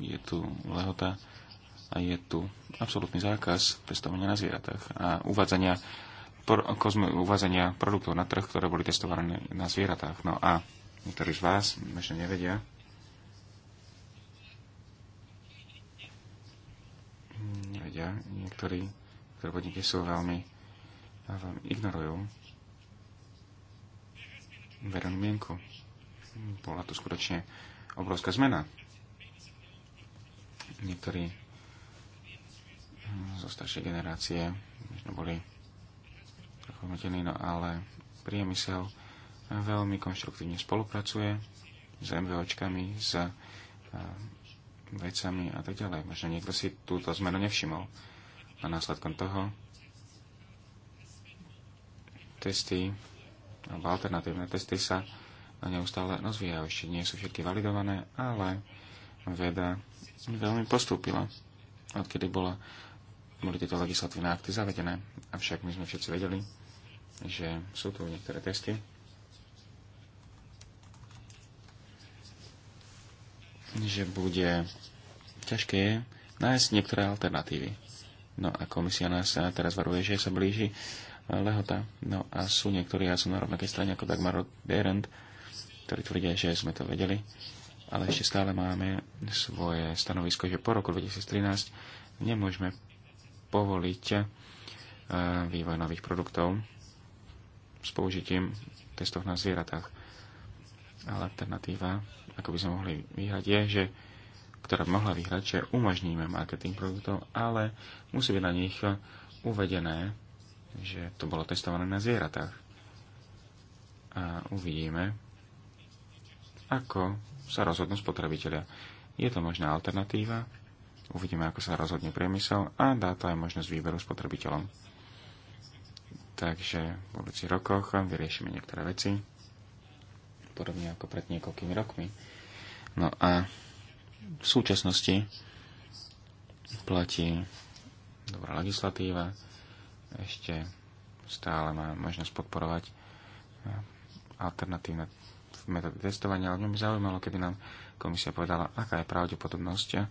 je tu lehota a je tu absolútny zákaz testovania na zvieratách a uvádzania, pro, kozme, uvádzania produktov na trh, ktoré boli testované na zvieratách. No a niektorí z vás ešte nevedia, nevedia. Niektorí, ktorí podniky sú veľmi, veľmi ignorujú verejnú mienku. Bola to skutočne obrovská zmena. Niektorí hm, zo staršej generácie možno boli trochu no ale priemysel veľmi konštruktívne spolupracuje s MVOčkami, s hm, vecami a tak ďalej. Možno niekto si túto zmenu nevšimol. A následkom toho testy alebo alternatívne testy sa neustále rozvíjajú. Ešte nie sú všetky validované, ale veda veľmi postúpila, odkedy bola, boli tieto legislatívne akty zavedené. Avšak my sme všetci vedeli, že sú tu niektoré testy, že bude ťažké nájsť niektoré alternatívy. No a komisia nás teraz varuje, že sa blíži eh, lehota. No a sú niektorí, ja som na rovnakej strane ako Dagmar Berend, ktorí tvrdia, že sme to vedeli, ale ešte stále máme svoje stanovisko, že po roku 2013 nemôžeme povoliť eh, vývoj nových produktov s použitím testov na zvieratách. Ale alternatíva, ako by sme mohli vyhrať, je, že ktorá by mohla vyhrať, že umožníme marketing produktov, ale musí byť na nich uvedené, že to bolo testované na zvieratách. A uvidíme, ako sa rozhodnú spotrebitelia. Je to možná alternatíva, uvidíme, ako sa rozhodne priemysel a dá to aj možnosť výberu spotrebiteľom. Takže v budúcich rokoch vyriešime niektoré veci podobne ako pred niekoľkými rokmi. No a v súčasnosti platí dobrá legislatíva, ešte stále má možnosť podporovať eh, alternatívne metódy testovania, ale mňa by zaujímalo, keby nám komisia povedala, aká je pravdepodobnosť eh,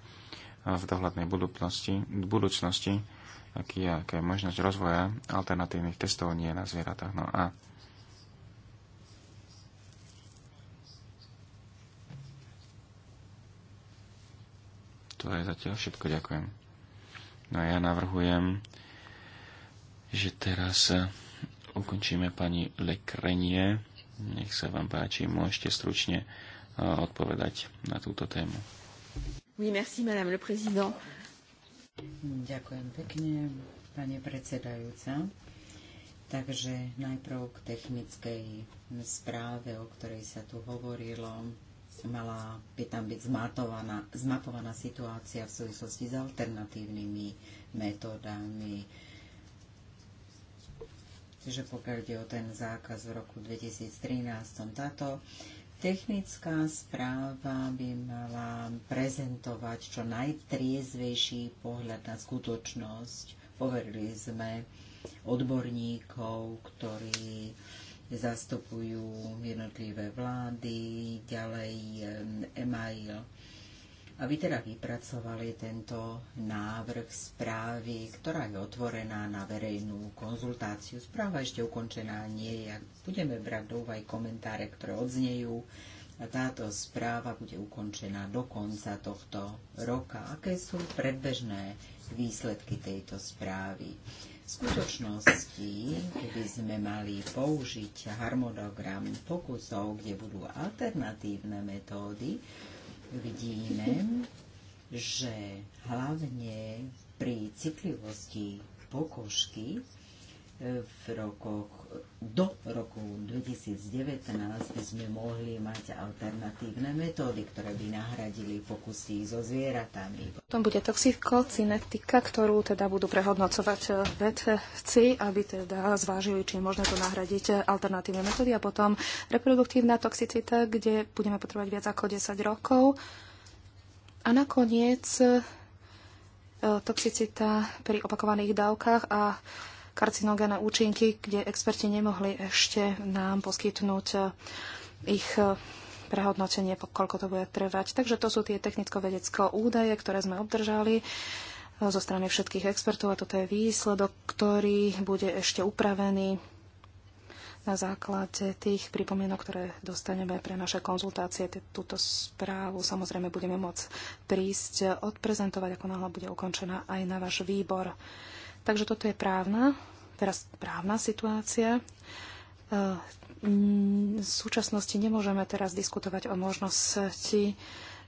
v dohľadnej budúcnosti, budúcnosti aký je, aká je možnosť rozvoja alternatívnych testovanie na zvieratách. No a To je zatiaľ všetko. Ďakujem. No a ja navrhujem, že teraz eh, ukončíme pani Lekrenie. Nech sa vám páči, môžete stručne eh, odpovedať na túto tému. Oui, merci, madame le président. Ďakujem pekne, pani predsedajúca. Takže najprv k technickej správe, o ktorej sa tu hovorilo mala by tam byť zmapovaná, zmapovaná situácia v súvislosti s alternatívnymi metódami. Čiže pokiaľ ide o ten zákaz v roku 2013, táto technická správa by mala prezentovať čo najtriezvejší pohľad na skutočnosť. Poverili sme odborníkov, ktorí zastupujú jednotlivé vlády, ďalej EMAIL. A vy teda vypracovali tento návrh správy, ktorá je otvorená na verejnú konzultáciu. Správa ešte ukončená nie je. Budeme brať do úvaj komentáre, ktoré odznejú. A táto správa bude ukončená do konca tohto roka. Aké sú predbežné výsledky tejto správy? skutočnosti keby sme mali použiť harmonogram pokusov, kde budú alternatívne metódy, vidíme, že hlavne pri citlivosti pokožky v rokoch do roku 2019 by sme mohli mať alternatívne metódy, ktoré by nahradili pokusy so zvieratami. Potom bude toxikocinetika, ktorú teda budú prehodnocovať eh, vedci, aby teda zvážili, či je možné to nahradiť eh, alternatívne metódy a potom reproduktívna toxicita, kde budeme potrebovať viac ako 10 rokov. A nakoniec eh, toxicita pri opakovaných dávkach a karcinogéne účinky, kde experti nemohli ešte nám poskytnúť e, ich e, prehodnotenie, koľko to bude trvať. Takže to sú tie technicko-vedecké údaje, ktoré sme obdržali e, zo strany všetkých expertov a toto je výsledok, ktorý bude ešte upravený na základe tých pripomienok, ktoré dostaneme pre naše konzultácie. Túto správu samozrejme budeme môcť prísť odprezentovať, ako náhle bude ukončená aj na váš výbor. Takže toto je právna, teraz právna situácia. E, v súčasnosti nemôžeme teraz diskutovať o možnosti e,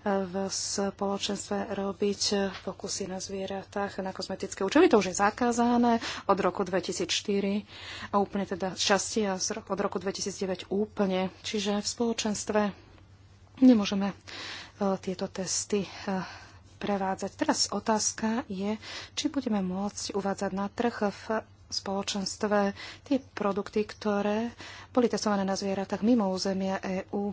v spoločenstve robiť pokusy na zvieratách na kozmetické účely. To už je zakázané od roku 2004 a úplne teda časti a od roku 2009 úplne. Čiže v spoločenstve nemôžeme e, tieto testy prevádzať. Teraz otázka je, či budeme môcť uvádzať na trh v spoločenstve tie produkty, ktoré boli testované na zvieratách mimo územia EÚ.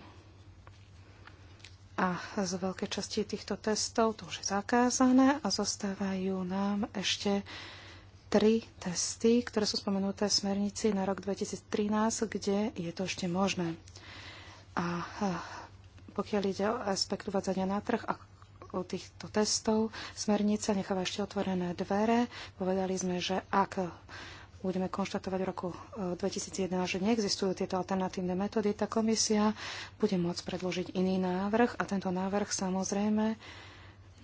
A z veľkej časti týchto testov to už je zakázané a zostávajú nám ešte tri testy, ktoré sú spomenuté v smernici na rok 2013, kde je to ešte možné. A pokiaľ ide o aspekt uvádzania na trh a týchto testov smernica necháva ešte otvorené dvere. Povedali sme, že ak budeme konštatovať v roku 2011, e, že neexistujú tieto alternatívne metódy, tá komisia bude môcť predložiť iný návrh a tento návrh samozrejme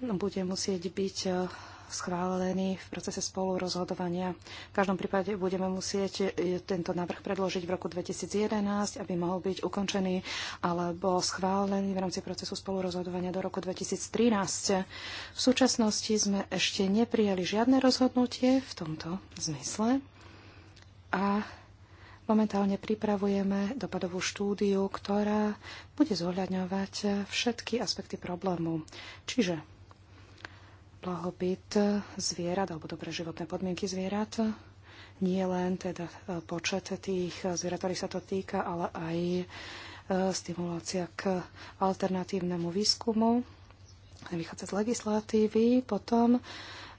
bude musieť byť e, schválený v procese spolurozhodovania. V každom prípade budeme musieť e, tento návrh predložiť v roku 2011, aby mohol byť ukončený alebo schválený v rámci procesu spolurozhodovania do roku 2013. V súčasnosti sme ešte neprijali žiadne rozhodnutie v tomto zmysle a Momentálne pripravujeme dopadovú štúdiu, ktorá bude zohľadňovať všetky aspekty problému. Čiže blahobyt zvierat alebo dobré životné podmienky zvierat. Nie len teda e, počet tých e, zvierat, ktorých sa to týka, ale aj e, stimulácia k alternatívnemu výskumu. Vychádza z legislatívy, potom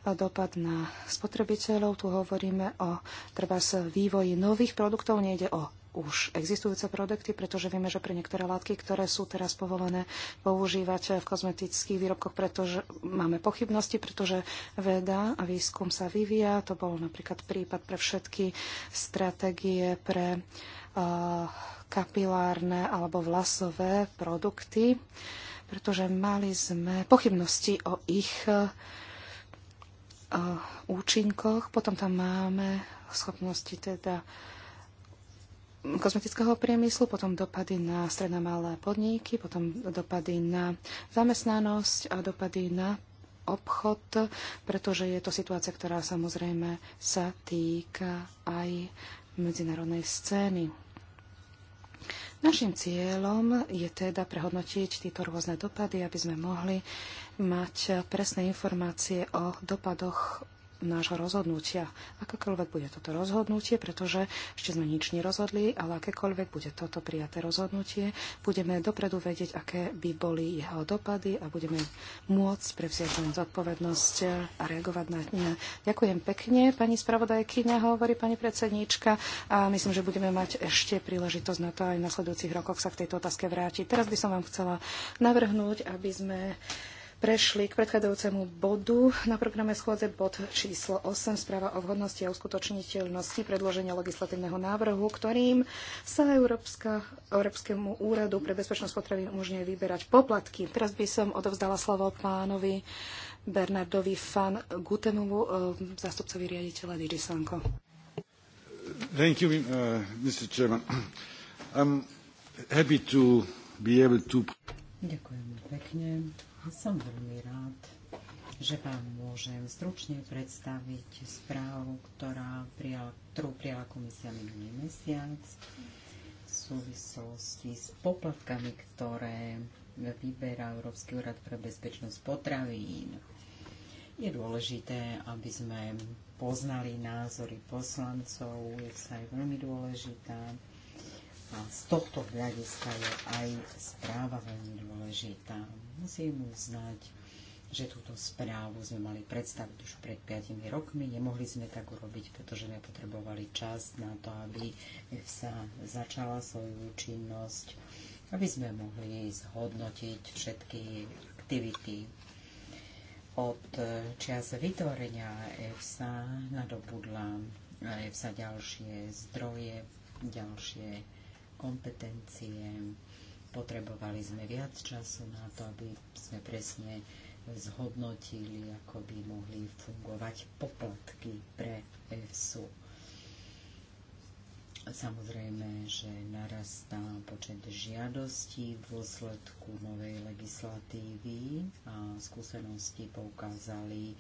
dopad na spotrebiteľov. Tu hovoríme o treba vývoji nových produktov, nejde o už existujúce produkty, pretože vieme, že pre niektoré látky, ktoré sú teraz povolené používať v kozmetických výrobkoch, pretože máme pochybnosti, pretože veda a výskum sa vyvíja. To bol napríklad prípad pre všetky stratégie pre uh, kapilárne alebo vlasové produkty, pretože mali sme pochybnosti o ich uh, účinkoch. Potom tam máme schopnosti teda kozmetického priemyslu, potom dopady na stredná malé podniky, potom dopady na zamestnanosť a dopady na obchod, pretože je to situácia, ktorá samozrejme sa týka aj medzinárodnej scény. Našim cieľom je teda prehodnotiť tieto rôzne dopady, aby sme mohli mať presné informácie o dopadoch nášho rozhodnutia. Akékoľvek bude toto rozhodnutie, pretože ešte sme nič nerozhodli, ale akékoľvek bude toto prijaté rozhodnutie, budeme dopredu vedieť, aké by boli jeho dopady a budeme môcť prevziať len zodpovednosť a reagovať na ne. Ďakujem pekne, pani spravodajkyňa, hovorí pani predsedníčka a myslím, že budeme mať ešte príležitosť na to aj v nasledujúcich rokoch sa k tejto otázke vrátiť. Teraz by som vám chcela navrhnúť, aby sme prešli k predchádzajúcemu bodu na programe schôdze bod číslo 8, správa o vhodnosti a uskutočniteľnosti predloženia legislatívneho návrhu, ktorým sa Európska, Európskemu úradu pre bezpečnosť potravín umožňuje vyberať poplatky. Teraz by som odovzdala slovo pánovi Bernardovi van Gutenu, eh, zástupcovi riaditeľa Digisanko. Thank you, uh, Mr. Chairman. I'm happy to be able to... Ďakujem pekne. A som veľmi rád, že vám môžem stručne predstaviť správu, ktorá prijala, ktorú prijala komisia minulý mesiac v súvislosti s poplatkami, ktoré vyberá Európsky úrad pre bezpečnosť potravín. Je dôležité, aby sme poznali názory poslancov, je sa aj veľmi dôležitá a z tohto hľadiska je aj správa veľmi dôležitá. Musím uznať, že túto správu sme mali predstaviť už pred 5 rokmi. Nemohli sme tak urobiť, pretože sme potrebovali čas na to, aby sa začala svoju činnosť, aby sme mohli zhodnotiť všetky aktivity. Od čias vytvorenia EFSA nadobudla EFSA ďalšie zdroje, ďalšie kompetencie. Potrebovali sme viac času na to, aby sme presne zhodnotili, ako by mohli fungovať poplatky pre EFSU. Samozrejme, že narastá počet žiadostí v dôsledku novej legislatívy a skúsenosti poukázali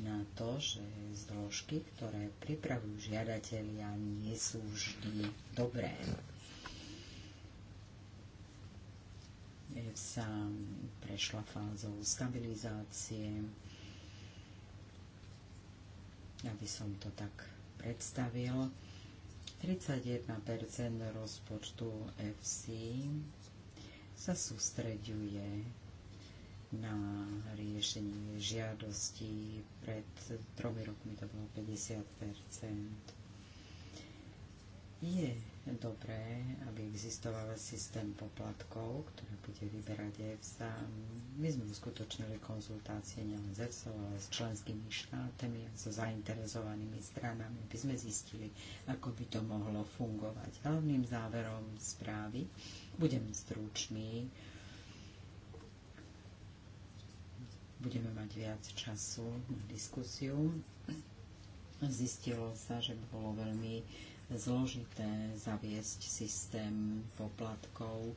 na to, že zložky, ktoré pripravujú žiadatelia, nie sú vždy dobré. E, sa prešla fázou stabilizácie, aby som to tak predstavil. 31% rozpočtu FC sa sústreďuje na riešenie žiadostí. Pred tromi rokmi to bolo 50 Je dobré, aby existoval systém poplatkov, ktoré bude vyberať EFSA. My sme uskutočnili konzultácie nielen s EFSA, ale s členskými štátmi a so zainteresovanými stranami, aby sme zistili, ako by to mohlo fungovať. Hlavným záverom správy budem stručný. Budeme mať viac času na diskusiu. Zistilo sa, že bolo veľmi zložité zaviesť systém poplatkov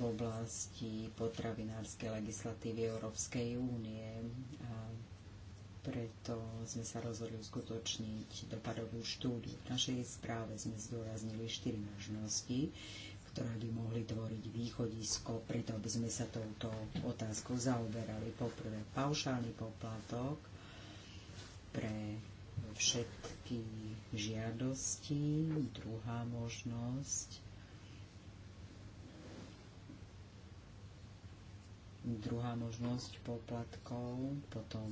v oblasti potravinárskej legislatívy Európskej únie. A preto sme sa rozhodli uskutočniť dopadovú štúdiu. V našej správe sme zdôraznili štyri možnosti, ktoré by mohli tvoriť východisko, preto aby sme sa touto otázkou zaoberali. Poprvé paušálny poplatok pre všetky žiadosti. Druhá možnosť druhá možnosť poplatkov, potom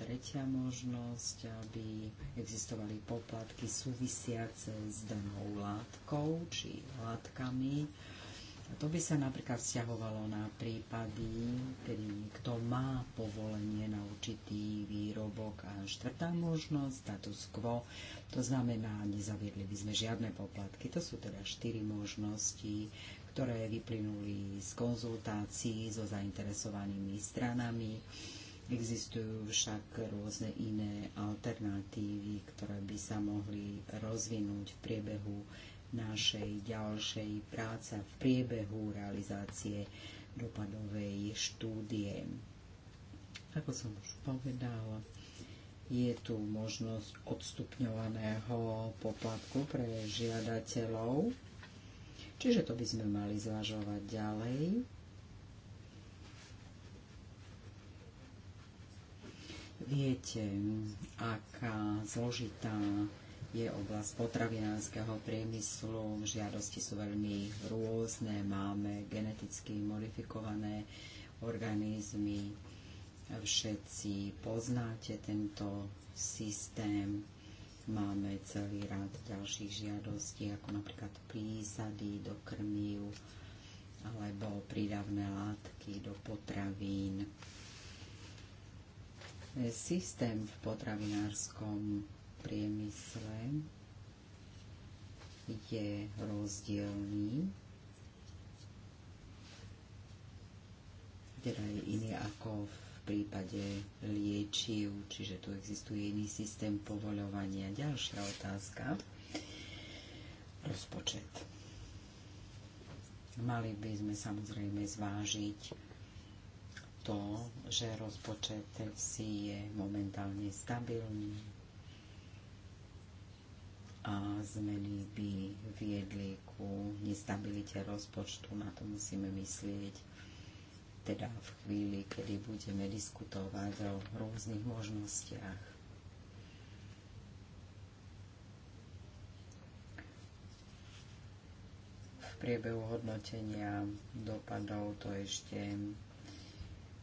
tretia možnosť, aby existovali poplatky súvisiace s danou látkou či látkami. A to by sa napríklad vzťahovalo na prípady, kedy kto má povolenie na určitý výrobok a štvrtá možnosť, status quo, to znamená, nezaviedli by sme žiadne poplatky. To sú teda štyri možnosti, ktoré vyplynuli z konzultácií so zainteresovanými stranami. Existujú však rôzne iné alternatívy, ktoré by sa mohli rozvinúť v priebehu našej ďalšej práce v priebehu realizácie dopadovej štúdie. Ako som už povedala, je tu možnosť odstupňovaného poplatku pre žiadateľov, čiže to by sme mali zvažovať ďalej. Viete, aká zložitá je oblasť potravinárskeho priemyslu. Žiadosti sú veľmi rôzne. Máme geneticky modifikované organizmy. Všetci poznáte tento systém. Máme celý rád ďalších žiadostí, ako napríklad prísady do krmív alebo prídavné látky do potravín. Systém v potravinárskom priemysle je rozdielný, teda je iný ako v prípade liečiv, čiže tu existuje iný systém povoľovania. Ďalšia otázka. Rozpočet. Mali by sme samozrejme zvážiť to, že rozpočet si je momentálne stabilný, a zmeny by viedli ku nestabilite rozpočtu. Na to musíme myslieť teda v chvíli, kedy budeme diskutovať o rôznych možnostiach. V priebehu hodnotenia dopadov to ešte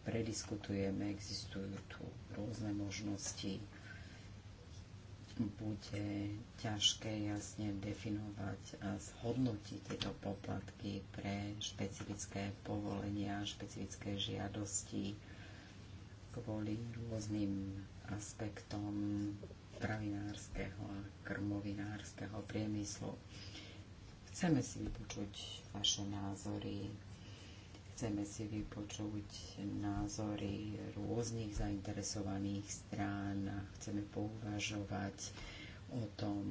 prediskutujeme, existujú tu rôzne možnosti bude ťažké jasne definovať a zhodnotiť tieto poplatky pre špecifické povolenia, špecifické žiadosti kvôli rôznym aspektom travinárskeho a krmovinárskeho priemyslu. Chceme si vypočuť vaše názory, Chceme si vypočuť názory rôznych zainteresovaných strán a chceme pouvažovať o tom,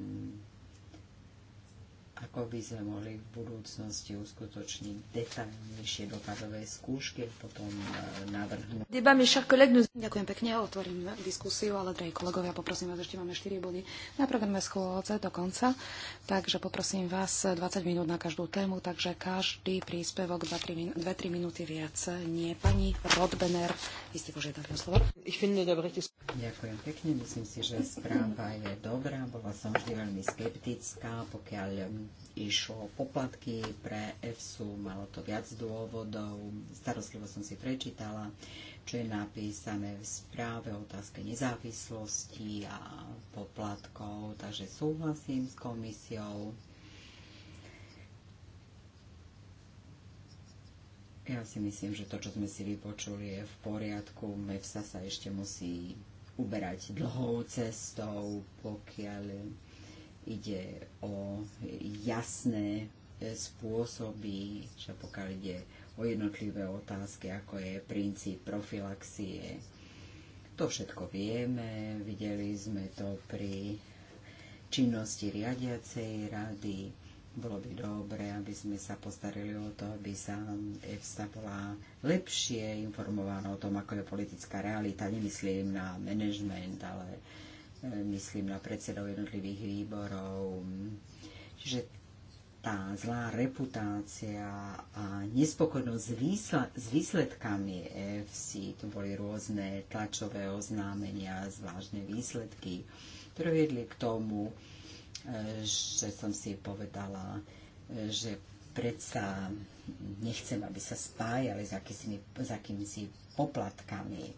ako by sme mohli v budúcnosti uskutočniť detaľnejšie dopadové skúšky a potom e, kolegnú. Ďakujem pekne, otvorím diskusiu, ale drahí kolegovia, poprosím vás, ešte máme 4 body na programe schôdze do konca, takže poprosím vás 20 minút na každú tému, takže každý príspevok 2-3 minúty viac. Nie, pani Rodbener, vy ste požiadali o slovo. Ďakujem pekne, myslím si, že správa je dobrá, bola som vždy veľmi skeptická, pokiaľ išlo poplatky pre EFSU, malo to viac dôvodov, starostlivo som si prečítala, čo je napísané v správe o otázke nezávislosti a poplatkov, takže súhlasím s komisiou. Ja si myslím, že to, čo sme si vypočuli, je v poriadku. MEFSA sa ešte musí uberať dlhou cestou, pokiaľ ide o jasné e, spôsoby, čo pokiaľ ide o jednotlivé otázky, ako je princíp profilaxie. To všetko vieme, videli sme to pri činnosti riadiacej rady. Bolo by dobre, aby sme sa postarili o to, aby sa EFSA bola lepšie informovaná o tom, ako je politická realita. Nemyslím na management, ale myslím na predsedov jednotlivých výborov. Čiže tá zlá reputácia a nespokojnosť s výsledkami EFC, tu boli rôzne tlačové oznámenia, zvláštne výsledky, ktoré viedli k tomu, e, že som si povedala, e, že predsa nechcem, aby sa spájali s, akýsimi, s akýmsi poplatkami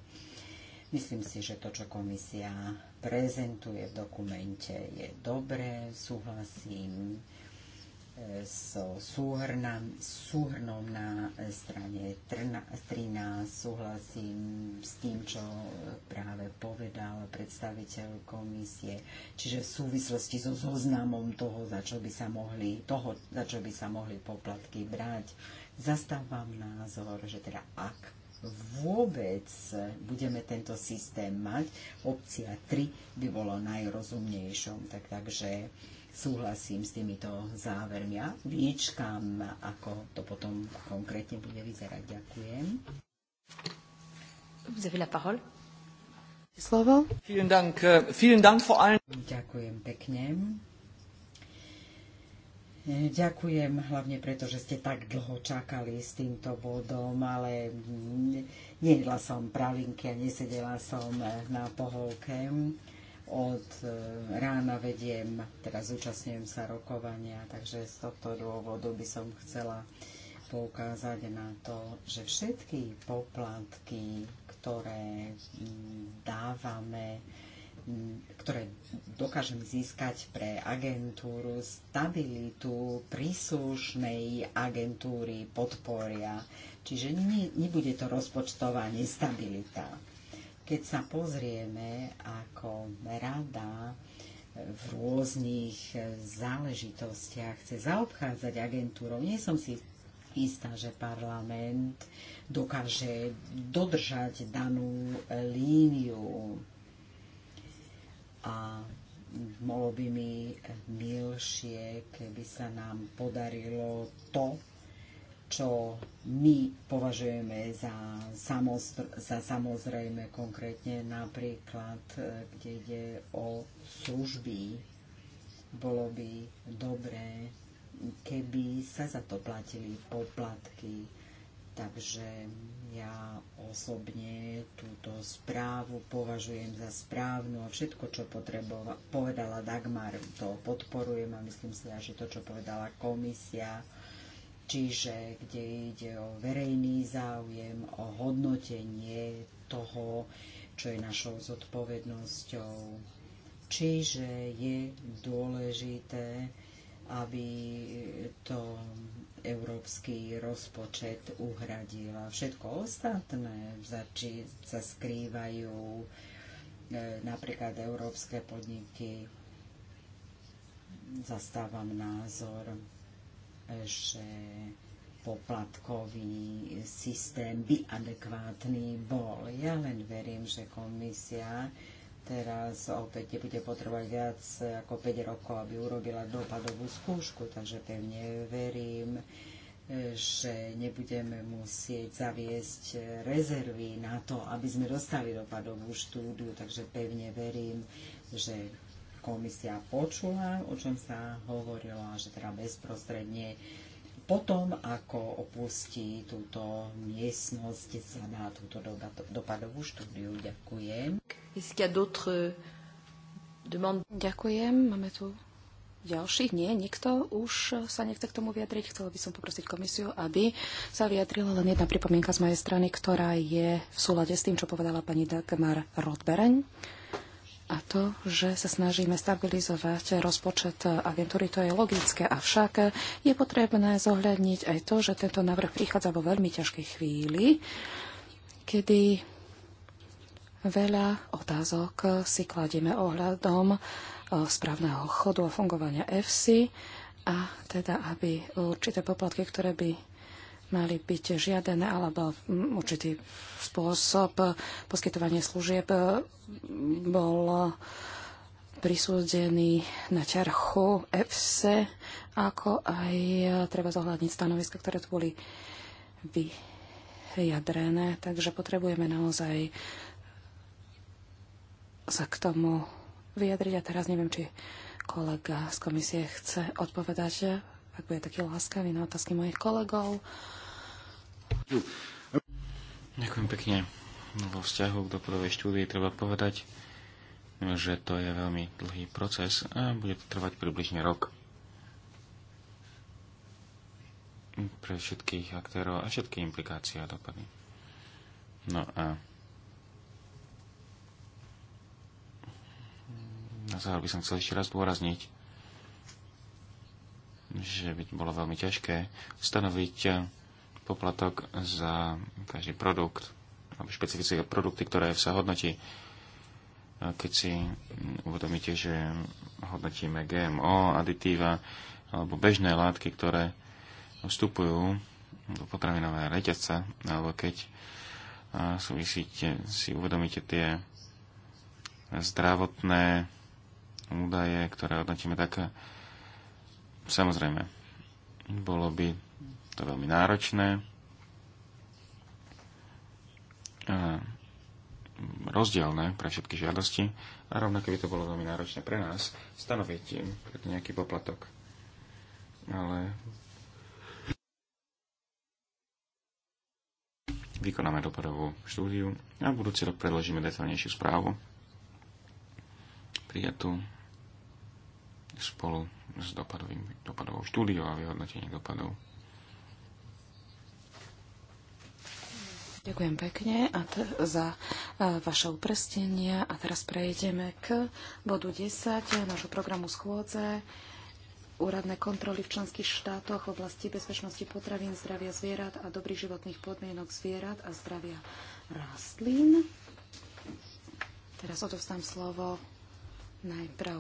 Myslím si, že to, čo komisia prezentuje v dokumente, je dobré, súhlasím eh, s súhrnom, súhrnom na strane 13 súhlasím s tým, čo práve povedal predstaviteľ komisie, čiže v súvislosti so zoznamom toho, za čo by sa mohli, toho, za čo by sa mohli poplatky brať. Zastávam názor, že teda ak vôbec budeme tento systém mať. Opcia 3 by bolo najrozumnejšou. Tak, takže súhlasím s týmito závermi a vyčkám, ako to potom konkrétne bude vyzerať. Ďakujem. Slovo. Äh, Ďakujem pekne Ďakujem hlavne preto, že ste tak dlho čakali s týmto bodom, ale nejedla som pralinky a nesedela som na poholke. Od e, rána vediem, teda zúčastňujem sa rokovania, takže z tohto dôvodu by som chcela poukázať na to, že všetky poplatky, ktoré dávame, ktoré dokážem získať pre agentúru, stabilitu príslušnej agentúry podporia. Čiže ne, nebude to rozpočtová nestabilita. Keď sa pozrieme, ako rada v rôznych záležitostiach chce zaobchádzať agentúrou, nie som si istá, že parlament dokáže dodržať danú líniu a bolo by mi milšie, keby sa nám podarilo to, čo my považujeme za, samozr- za samozrejme konkrétne napríklad, e, kde ide o služby, bolo by dobré, keby sa za to platili poplatky. Takže ja osobne túto správu považujem za správnu a všetko, čo potrebovala, povedala Dagmar, to podporujem a myslím si, že to, čo povedala komisia, čiže kde ide o verejný záujem, o hodnotenie toho, čo je našou zodpovednosťou. Čiže je dôležité, aby to európsky rozpočet uhradil. A všetko ostatné zači, sa skrývajú e, napríklad európske podniky. Zastávam názor, že poplatkový systém by adekvátny bol. Ja len verím, že komisia teraz opäť nebude potrebovať viac ako 5 rokov, aby urobila dopadovú skúšku, takže pevne verím, že nebudeme musieť zaviesť rezervy na to, aby sme dostali dopadovú štúdiu, takže pevne verím, že komisia počula, o čom sa hovorilo a že teda bezprostredne potom, ako opustí túto miestnosť na túto dopadovú štúdiu. Ďakujem. Ďakujem. Máme tu ďalších? Nie, nikto už sa nechce k tomu vyjadriť. Chcela by som poprosiť komisiu, aby sa vyjadrila len jedna pripomienka z mojej strany, ktorá je v súlade s tým, čo povedala pani Dagmar Rodbereň a to, že sa snažíme stabilizovať rozpočet agentúry, to je logické, avšak je potrebné zohľadniť aj to, že tento návrh prichádza vo veľmi ťažkej chvíli, kedy veľa otázok si kladieme ohľadom e, správneho chodu a fungovania EFSI a teda, aby určité poplatky, ktoré by mali byť žiadané alebo určitý spôsob poskytovania služieb bol prisúdený na ťarchu EFSE, ako aj treba zohľadniť stanoviska, ktoré tu boli vyjadrené. Takže potrebujeme naozaj sa k tomu vyjadriť. A teraz neviem, či kolega z komisie chce odpovedať ak bude taký láskavý na otázky mojich kolegov. Ďakujem pekne. Vo vzťahu k dopadovej štúdii treba povedať, že to je veľmi dlhý proces a bude to trvať približne rok. Pre všetkých aktérov a všetky implikácie a dopady. No a na záver by som chcel ešte raz dôrazniť, že by bolo veľmi ťažké stanoviť poplatok za každý produkt alebo špecifické produkty, ktoré sa hodnotí. Keď si uvedomíte, že hodnotíme GMO, aditíva alebo bežné látky, ktoré vstupujú do potravinové reťazca, alebo keď súvisíte, si uvedomíte tie zdravotné údaje, ktoré hodnotíme tak Samozrejme, bolo by to veľmi náročné. A rozdielne pre všetky žiadosti a rovnako by to bolo veľmi náročné pre nás stanoviť im nejaký poplatok. Ale vykonáme dopadovú štúdiu a v budúci rok predložíme detaľnejšiu správu prijatú spolu s dopadovým, dopadovou štúdiou a vyhodnotenie dopadov. Ďakujem pekne a t- za a, e, vaše uprestenia a teraz prejdeme k bodu 10 nášho programu schôdze úradné kontroly v členských štátoch v oblasti bezpečnosti potravín, zdravia zvierat a dobrých životných podmienok zvierat a zdravia rastlín. Teraz odovzdám slovo najprv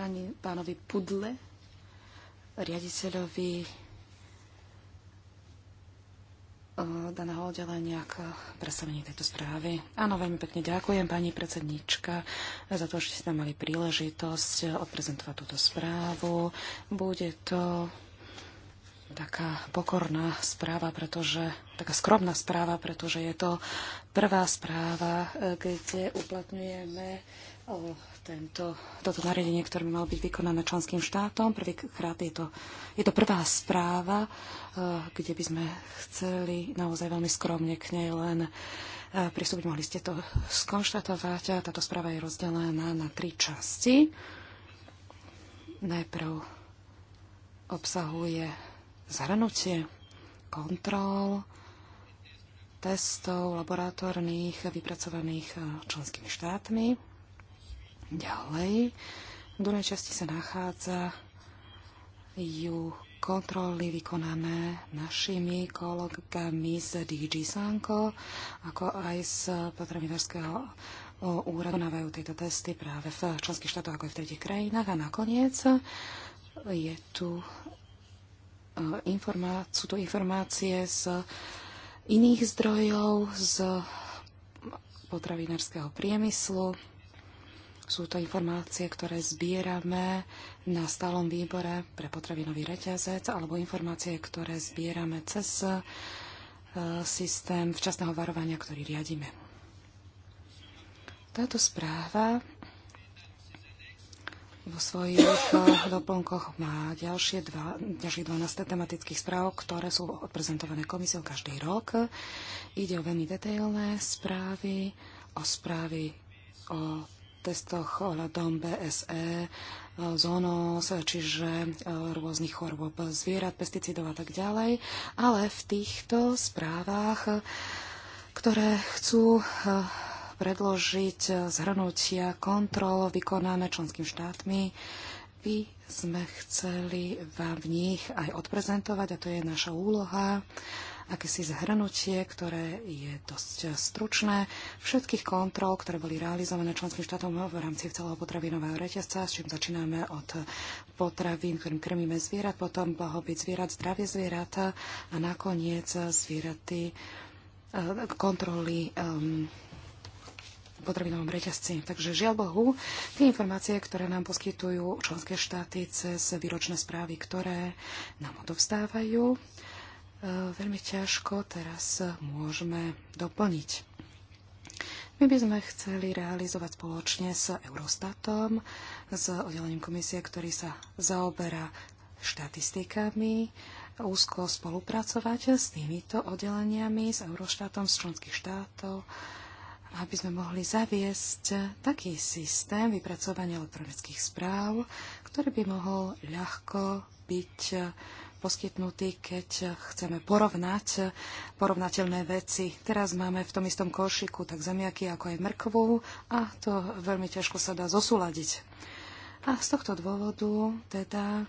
pani, pánovi Pudle, riaditeľovi e, daného oddelenia k predstavení tejto správy. Áno, veľmi pekne ďakujem pani predsednička za to, že ste tam mali príležitosť odprezentovať túto správu. Bude to taká pokorná správa, pretože, taká skromná správa, pretože je to prvá správa, e, kde uplatňujeme e, tento, toto nariadenie, ktoré by malo byť vykonané členským štátom. Prvýkrát je to, je to prvá správa, eh, kde by sme chceli naozaj veľmi skromne k nej len eh, pristúpiť. Mohli ste to skonštatovať. Táto správa je rozdelená na tri časti. Najprv obsahuje zahrnutie kontrol, testov laboratórnych vypracovaných eh, členskými štátmi Ďalej, v druhej časti sa nachádza ju kontroly vykonané našimi kolegami z DG Sanko, ako aj z potravinárskeho úradu. Vykonávajú tieto testy práve v členských štátoch, ako aj v tretich krajinách. A nakoniec je tu e, informá- sú tu informácie z iných zdrojov, z potravinárskeho priemyslu, sú to informácie, ktoré zbierame na stálom výbore pre potravinový reťazec alebo informácie, ktoré zbierame cez e, systém včasného varovania, ktorý riadíme. Táto správa vo svojich e, doplnkoch má ďalšie dva, ďalšie 12 tematických správ, ktoré sú odprezentované komisiou každý rok. Ide o veľmi detailné správy, o správy o testoch ohľadom BSE, e, zónos, čiže e, rôznych chorôb zvierat, pesticidov a tak ďalej. Ale v týchto správach, ktoré chcú e, predložiť zhrnutia kontrol vykonané členským štátmi, by sme chceli vám v nich aj odprezentovať, a to je naša úloha, akési zhrnutie, ktoré je dosť stručné, všetkých kontrol, ktoré boli realizované členským štátom v rámci celého potravinového reťazca, s čím začíname od potravín, ktorým krmíme zvierat, potom blahobyt zvierat, zdravie zvierata a nakoniec zvieraty eh, kontroly um, potravinovom reťazci. Takže žiaľ Bohu, tie informácie, ktoré nám poskytujú členské štáty cez výročné správy, ktoré nám odovstávajú, E, veľmi ťažko teraz môžeme doplniť. My by sme chceli realizovať spoločne s Eurostatom, s oddelením komisie, ktorý sa zaoberá štatistikami, úzko spolupracovať s týmito oddeleniami, s Eurostatom, z členských štátov, aby sme mohli zaviesť taký systém vypracovania elektronických správ, ktorý by mohol ľahko byť poskytnutý, keď chceme porovnať porovnateľné veci. Teraz máme v tom istom košiku tak zemiaky ako aj mrkvu a to veľmi ťažko sa dá zosúľadiť. A z tohto dôvodu teda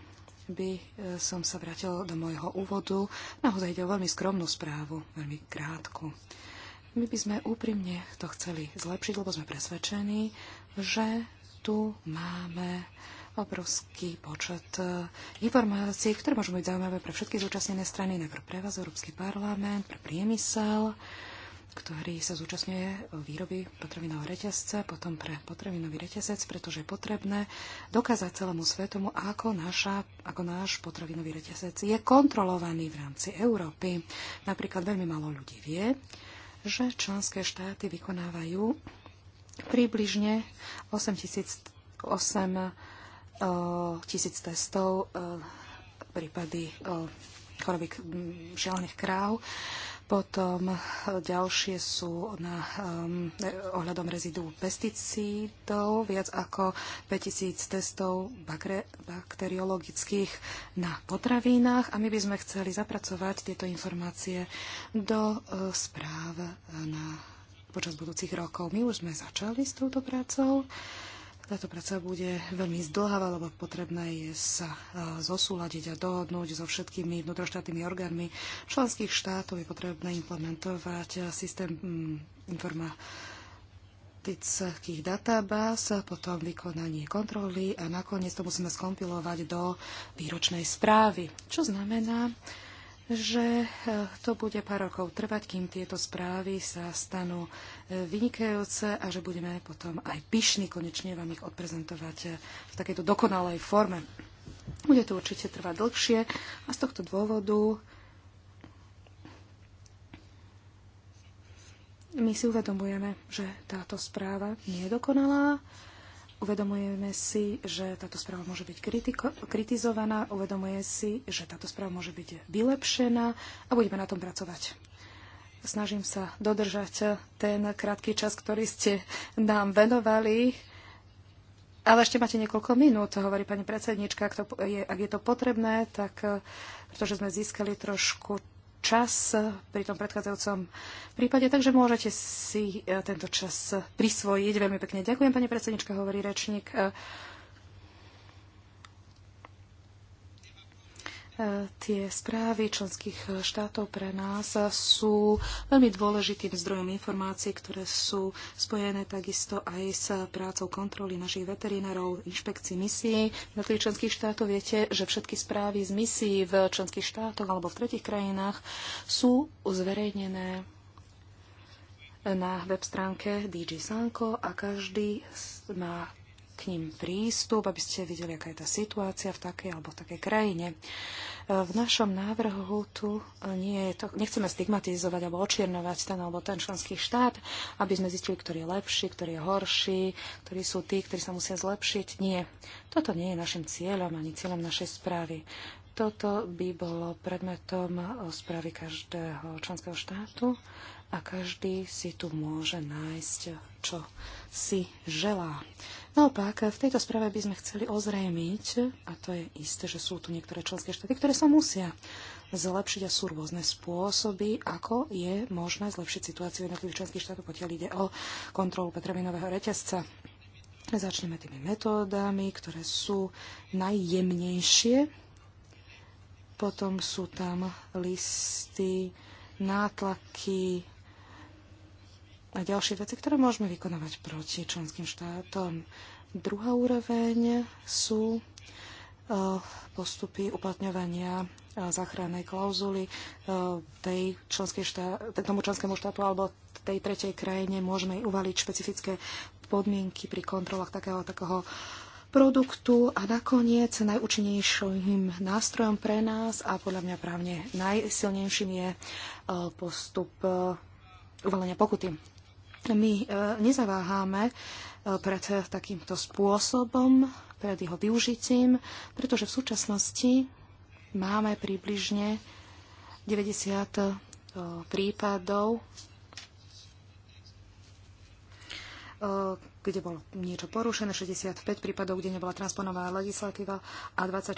by e, som sa vrátil do môjho úvodu. Naozaj ide o veľmi skromnú správu, veľmi krátku. My by sme úprimne to chceli zlepšiť, lebo sme presvedčení, že tu máme obrovský počet e, informácií, ktoré môžu byť zaujímavé pre všetky zúčastnené strany, najprv pre vás, Európsky parlament, pre priemysel, ktorý sa zúčastňuje výroby potravinového reťazca, potom pre potravinový reťazec, pretože je potrebné dokázať celému svetomu, ako, naša, ako náš potravinový reťazec je kontrolovaný v rámci Európy. Napríklad veľmi málo ľudí vie, že členské štáty vykonávajú približne 8 000, tisíc testov, prípady choroby šialených kráv. Potom ďalšie sú na, um, ohľadom rezidu pesticídov, viac ako 5000 testov bakre, bakteriologických na potravinách a my by sme chceli zapracovať tieto informácie do uh, správ na, počas budúcich rokov. My už sme začali s touto prácou. Uh, táto práca bude veľmi zdlháva, lebo potrebné je sa e, zosúľadiť a dohodnúť so všetkými vnútroštátnymi orgánmi členských štátov. Je potrebné implementovať e, systém mm, informatických databáz, potom vykonanie kontroly a nakoniec to musíme skompilovať do výročnej správy, čo znamená, že e, to bude pár rokov trvať, kým tieto správy sa stanú e, vynikajúce a že budeme potom aj pyšní konečne vám ich odprezentovať e, v takejto dokonalej forme. Bude to určite trvať dlhšie a z tohto dôvodu my si uvedomujeme, že táto správa nie je dokonalá, Uvedomujeme si, že táto správa môže byť kritiko- kritizovaná, uvedomuje si, že táto správa môže byť vylepšená a budeme na tom pracovať. Snažím sa dodržať ten krátky čas, ktorý ste nám venovali. Ale ešte máte niekoľko minút, hovorí pani predsednička, ak, to je, ak je to potrebné, tak eh, pretože sme získali trošku čas e, pri tom predchádzajúcom prípade, takže môžete si e, tento čas prisvojiť. Veľmi pekne ďakujem, pani predsednička, hovorí rečník. E, E, tie správy členských štátov pre nás sú veľmi dôležitým zdrojom informácií, ktoré sú spojené takisto aj s prácou kontroly našich veterinárov, inšpekcií misií na tých členských štátov. Viete, že všetky správy z misií v členských štátoch alebo v tretich krajinách sú zverejnené na web stránke DG Sanko a každý má k ním prístup, aby ste videli, aká je tá situácia v takej alebo v takej krajine. E, v našom návrhu tu nie je to, nechceme stigmatizovať alebo očiernovať ten alebo ten členský štát, aby sme zistili, ktorý je lepší, ktorý je horší, ktorí sú tí, ktorí sa musia zlepšiť. Nie. Toto nie je našim cieľom ani cieľom našej správy. Toto by bolo predmetom e, správy každého členského štátu a každý si tu môže nájsť, čo si želá. Naopak, v tejto správe by sme chceli ozrejmiť, a to je isté, že sú tu niektoré členské štáty, ktoré sa musia zlepšiť a sú rôzne spôsoby, ako je možné zlepšiť situáciu jednotlivých členských štátov, pokiaľ ide o kontrolu potravinového reťazca. Začneme tými metódami, ktoré sú najjemnejšie. Potom sú tam listy, nátlaky, a ďalšie veci, ktoré môžeme vykonávať proti členským štátom. Druhá úroveň sú e, postupy uplatňovania e, záchrannej klauzuly e, tej členskej štá- tomu členskému štátu alebo tej tretej krajine môžeme uvaliť špecifické podmienky pri kontrolách takého takého produktu a nakoniec najúčinnejším nástrojom pre nás a podľa mňa právne najsilnejším je postup uvalenia pokuty my e, nezaváhame e, pred takýmto spôsobom, pred jeho využitím, pretože v súčasnosti máme približne 90 e, prípadov kde bolo niečo porušené, 65 prípadov, kde nebola transponovaná legislatíva a 24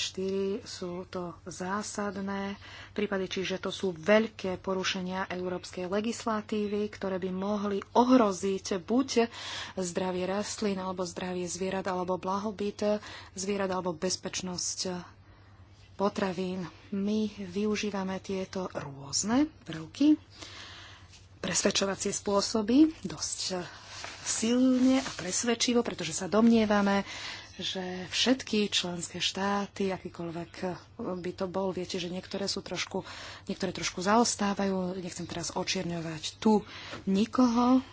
sú to zásadné prípady, čiže to sú veľké porušenia európskej legislatívy, ktoré by mohli ohroziť buď zdravie rastlín, alebo zdravie zvierat, alebo blahobyt zvierat, alebo bezpečnosť potravín. My využívame tieto rôzne prvky, presvedčovacie spôsoby, dosť silne a presvedčivo, pretože sa domnievame, že všetky členské štáty, akýkoľvek by to bol, viete, že niektoré sú trošku, niektoré trošku zaostávajú, nechcem teraz očierňovať tu nikoho,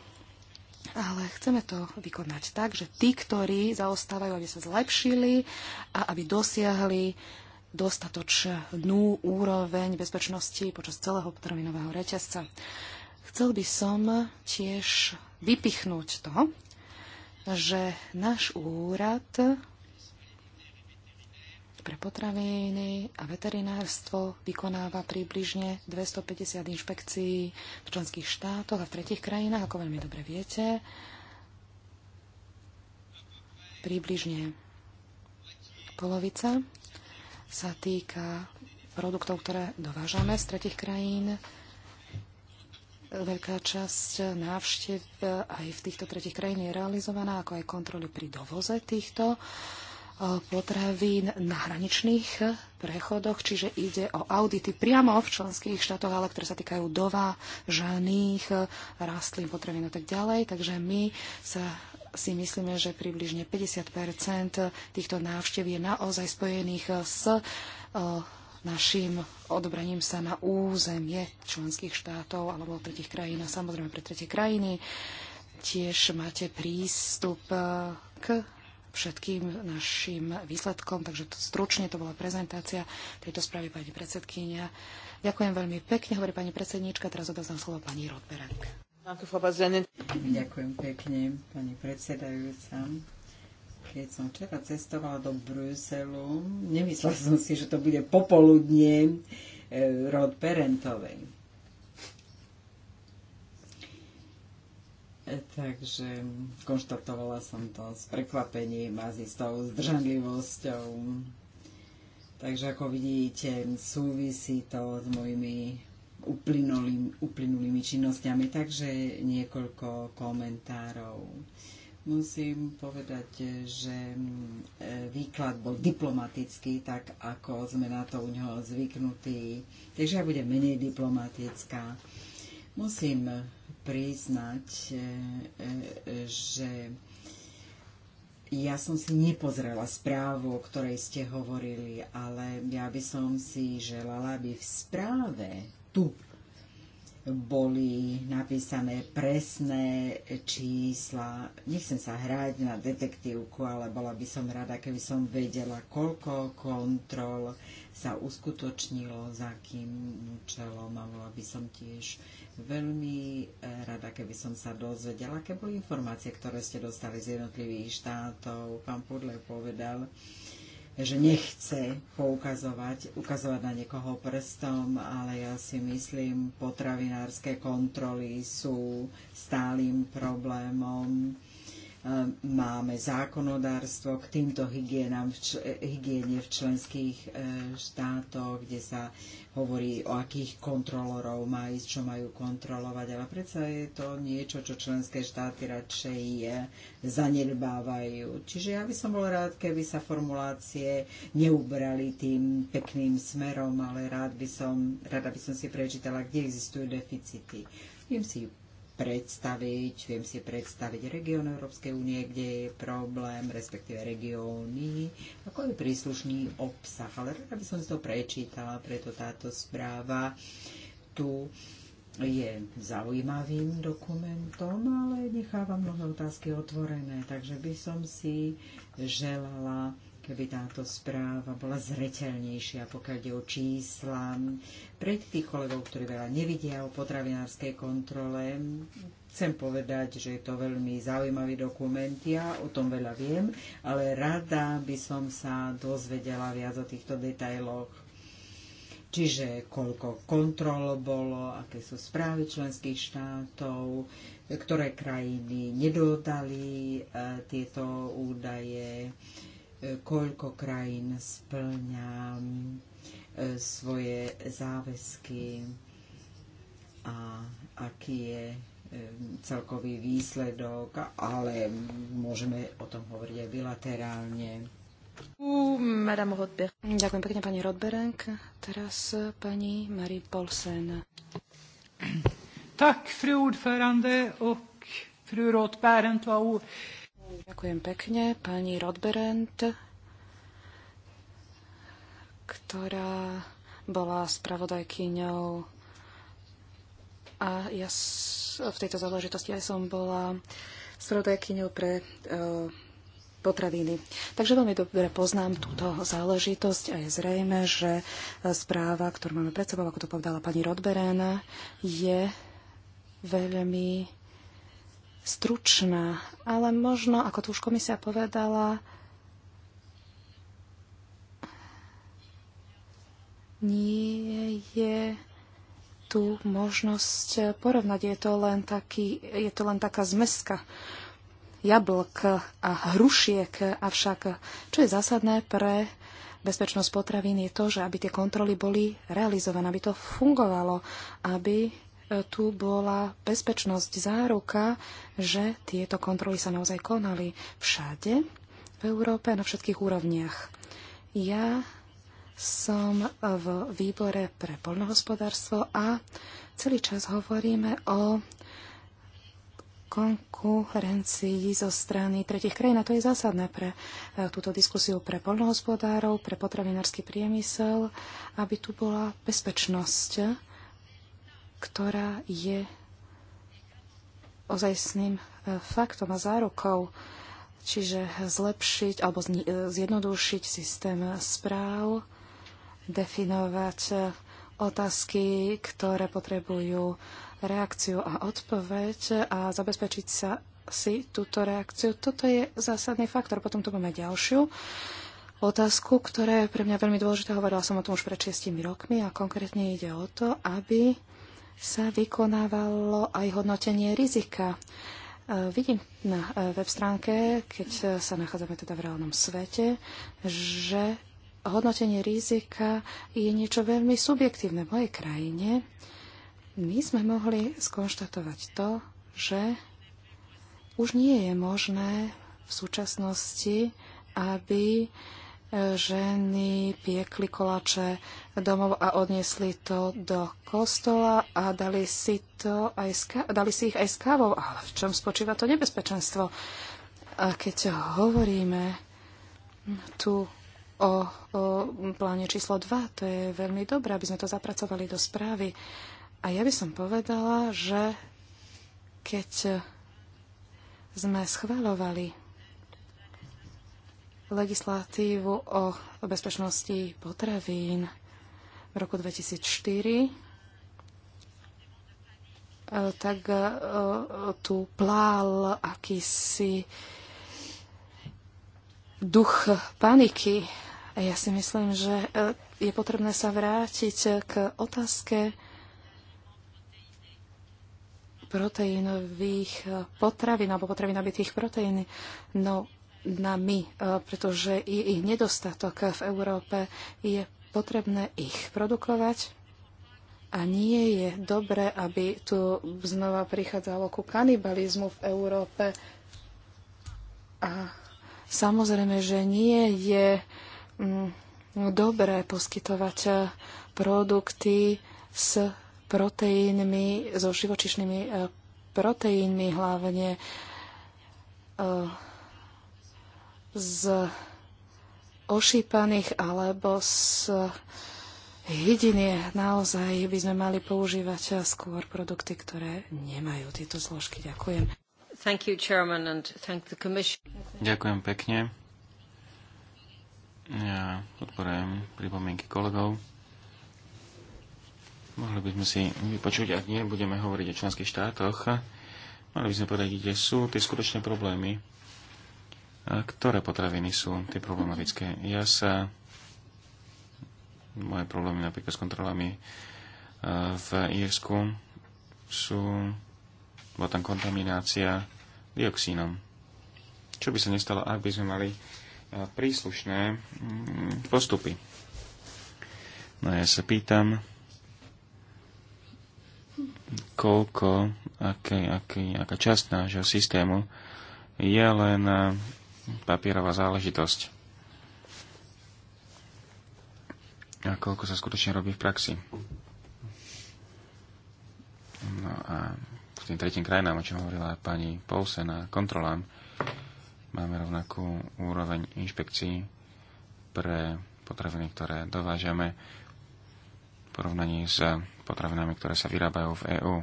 ale chceme to vykonať tak, že tí, ktorí zaostávajú, aby sa zlepšili a aby dosiahli dostatočnú úroveň bezpečnosti počas celého potravinového reťazca. Chcel by som tiež vypichnúť to, že náš úrad pre potraviny a veterinárstvo vykonáva približne 250 inšpekcií v členských štátoch a v tretich krajinách, ako veľmi dobre viete. Približne polovica sa týka produktov, ktoré dovážame z tretich krajín veľká časť návštev e, aj v týchto tretich krajín je realizovaná, ako aj kontroly pri dovoze týchto e, potravín na hraničných prechodoch, čiže ide o audity priamo v členských štátoch, ale ktoré sa týkajú dova, žaných, e, rastlín, potravín a tak ďalej. Takže my sa si myslíme, že približne 50 týchto návštev je naozaj spojených s našim odobraním sa na územie členských štátov alebo tretich krajín a samozrejme pre tretie krajiny tiež máte prístup eh, k všetkým našim výsledkom. Takže to, stručne to bola prezentácia tejto správy pani predsedkynia. Ďakujem veľmi pekne, hovorí pani predsedníčka. Teraz odovzdám slovo pani Rodberák. Ďakujem pekne, pani predsedajúca. Keď som včera cestovala do Bruselu, nemyslela som si, že to bude popoludnie e, rod Perentovej. E, takže konštatovala som to s prekvapením a s istou zdržanlivosťou. Takže ako vidíte, súvisí to s mojimi uplynulými, uplynulými činnosťami, takže niekoľko komentárov. Musím povedať, že mm, e, výklad bol diplomatický, tak ako sme na to u neho zvyknutí. Takže ja budem menej diplomatická. Musím priznať, e, e, že ja som si nepozrela správu, o ktorej ste hovorili, ale ja by som si želala, aby v správe tu boli napísané presné čísla. Nechcem sa hrať na detektívku, ale bola by som rada, keby som vedela, koľko kontrol sa uskutočnilo, za akým účelom. A bola by som tiež veľmi eh, rada, keby som sa dozvedela, aké boli informácie, ktoré ste dostali z jednotlivých štátov. Pán Pudle povedal, že nechce poukazovať, ukazovať na niekoho prstom, ale ja si myslím, potravinárske kontroly sú stálým problémom Ehm, máme zákonodárstvo k týmto hygienám, e, hygiene v členských e, štátoch, kde sa hovorí o akých kontrolorov má ísť, čo majú kontrolovať, ale predsa je to niečo, čo členské štáty radšej e, zanedbávajú. Čiže ja by som bol rád, keby sa formulácie neubrali tým pekným smerom, ale rád by som, rada by som si prečítala, kde existujú deficity. Viem si predstaviť, viem si predstaviť región Európskej únie, kde je problém, respektíve regióny, ako je príslušný obsah. Ale rada by som si to prečítala, preto táto správa tu je zaujímavým dokumentom, ale necháva mnohé otázky otvorené, takže by som si želala keby táto správa bola zreteľnejšia, pokiaľ ide o čísla. Pre tých kolegov, ktorí veľa nevidia o potravinárskej kontrole, chcem povedať, že je to veľmi zaujímavý dokument. Ja o tom veľa viem, ale rada by som sa dozvedela viac o týchto detailoch. Čiže koľko kontrol bolo, aké sú správy členských štátov, ktoré krajiny nedodali e, tieto údaje, koľko krajín splňa e, svoje záväzky a aký je e, celkový výsledok, ale môžeme o tom hovoriť aj bilaterálne. Ďakujem pekne pani Rodbereng. Teraz pani Marie Polsen. Tak, fru ordförande och fru Roth Berendt var Ďakujem pekne. Pani Rodberent, ktorá bola spravodajkyňou a ja v tejto záležitosti aj som bola spravodajkyňou pre e, potraviny. Takže veľmi dobre poznám túto záležitosť a je zrejme, že e, správa, ktorú máme pred sebou, ako to povedala pani Rodberena, je veľmi stručná, ale možno, ako tu už komisia povedala, nie je tu možnosť porovnať. Je to len, taký, je to len taká zmeska jablk a hrušiek. Avšak, čo je zásadné pre bezpečnosť potravín, je to, že aby tie kontroly boli realizované, aby to fungovalo, aby tu bola bezpečnosť záruka, že tieto kontroly sa naozaj konali všade v Európe na všetkých úrovniach. Ja som v výbore pre poľnohospodárstvo a celý čas hovoríme o konkurencii zo strany tretich krajín. A to je zásadné pre e, túto diskusiu pre poľnohospodárov, pre potravinársky priemysel, aby tu bola bezpečnosť ktorá je ozajstným e, faktom a zárukou, čiže zlepšiť alebo e, zjednodušiť systém správ, definovať e, otázky, ktoré potrebujú reakciu a odpoveď a zabezpečiť sa si túto reakciu. Toto je zásadný faktor. Potom tu máme ďalšiu otázku, ktorá je pre mňa veľmi dôležitá. Hovorila som o tom už pred šiestimi rokmi a konkrétne ide o to, aby sa vykonávalo aj hodnotenie rizika. E, vidím na e, web stránke, keď e, sa nachádzame teda v reálnom svete, že hodnotenie rizika je niečo veľmi subjektívne. V mojej krajine my sme mohli skonštatovať to, že už nie je možné v súčasnosti, aby ženy piekli koláče domov a odniesli to do kostola a dali si, to aj ska- dali si ich aj s kávou. Ale v čom spočíva to nebezpečenstvo? A keď hovoríme tu o, o pláne číslo 2, to je veľmi dobré, aby sme to zapracovali do správy. A ja by som povedala, že keď sme schváľovali legislatívu o bezpečnosti potravín v roku 2004, e, tak e, tu plál akýsi duch paniky. A ja si myslím, že e, je potrebné sa vrátiť k otázke proteínových potravín alebo potravín nabitých proteín. No, nami, e, pretože je ich nedostatok v Európe. Je potrebné ich produkovať a nie je dobré, aby tu znova prichádzalo ku kanibalizmu v Európe. A samozrejme, že nie je mm, dobré poskytovať e, produkty s proteínmi, so živočišnými e, proteínmi hlavne z ošípaných alebo z hydinie. Naozaj by sme mali používať skôr produkty, ktoré nemajú tieto zložky. Ďakujem. Thank you, Chairman, and thank the Commission. Ďakujem pekne. Ja podporujem pripomienky kolegov. Mohli by sme si vypočuť, ak nie budeme hovoriť o členských štátoch, mali by sme povedať, kde sú tie skutočné problémy ktoré potraviny sú tie problematické. Ja sa... Moje problémy napríklad s kontrolami e, v Írsku sú... Bola tam kontaminácia dioxínom. Čo by sa nestalo, ak by sme mali e, príslušné mm, postupy. No ja sa pýtam, koľko, aký, aký, aká časť nášho systému je len e, papierová záležitosť. A koľko sa skutočne robí v praxi. No a v tým tretím krajinám, o čom hovorila pani Poulsen a kontrolám, máme rovnakú úroveň inšpekcií pre potraviny, ktoré dovážame v porovnaní s potravinami, ktoré sa vyrábajú v EÚ.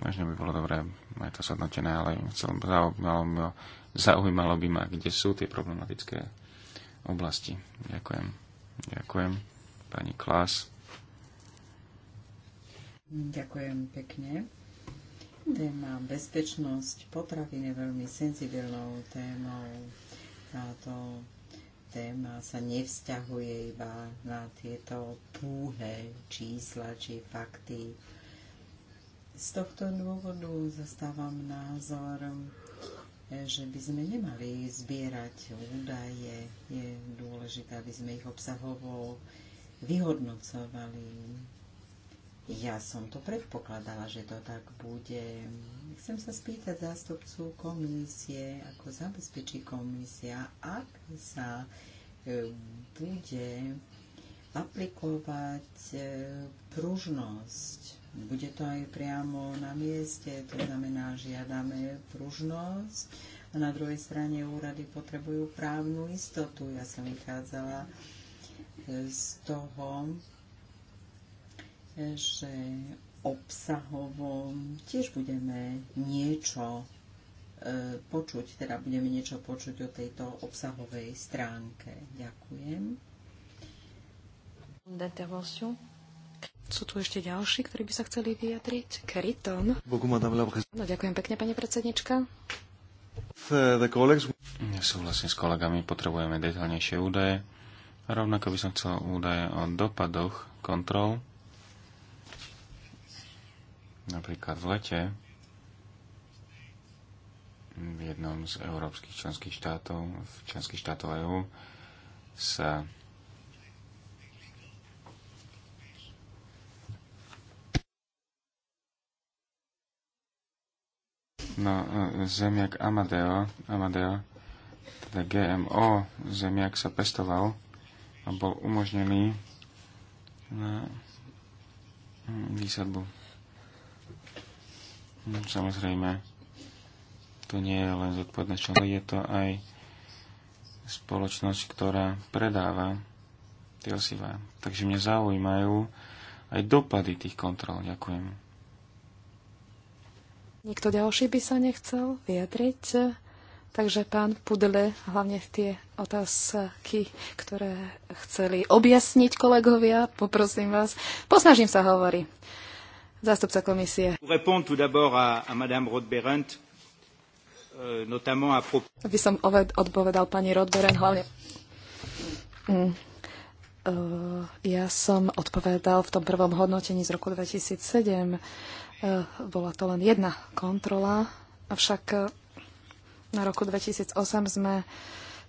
Možno by bolo dobré mať to zhodnotené, ale chcel zaujímalo Zaujímalo by ma, kde sú tie problematické oblasti. Ďakujem. Ďakujem. Pani Klas. Ďakujem pekne. Téma bezpečnosť potravín je veľmi senzibilnou témou. Táto téma sa nevzťahuje iba na tieto púhé čísla či fakty. Z tohto dôvodu zastávam názor, že by sme nemali zbierať údaje. Je dôležité, aby sme ich obsahovo vyhodnocovali. Ja som to predpokladala, že to tak bude. Chcem sa spýtať zástupcu komisie, ako zabezpečí komisia, ak sa e, bude aplikovať e, pružnosť bude to aj priamo na mieste, to znamená, žiadame pružnosť a na druhej strane úrady potrebujú právnu istotu. Ja som vychádzala e, z toho, e, že obsahovo tiež budeme niečo e, počuť, teda budeme niečo počuť o tejto obsahovej stránke. Ďakujem. D'intervention. Sú tu ešte ďalší, ktorí by sa chceli vyjadriť? Keriton. No, ďakujem pekne, pani predsednička. Nesúhlasím s kolegami, potrebujeme detaľnejšie údaje. Rovnako by som chcel údaje o dopadoch kontrol. Napríklad v lete v jednom z európskych členských štátov, v členských štátov EU, sa No, e, zemiak Amadeo, Amadeo, teda GMO, zemiak sa pestoval a bol umožnený na mm, výsadbu. No, samozrejme, to nie je len zodpovedné čo je to aj spoločnosť, ktorá predáva tie osivá. Takže mňa zaujímajú aj dopady tých kontrol. Ďakujem. Nikto ďalší by sa nechcel vyjadriť. Takže pán Pudle, hlavne tie otázky, ktoré chceli objasniť kolegovia, poprosím vás. Posnažím sa, hovorí zástupca komisie. Euh, Aby som odpovedal pani Rodberen hlavne mm. Eh, ja som odpovedal v tom prvom hodnotení z roku 2007. Eh, bola to len jedna kontrola, avšak eh, na roku 2008 sme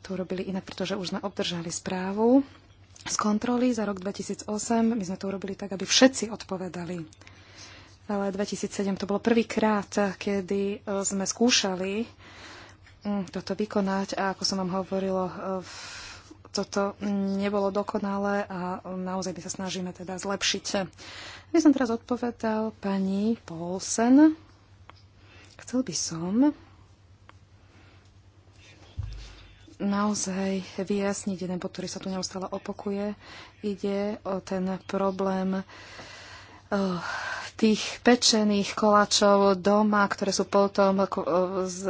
to urobili inak, pretože už sme obdržali správu z kontroly za rok 2008. My sme to urobili tak, aby všetci odpovedali. Ale 2007 to bolo prvýkrát, kedy sme skúšali hm, toto vykonať a ako som vám hovorilo v toto nebolo dokonalé a naozaj my sa snažíme teda zlepšiť. By som teraz odpovedal pani Paulsen. Chcel by som naozaj vyjasniť jeden bod, ktorý sa tu neustále opokuje, Ide o ten problém Oh, tých pečených koláčov doma, ktoré sú potom eh,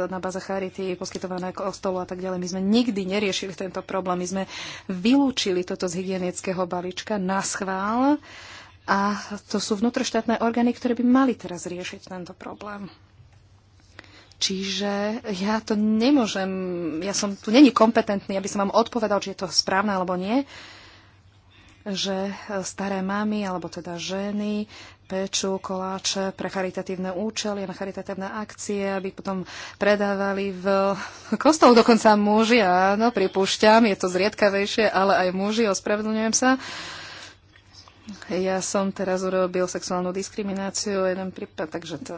na baza charity poskytované kostolu a tak ďalej. My sme nikdy neriešili tento problém. My sme vylúčili toto z hygienického balíčka na schvál a to sú vnútroštátne orgány, ktoré by mali teraz riešiť tento problém. Čiže ja to nemôžem, ja som tu není kompetentný, aby som vám odpovedal, či je to správne alebo nie. Uh, že e, staré mamy, alebo teda ženy, peču, koláče pre charitatívne účely, na charitatívne akcie, aby potom predávali v kostol dokonca muži, áno, pripúšťam, je to zriedkavejšie, ale aj muži, ospravedlňujem sa. Uh, ja som teraz urobil sexuálnu diskrimináciu, jeden prípad, takže to,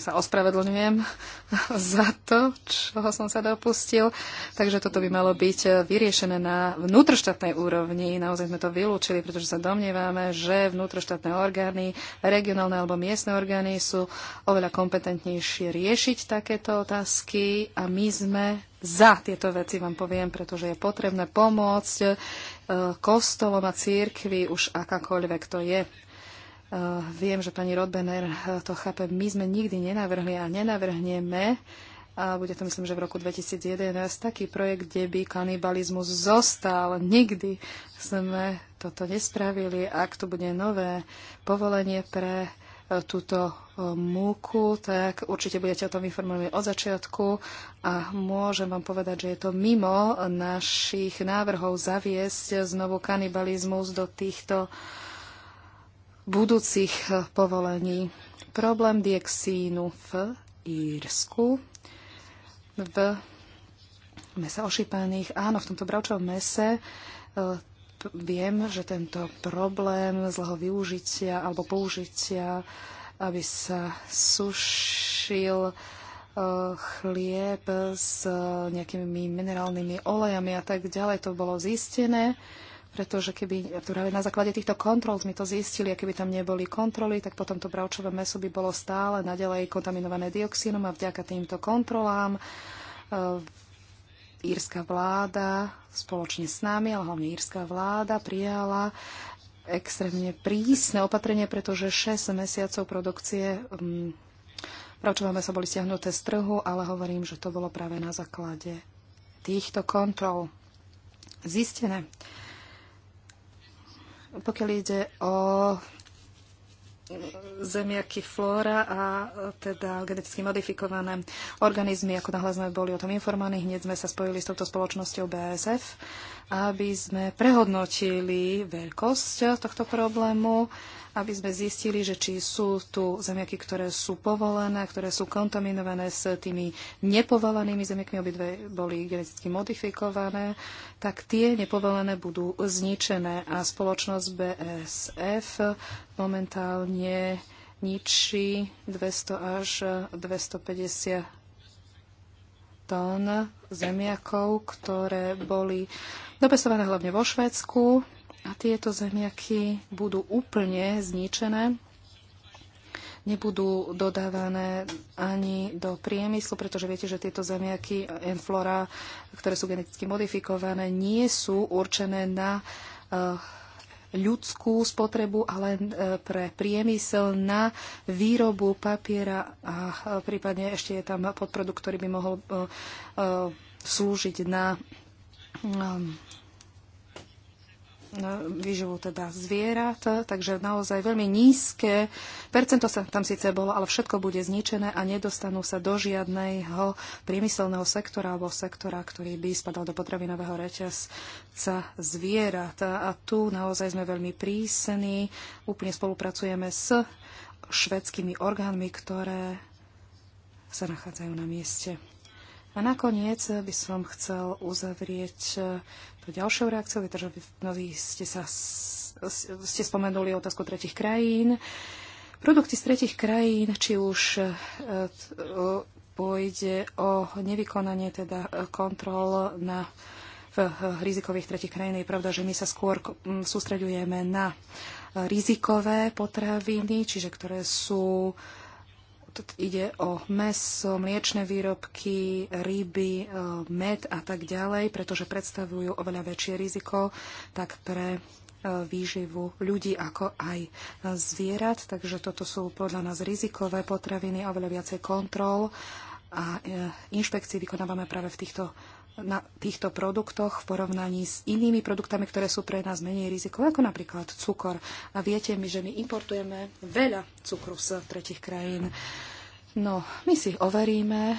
sa ospravedlňujem za to, čo som sa dopustil. Takže toto by malo byť vyriešené na vnútroštátnej úrovni. Naozaj sme to vylúčili, pretože sa domnievame, že vnútroštátne orgány, regionálne alebo miestne orgány sú oveľa kompetentnejšie riešiť takéto otázky a my sme za tieto veci, vám poviem, pretože je potrebné pomôcť kostolom a církvi, už akákoľvek to je. E, viem, že pani Rodbener e, to chápe, my sme nikdy nenavrhli a nenavrhneme, a bude to myslím, že v roku 2011, taký projekt, kde by kanibalizmus zostal. Nikdy sme toto nespravili. Ak to bude nové povolenie pre túto e, múku, tak určite budete o tom informovaní od začiatku a môžem vám povedať, že je to mimo našich návrhov zaviesť znovu kanibalizmus do týchto budúcich e, povolení. Problém dioxínu v Írsku v mese ošípaných. Áno, v tomto bravčovom mese e, Viem, že tento problém zlého využitia alebo použitia, aby sa sušil eh, chlieb s nejakými minerálnymi olejami a tak ďalej, to bolo zistené pretože keby práve na základe týchto kontrol sme to zistili a keby tam neboli kontroly, tak potom to bravčové meso by bolo stále naďalej kontaminované dioxínom a vďaka týmto kontrolám eh, írska vláda spoločne s nami, ale hlavne írska vláda prijala extrémne prísne opatrenie, pretože 6 mesiacov produkcie um, mm, pravčováme sa boli stiahnuté z trhu, ale hovorím, že to bolo práve na základe týchto kontrol zistené. Pokiaľ ide o zemiaky flóra a e, teda geneticky modifikované organizmy, ako náhle sme boli o tom informovaní, hneď sme sa spojili s touto spoločnosťou BASF, aby sme prehodnotili veľkosť tohto problému aby sme zistili, že či sú tu zemiaky, ktoré sú povolené, ktoré sú kontaminované s tými nepovolenými zemiakmi, obidve boli geneticky modifikované, tak tie nepovolené budú zničené a spoločnosť BSF momentálne ničí 200 až 250 tón zemiakov, ktoré boli dopestované hlavne vo Švédsku a tieto zemiaky budú úplne zničené, nebudú dodávané ani do priemyslu, pretože viete, že tieto zemiaky Enflora, eh, ktoré sú geneticky modifikované, nie sú určené na eh, ľudskú spotrebu, ale eh, pre priemysel na výrobu papiera a prípadne ešte je tam podprodukt, ktorý by mohol slúžiť na výživu teda zvierat, takže naozaj veľmi nízke. Percento sa tam síce bolo, ale všetko bude zničené a nedostanú sa do žiadneho priemyselného sektora alebo sektora, ktorý by spadal do potravinového reťazca zvierat. A tu naozaj sme veľmi prísni, úplne spolupracujeme s švedskými orgánmi, ktoré sa nachádzajú na mieste. A nakoniec by som chcel uzavrieť ďalšou reakciou je to, že mnohí ste, sa, ste spomenuli otázku tretich krajín. Produkty z tretich krajín, či už e, pôjde o nevykonanie teda e, kontrol na v e, rizikových tretich krajín. Je pravda, že my sa skôr sústreďujeme na rizikové potraviny, čiže ktoré sú uh, ide o meso, mliečne výrobky, ryby, e, med a tak ďalej, pretože predstavujú oveľa väčšie riziko tak pre e, výživu ľudí ako aj e, zvierat. Takže toto sú podľa nás rizikové potraviny, oveľa viacej kontrol a inšpekcií vykonávame práve v týchto na týchto produktoch v porovnaní s inými produktami, ktoré sú pre nás menej rizikové, ako napríklad cukor. A viete mi, že my importujeme veľa cukru z tretich krajín. No, my si overíme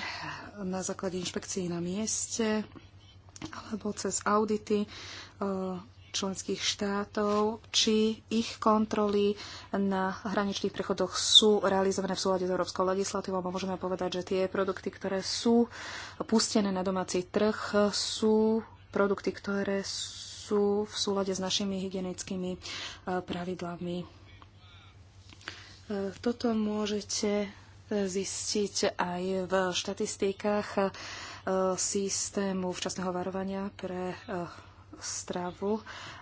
na základe inšpekcií na mieste alebo cez audity členských štátov, či ich kontroly na hraničných prechodoch sú realizované v súlade s európskou legislatívou. A môžeme povedať, že tie produkty, ktoré sú pustené na domáci trh, sú produkty, ktoré sú v súlade s našimi hygienickými e, pravidlami. E, toto môžete zistiť aj v štatistikách e, systému včasného varovania pre stravu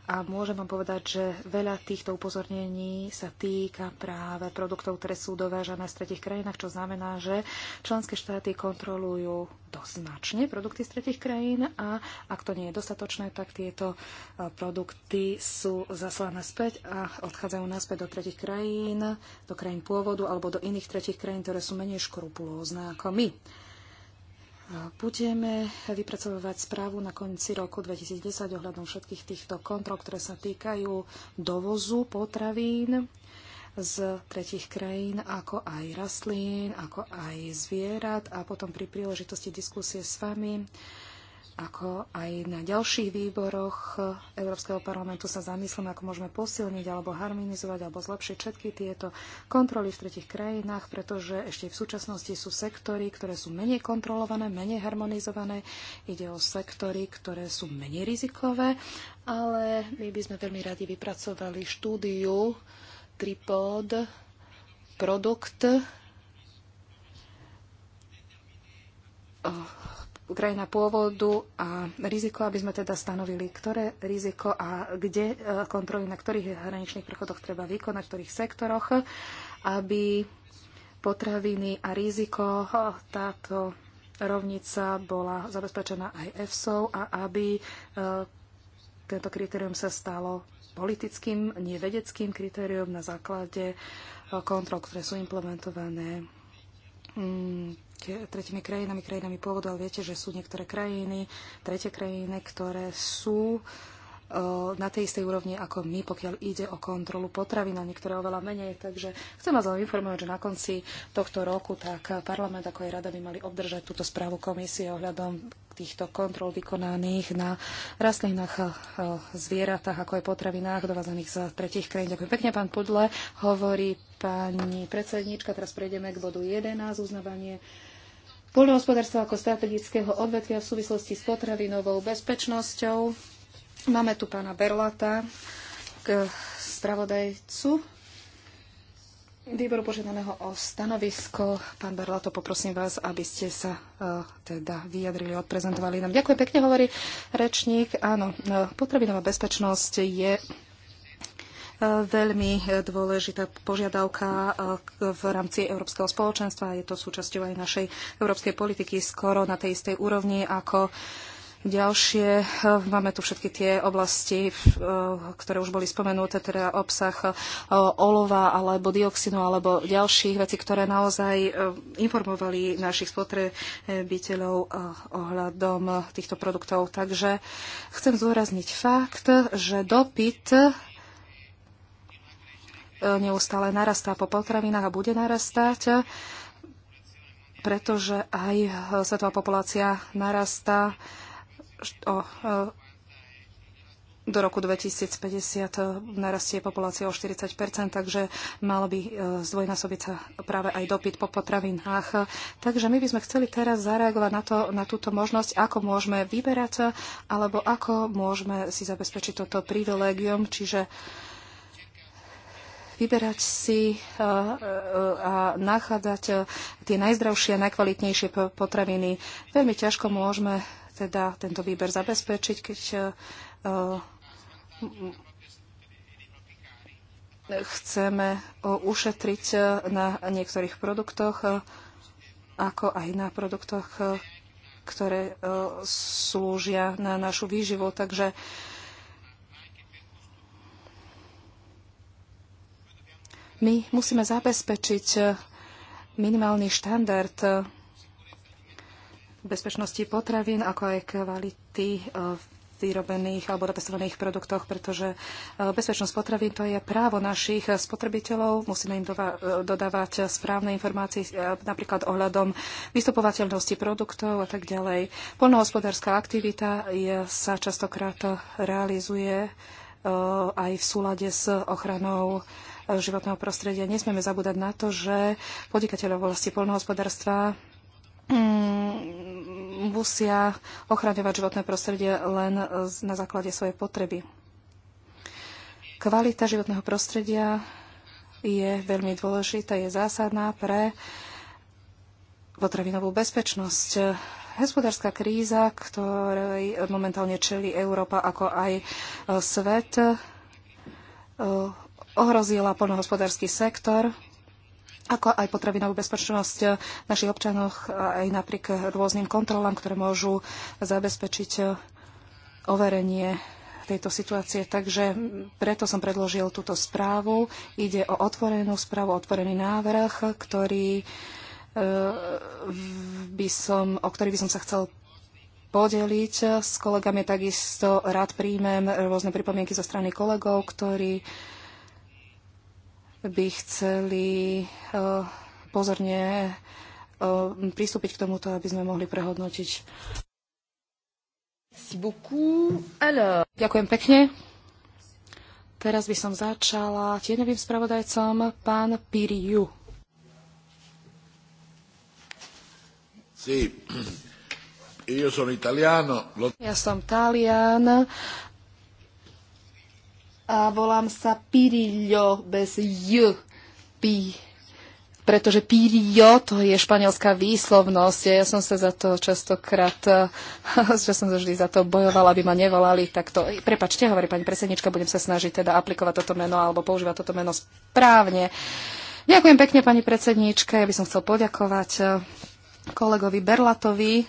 a môžem vám povedať, že veľa týchto upozornení sa týka práve produktov, ktoré sú dovážané z tretich krajinách, čo znamená, že členské štáty kontrolujú doznačne produkty z tretich krajín a ak to nie je dostatočné, tak tieto e, produkty sú zaslané späť a odchádzajú naspäť do tretich krajín, do krajín pôvodu alebo do iných tretich krajín, ktoré sú menej škrupulózne ako my. Budeme vypracovať správu na konci roku 2010 ohľadom všetkých týchto kontrol, ktoré sa týkajú dovozu potravín z tretich krajín, ako aj rastlín, ako aj zvierat a potom pri príležitosti diskusie s vami ako aj na ďalších výboroch Európskeho parlamentu sa zamyslíme, ako môžeme posilniť alebo harmonizovať alebo zlepšiť všetky tieto kontroly v tretich krajinách, pretože ešte v súčasnosti sú sektory, ktoré sú menej kontrolované, menej harmonizované. Ide o sektory, ktoré sú menej rizikové, ale my by sme veľmi radi vypracovali štúdiu tripod produkt krajina pôvodu a riziko, aby sme teda stanovili, ktoré riziko a kde e, kontroly na ktorých hraničných prechodoch treba vykonať, v ktorých sektoroch, aby potraviny a riziko e, táto rovnica bola zabezpečená aj EFSO a aby e, tento kritérium sa stalo politickým, nevedeckým kritérium na základe kontrol, ktoré sú implementované mm, tretimi krajinami, krajinami pôvodu, ale viete, že sú niektoré krajiny, tretie krajiny, ktoré sú e, na tej istej úrovni ako my, pokiaľ ide o kontrolu potravín a niektoré oveľa menej. Takže chcem vás len informovať, že na konci tohto roku tak parlament ako aj rada by mali obdržať túto správu komisie ohľadom týchto kontrol vykonaných na rastlinách, e, zvieratách, ako aj potravinách dovázaných z tretich krajín. Ďakujem pekne, pán Pudle. Hovorí pani predsednička. Teraz prejdeme k bodu 11, uznávanie poľnohospodárstva ako strategického odvetvia v súvislosti s potravinovou bezpečnosťou. Máme tu pána Berlata, k spravodajcu výboru požiadaného o stanovisko. Pán Berlato, poprosím vás, aby ste sa uh, teda vyjadrili, odprezentovali nám. Ďakujem pekne, hovorí rečník. Áno, e, potravinová bezpečnosť je veľmi dôležitá požiadavka eh, v rámci Európskeho spoločenstva. Je to súčasťou aj našej európskej politiky skoro na tej istej úrovni ako Ďalšie, máme tu všetky tie oblasti, eh, ktoré už boli spomenuté, teda obsah eh, olova alebo dioxinu alebo ďalších vecí, ktoré naozaj informovali našich spotrebiteľov ohľadom týchto produktov. Takže chcem zúrazniť fakt, že dopyt E, neustále narastá po potravinách a bude narastať, pretože aj svetová populácia narastá o e, do roku 2050 narastie populácia o 40 takže malo by e, zdvojnásobiť sa práve aj dopyt po potravinách. Takže my by sme chceli teraz zareagovať na, to, na túto možnosť, ako môžeme vyberať alebo ako môžeme si zabezpečiť toto privilégium, čiže vyberať si e, e, a nachádzať e, tie najzdravšie a najkvalitnejšie potraviny. Veľmi ťažko môžeme teda tento výber zabezpečiť, keď chceme ušetriť na niektorých produktoch, ako aj na produktoch, ktoré slúžia na našu výživu. Takže uh, My musíme zabezpečiť eh, minimálny štandard eh, bezpečnosti potravín, ako aj kvality eh, vyrobených alebo datestovaných produktoch, pretože bezpečnosť potravín to je právo našich spotrebiteľov. Musíme im dodávať správne informácie napríklad ohľadom vystupovateľnosti produktov a tak ďalej. Polnohospodárska aktivita je, sa častokrát realizuje aj v súlade s ochranou životného prostredia. Nesmieme zabúdať na to, že podnikateľov v oblasti poľnohospodárstva mm, musia ochraňovať životné prostredie len na základe svojej potreby. Kvalita životného prostredia je veľmi dôležitá, je zásadná pre potravinovú bezpečnosť. Hospodárska kríza, ktorej momentálne čelí Európa ako aj e, svet, e, ohrozila poľnohospodársky sektor, ako aj potravinovú bezpečnosť našich občanov, aj napriek rôznym kontrolám, ktoré môžu zabezpečiť overenie tejto situácie. Takže preto som predložil túto správu. Ide o otvorenú správu, otvorený návrh, ktorý eh, by som, o ktorý by som sa chcel podeliť s kolegami. Takisto rád príjmem rôzne pripomienky zo strany kolegov, ktorí by chceli eh, pozorne eh, pristúpiť k tomuto, aby sme mohli prehodnotiť. Ďakujem pekne. Teraz by som začala tieňovým spravodajcom, pán Piriu. Ja som Talian a volám sa Pirillo bez J. Pi, pretože Pirillo to je španielská výslovnosť. Ja som sa za to častokrát, že som vždy za to bojovala, aby ma nevolali takto. Prepačte, hovorí pani presednička, budem sa snažiť teda aplikovať toto meno alebo používať toto meno správne. Ďakujem pekne, pani predsedníčka. Ja by som chcel poďakovať eh, kolegovi Berlatovi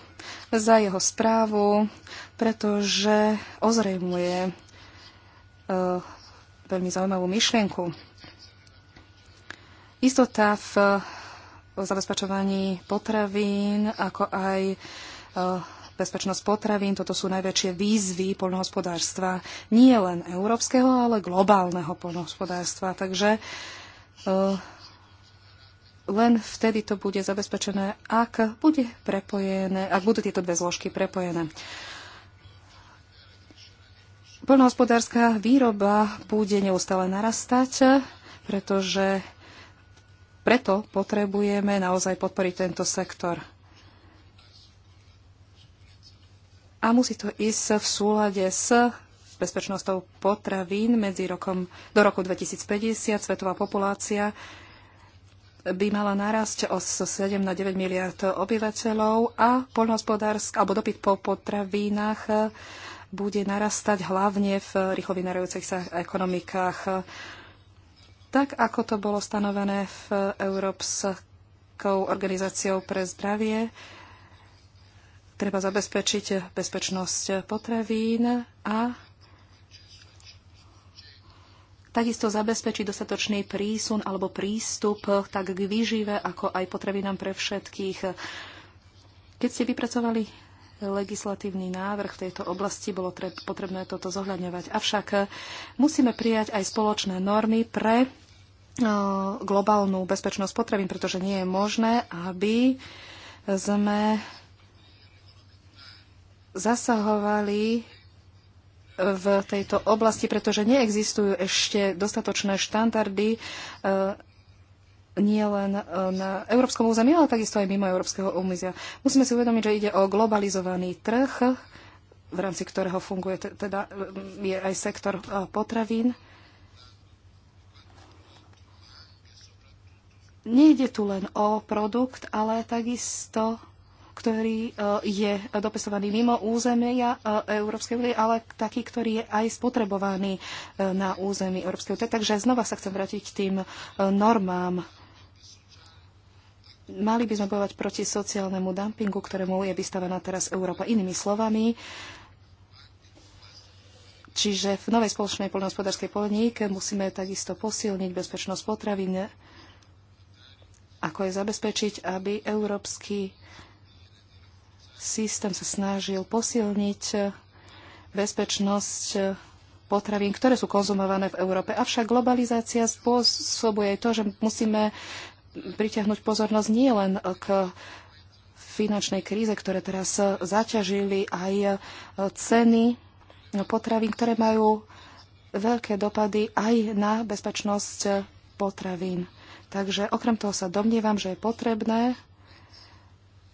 za jeho správu, pretože ozrejmuje E, veľmi zaujímavú myšlienku. Istota v zabezpečovaní potravín, ako aj e, bezpečnosť potravín, toto sú najväčšie výzvy poľnohospodárstva nie len európskeho, ale globálneho poľnohospodárstva. Takže e, len vtedy to bude zabezpečené, ak, bude prepojené, ak budú tieto dve zložky prepojené. Poľnohospodárska výroba bude neustále narastať, pretože preto potrebujeme naozaj podporiť tento sektor. A musí to ísť v súlade s bezpečnosťou potravín medzi rokom, do roku 2050. Svetová populácia by mala narásť o 7 na 9 miliard obyvateľov a poľnohospodárska, alebo dopyt po potravinách bude narastať hlavne v rýchlo vynarajúcich sa ekonomikách. Tak, ako to bolo stanovené v Európskou organizáciou pre zdravie, treba zabezpečiť bezpečnosť potravín a takisto zabezpečiť dostatočný prísun alebo prístup tak k výžive, ako aj potravinám pre všetkých. Keď ste vypracovali legislatívny návrh v tejto oblasti, bolo potrebné toto zohľadňovať. Avšak e, musíme prijať aj spoločné normy pre e, globálnu bezpečnosť potravín, pretože nie je možné, aby sme zasahovali v tejto oblasti, pretože neexistujú ešte dostatočné štandardy e, nie len eh, na európskom území, ale takisto aj mimo európskeho územia. Musíme si uvedomiť, že ide o globalizovaný trh, v rámci ktorého funguje teda eh, je aj sektor eh, potravín. Nejde tu len o produkt, ale takisto ktorý je dopestovaný mimo územia Európskej únie, ale taký, ktorý je aj spotrebovaný na území Európskej únie. Takže znova sa chcem vrátiť k tým normám mali by sme bojovať proti sociálnemu dumpingu, ktorému je vystavená teraz Európa. Inými slovami, Čiže v novej spoločnej poľnohospodárskej podnike musíme takisto posilniť bezpečnosť potravín, ako je zabezpečiť, aby európsky systém sa snažil posilniť bezpečnosť potravín, ktoré sú konzumované v Európe. Avšak globalizácia spôsobuje aj to, že musíme pritiahnuť pozornosť nie len k finančnej kríze, ktoré teraz zaťažili aj ceny potravín, ktoré majú veľké dopady aj na bezpečnosť potravín. Takže okrem toho sa domnievam, že je potrebné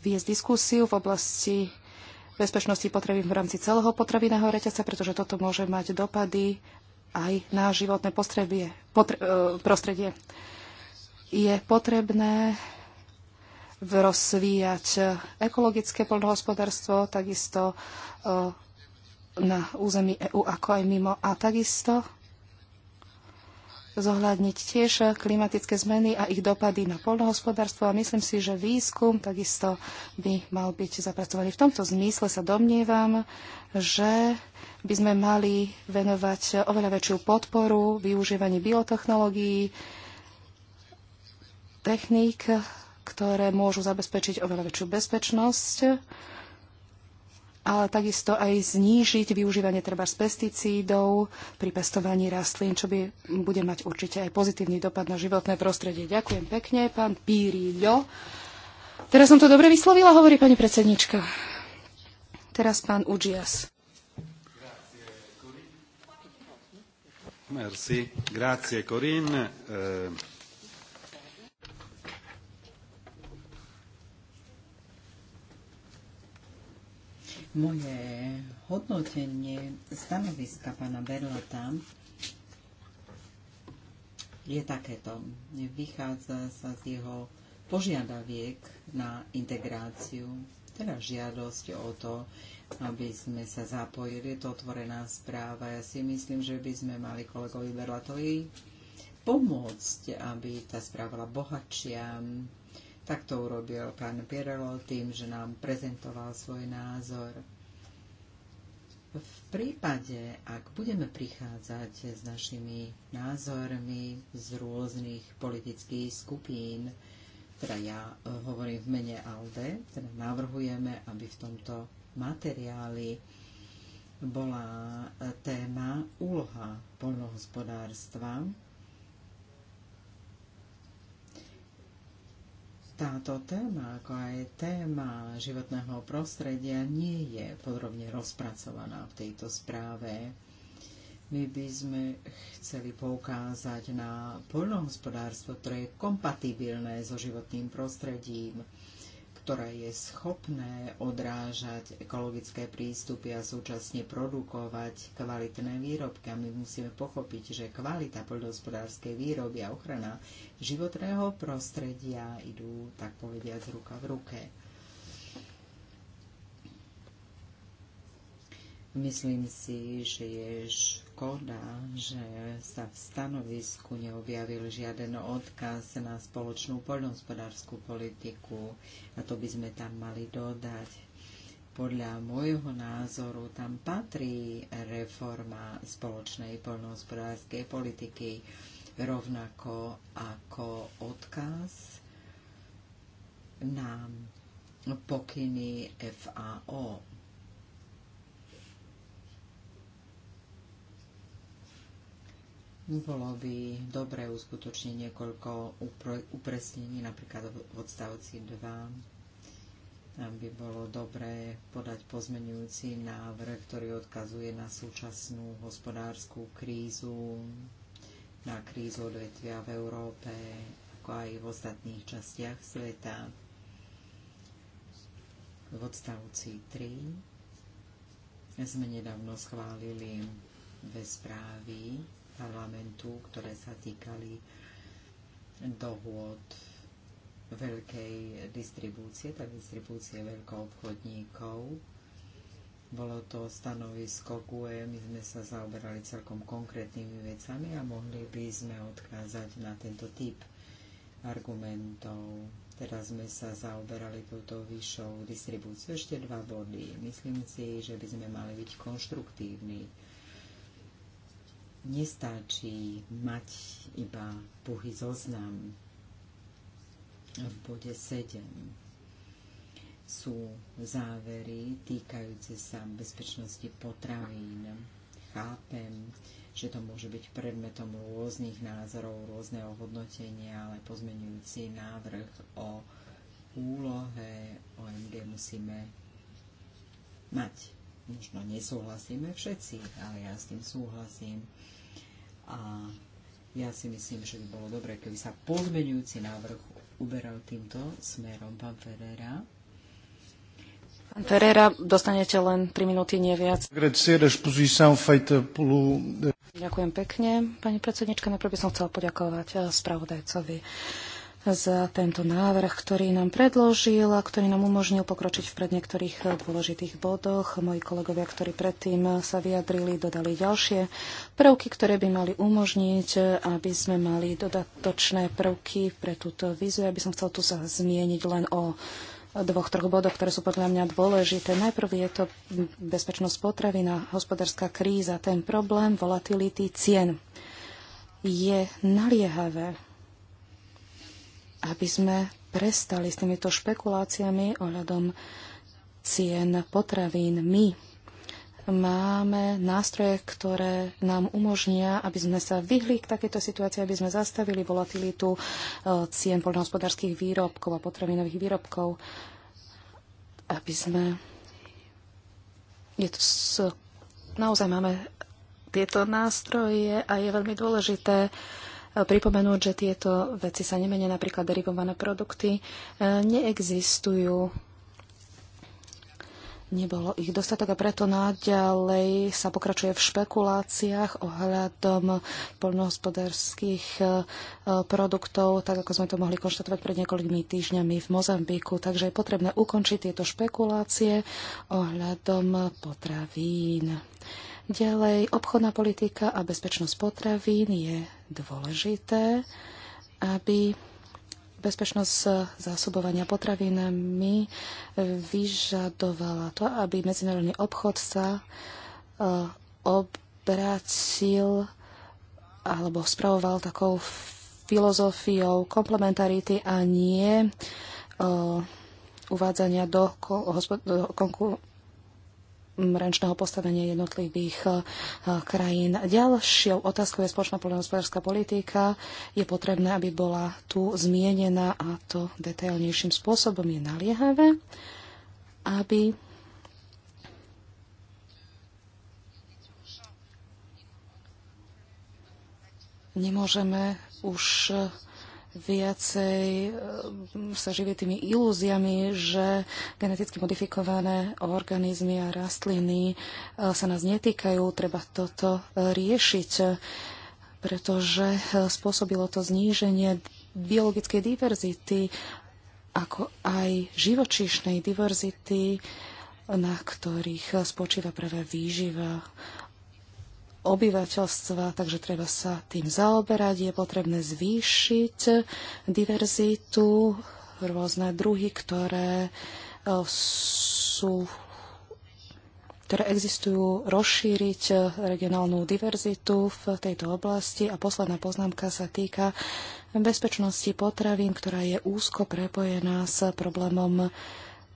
viesť diskusiu v oblasti bezpečnosti potravín v rámci celého potravinného reťazca, pretože toto môže mať dopady aj na životné potre, e, prostredie je potrebné rozvíjať ekologické poľnohospodárstvo, takisto e, na území EÚ ako aj mimo. A takisto zohľadniť tiež klimatické zmeny a ich dopady na poľnohospodárstvo a myslím si, že výskum takisto by mal byť zapracovaný. V tomto zmysle sa domnievam, že by sme mali venovať oveľa väčšiu podporu využívaní biotechnológií, techník, ktoré môžu zabezpečiť oveľa väčšiu bezpečnosť, ale takisto aj znížiť využívanie treba z pesticídov pri pestovaní rastlín, čo by bude mať určite aj pozitívny dopad na životné prostredie. Ďakujem pekne, pán Píriľo. Teraz som to dobre vyslovila, hovorí pani predsednička. Teraz pán Udžias. Merci. Grazie, Corinne. Eh... Moje hodnotenie stanoviska pána Berlota je takéto. Vychádza sa z jeho požiadaviek na integráciu, teda žiadosť o to, aby sme sa zapojili. Je to otvorená správa. Ja si myslím, že by sme mali kolegovi Berlatovi pomôcť, aby tá správa bola bohatšia, tak to urobil pán Pirelo tým, že nám prezentoval svoj názor. V prípade, ak budeme prichádzať s našimi názormi z rôznych politických skupín, teda ja e, hovorím v mene ALDE, teda navrhujeme, aby v tomto materiáli bola e, téma úloha poľnohospodárstva táto téma, ako aj téma životného prostredia, nie je podrobne rozpracovaná v tejto správe. My by sme chceli poukázať na poľnohospodárstvo, ktoré je kompatibilné so životným prostredím ktoré je schopné odrážať ekologické prístupy a súčasne produkovať kvalitné výrobky. A my musíme pochopiť, že kvalita poľnohospodárskej výroby a ochrana životného prostredia idú, tak povediať, z ruka v ruke. Myslím si, že je škoda, že sa v stanovisku neobjavil žiaden odkaz na spoločnú poľnohospodárskú politiku a to by sme tam mali dodať. Podľa môjho názoru tam patrí reforma spoločnej poľnohospodárskej politiky rovnako ako odkaz na pokyny FAO Bolo by dobre uskutočniť niekoľko upresnení, napríklad v odstavci 2. Tam by bolo dobre podať pozmenujúci návrh, ktorý odkazuje na súčasnú hospodárskú krízu, na krízu odvetvia v Európe, ako aj v ostatných častiach sveta. V odstavci 3 sme nedávno schválili dve správy parlamentu, ktoré sa týkali dohôd veľkej distribúcie, tak distribúcie obchodníkov. Bolo to stanovisko QE, my sme sa zaoberali celkom konkrétnymi vecami a mohli by sme odkázať na tento typ argumentov. Teraz sme sa zaoberali touto vyššou distribúciou. Ešte dva body. Myslím si, že by sme mali byť konštruktívni Nestačí mať iba puhý zoznam v bode 7 sú závery týkajúce sa bezpečnosti potravín. Chápem, že to môže byť predmetom rôznych názorov, rôzneho hodnotenia, ale pozmenujúci návrh o úlohe OMG musíme mať. Možno nesúhlasíme všetci, ale ja s tým súhlasím. A ja si myslím, že by bolo dobre, keby sa pozmeňujúci návrh uberal týmto smerom, pán Ferreira. Pán Ferreira, dostanete len 3 minúty, nie viac. Ďakujem pekne, pani predsednička. Najprv by som chcela poďakovať eh, spravodajcovi za tento návrh, ktorý nám predložil a ktorý nám umožnil pokročiť vpred niektorých eh, dôležitých bodoch. Moji kolegovia, ktorí predtým eh, sa vyjadrili, dodali ďalšie prvky, ktoré by mali umožniť, eh, aby sme mali dodatočné prvky pre túto vizu, Ja by som chcel tu sa zmieniť len o dvoch, troch bodoch, ktoré sú podľa mňa dôležité. Najprv je to bezpečnosť potravina, hospodárska kríza, ten problém volatility cien. Je naliehavé aby sme prestali s týmito špekuláciami ohľadom cien potravín. My máme nástroje, ktoré nám umožnia, aby sme sa vyhli k takéto situácii, aby sme zastavili volatilitu e, cien poľnohospodárských výrobkov a potravinových výrobkov, aby sme... Je to s... Naozaj máme tieto nástroje a je veľmi dôležité uh, pripomenúť, že tieto veci sa nemenia, napríklad derivované produkty e, neexistujú Nebolo ich dostatok a preto naďalej sa pokračuje v špekuláciách ohľadom poľnohospodárských e, produktov, tak ako sme to mohli konštatovať pred niekoľkými týždňami v Mozambiku. Takže je potrebné ukončiť tieto špekulácie ohľadom potravín. Ďalej, obchodná politika a bezpečnosť potravín je dôležité, aby bezpečnosť zásobovania potravinami vyžadovala to, aby medzinárodný obchod sa e, obrátil alebo spravoval takou filozofiou komplementarity a nie e, uvádzania do, do, do konkurenčného postavenia jednotlivých eh, krajín. Ďalšou otázkou je spoločná poľnohospodárska politika. Je potrebné, aby bola tu zmienená a to detailnejším spôsobom je naliehavé, aby nemôžeme už eh, viacej e, sa živie tými ilúziami, že geneticky modifikované organizmy a rastliny e, sa nás netýkajú. Treba toto e, riešiť, pretože spôsobilo to zníženie biologickej diverzity, ako aj živočíšnej diverzity, na ktorých spočíva práve výživa obyvateľstva, takže treba sa tým zaoberať. Je potrebné zvýšiť diverzitu, rôzne druhy, ktoré e, sú ktoré existujú, rozšíriť regionálnu diverzitu v tejto oblasti. A posledná poznámka sa týka bezpečnosti potravín, ktorá je úzko prepojená s problémom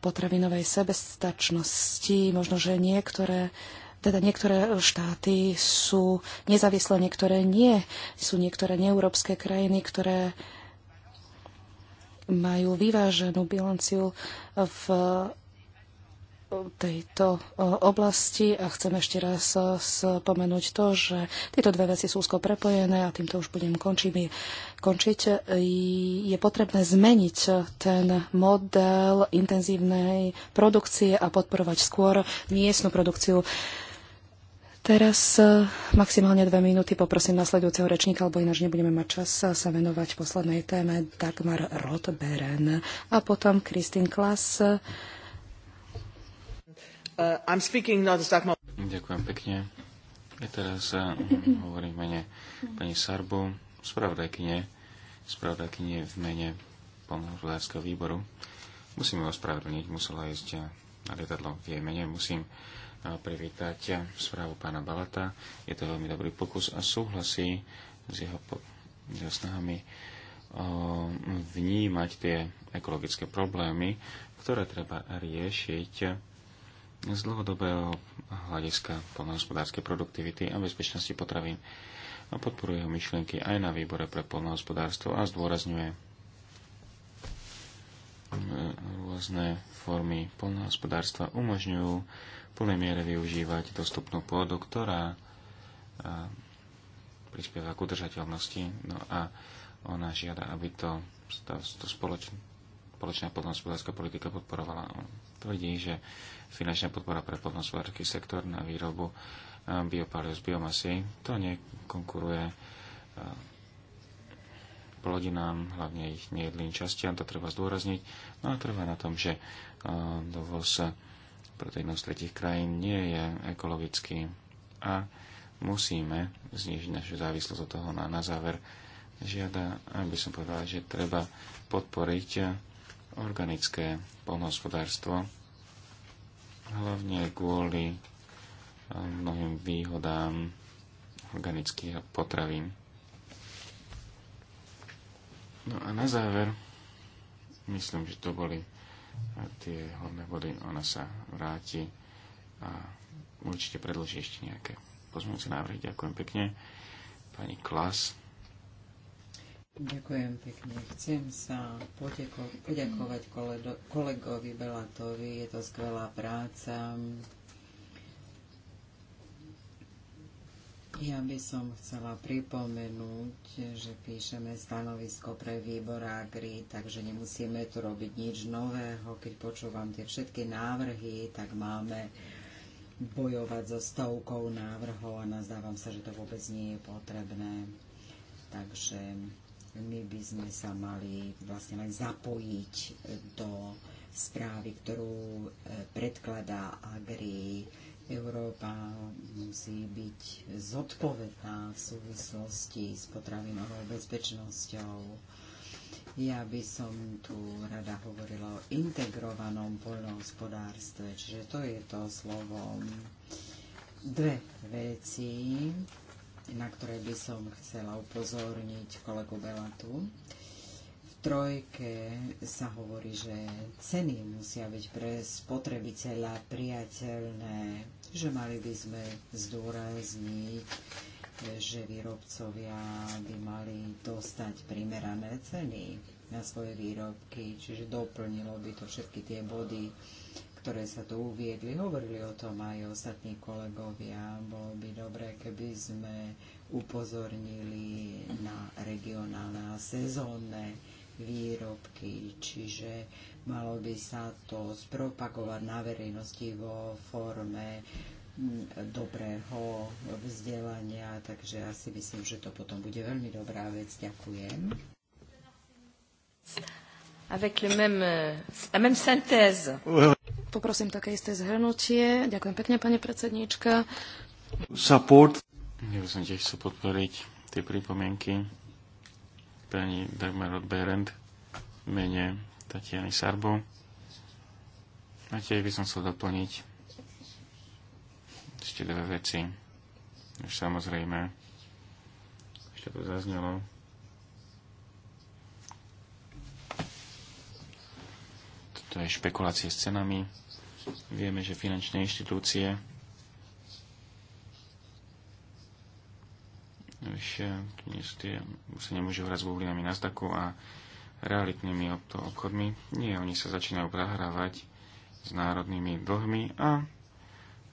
potravinovej sebestačnosti. Možno, že niektoré teda niektoré štáty sú nezávislé, niektoré nie. Sú niektoré neeurópske krajiny, ktoré majú vyváženú bilanciu v tejto oblasti a chcem ešte raz spomenúť to, že tieto dve veci sú úzko prepojené a týmto už budem končiť. končiť. Je potrebné zmeniť ten model intenzívnej produkcie a podporovať skôr miestnu produkciu. Teraz e, maximálne dve minúty poprosím nasledujúceho rečníka, alebo ináč nebudeme mať čas sa venovať poslednej téme Dagmar Rothberen a potom Kristin Klas. Uh, Ďakujem pekne. Ja teraz e, hovorím v mene pani Sarbu, spravodajkyne, spravodajkyne v mene polnohospodárskeho výboru. Musím ho ospravedlniť, musela ísť e, na lietadlo v jej mene. Musím privítať správu pána Balata. Je to veľmi dobrý pokus a súhlasí s jeho, jeho snahami vnímať tie ekologické problémy, ktoré treba riešiť z dlhodobého hľadiska polnohospodárskej produktivity a bezpečnosti potravín a podporuje jeho myšlienky aj na výbore pre polnohospodárstvo a zdôrazňuje rôzne formy poľnohospodárstva umožňujú v plnej miere využívať dostupnú pôdu, ktorá prispieva k udržateľnosti. No a ona žiada, aby to, to spoločné spoločná poľnohospodárska politika podporovala. Tvrdí, že finančná podpora pre podnospodársky sektor na výrobu biopaliv z biomasy to nekonkuruje plodinám, hlavne ich nejedlým častiam, to treba zdôrazniť. No a trvá na tom, že e, dovoz proteínov z tretich krajín nie je ekologický a musíme znižiť našu závislosť od toho. No a na záver žiada, aby som povedal, že treba podporiť organické polnohospodárstvo, hlavne kvôli e, mnohým výhodám organických potravín. No a na záver, myslím, že to boli tie hlavné body. Ona sa vráti a určite predlží ešte nejaké pozmúce návrhy. Ďakujem pekne. Pani Klas. Ďakujem pekne. Chcem sa poďakovať kolegovi Belatovi. Je to skvelá práca, Ja by som chcela pripomenúť, že píšeme stanovisko pre výbor Agri, takže nemusíme tu robiť nič nového. Keď počúvam tie všetky návrhy, tak máme bojovať so stovkou návrhov a nazdávam sa, že to vôbec nie je potrebné. Takže my by sme sa mali vlastne len zapojiť do správy, ktorú eh, predkladá Agri Európa musí byť zodpovedná v súvislosti s potravinovou bezpečnosťou. Ja by som tu rada hovorila o integrovanom poľnohospodárstve, čiže to je to slovom dve veci, na ktoré by som chcela upozorniť kolegu Belatu V trojke sa hovorí, že ceny musia byť pre spotrebiteľa priateľné že mali by sme zdôrazniť, že výrobcovia by mali dostať primerané ceny na svoje výrobky, čiže doplnilo by to všetky tie body, ktoré sa tu uviedli. Hovorili o tom aj ostatní kolegovia. Bolo by dobré, keby sme upozornili na regionálne a sezónne výrobky, čiže Malo by sa to spropagovať na verejnosti vo forme mm, dobrého vzdelania, takže ja si myslím, že to potom bude veľmi dobrá vec. Ďakujem. Avec le même, euh, la même synthèse. Poprosím také isté zhrnutie. Ďakujem pekne, pani predsedníčka. Support. Ja by som tiež chcel podporiť tie pripomienky pani Dagmar Berend mene Tatiany Sarbo. A tiež by som chcel doplniť ešte dve veci. Už samozrejme, ešte to zaznelo. Toto je špekulácie s cenami. Vieme, že finančné inštitúcie už, eh, nie tie, už sa nemôžu hrať s bublinami na zdaku a realitnými obchodmi. Nie, oni sa začínajú prahrávať s národnými dlhmi a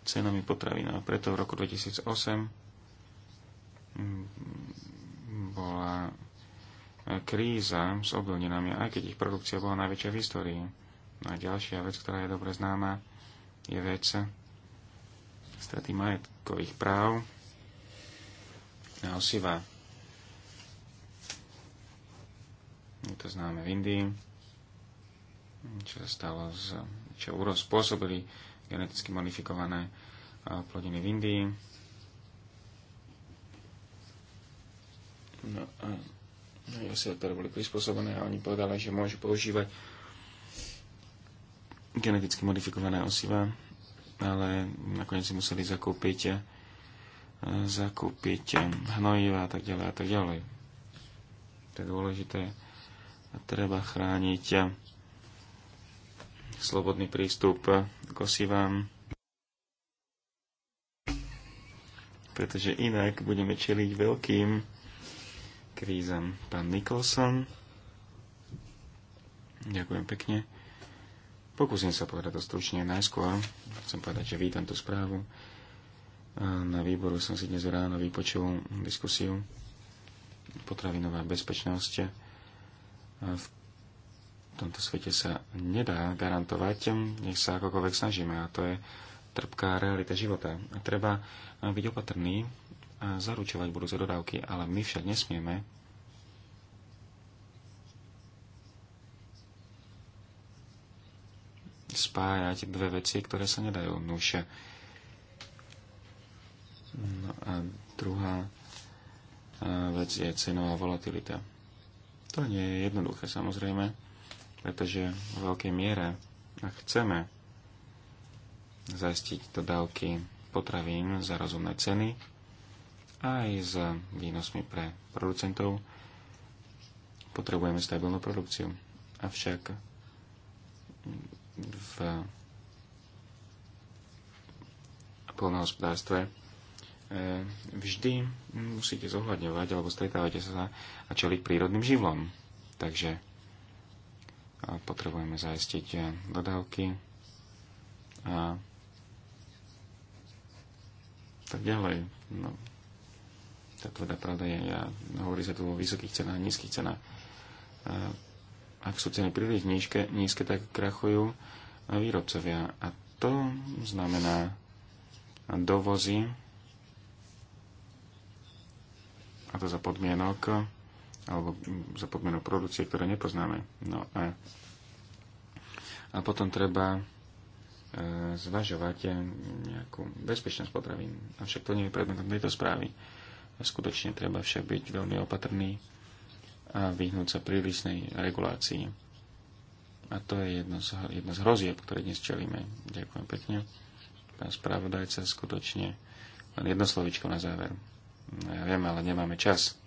cenami potravín. A preto v roku 2008 bola kríza s obilninami, aj keď ich produkcia bola najväčšia v histórii. No a ďalšia vec, ktorá je dobre známa, je vec straty majetkových práv a osiva Je to známe v Indii, čo sa stalo, z, čo úroz spôsobili geneticky modifikované plodiny v Indii. No a no, ktoré boli prispôsobené a oni povedali, že môžu používať geneticky modifikované osiva, ale nakoniec si museli zakúpiť, zakúpiť hnojiva a tak ďalej a tak ďalej. To je dôležité a treba chrániť slobodný prístup k osivám, pretože inak budeme čeliť veľkým krízam. Pán Nicholson, ďakujem pekne. Pokúsim sa povedať to stručne najskôr. Chcem povedať, že vítam tú správu. Na výboru som si dnes ráno vypočul diskusiu potravinová bezpečnosť v tomto svete sa nedá garantovať, nech sa akokoľvek snažíme. A to je trpká realita života. A treba byť opatrný a zaručovať budúce dodávky, ale my však nesmieme spájať dve veci, ktoré sa nedajú nuše. No a druhá eh, vec je cenová volatilita to nie je jednoduché samozrejme, pretože v veľkej miere, ak chceme zaistiť dodávky potravín za rozumné ceny, aj s výnosmi pre producentov, potrebujeme stabilnú produkciu. Avšak v polnohospodárstve E, vždy musíte zohľadňovať alebo stretávate sa a čeliť prírodným živlom. Takže e, potrebujeme zajistiť e, dodávky a tak ďalej. No, tá tvrdá pravda je, ja, hovorí sa tu o vysokých cenách, a nízkych cenách. A, ak sú ceny príliš nízke, nízke tak krachujú výrobcovia. A to znamená dovozy a to za podmienok, alebo za podmienok produkcie, ktoré nepoznáme. No a, a potom treba e, zvažovať e, nejakú bezpečnosť potravín. Avšak to nie je predmetom tejto správy. Skutočne treba však byť veľmi opatrný a vyhnúť sa prílišnej regulácii. A to je jedno z, jedno z hrozieb, ktoré dnes čelíme. Ďakujem pekne. Pán spravodajca skutočne len jedno slovičko na záver. No, ja viem, ale nemáme čas.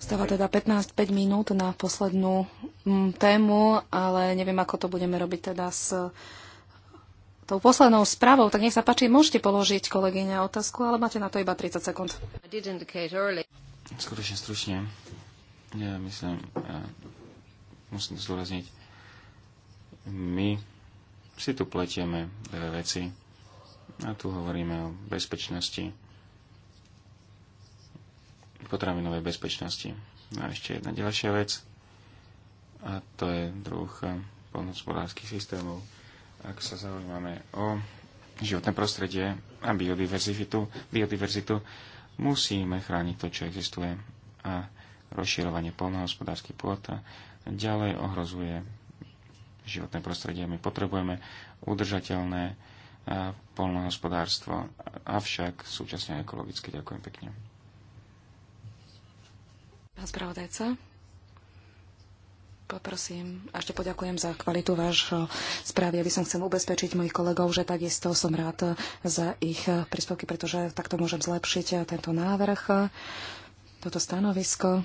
Stáva teda 15-5 minút na poslednú mm, tému, ale neviem, ako to budeme robiť teda s e, tou poslednou správou. Tak nech sa páči, môžete položiť kolegyňa otázku, ale máte na to iba 30 sekúnd. Skutočne stručne. Ja myslím, ja e, musím to zdôrazniť. My si tu pletieme veci. A tu hovoríme o bezpečnosti potravinovej bezpečnosti. No a ešte jedna ďalšia vec, a to je druh eh, polnohospodárských systémov. Ak sa zaujímame o životné prostredie a biodiverzitu, biodiverzitu musíme chrániť to, čo existuje a rozširovanie polnohospodárskych pôd a ďalej ohrozuje životné prostredie. My potrebujeme udržateľné eh, polnohospodárstvo, avšak súčasne ekologické. Ďakujem pekne. Pán spravodajca, poprosím a ešte poďakujem za kvalitu vášho správy. aby by som chcel ubezpečiť mojich kolegov, že takisto som rád za ich príspevky, pretože takto môžem zlepšiť tento návrh, toto stanovisko.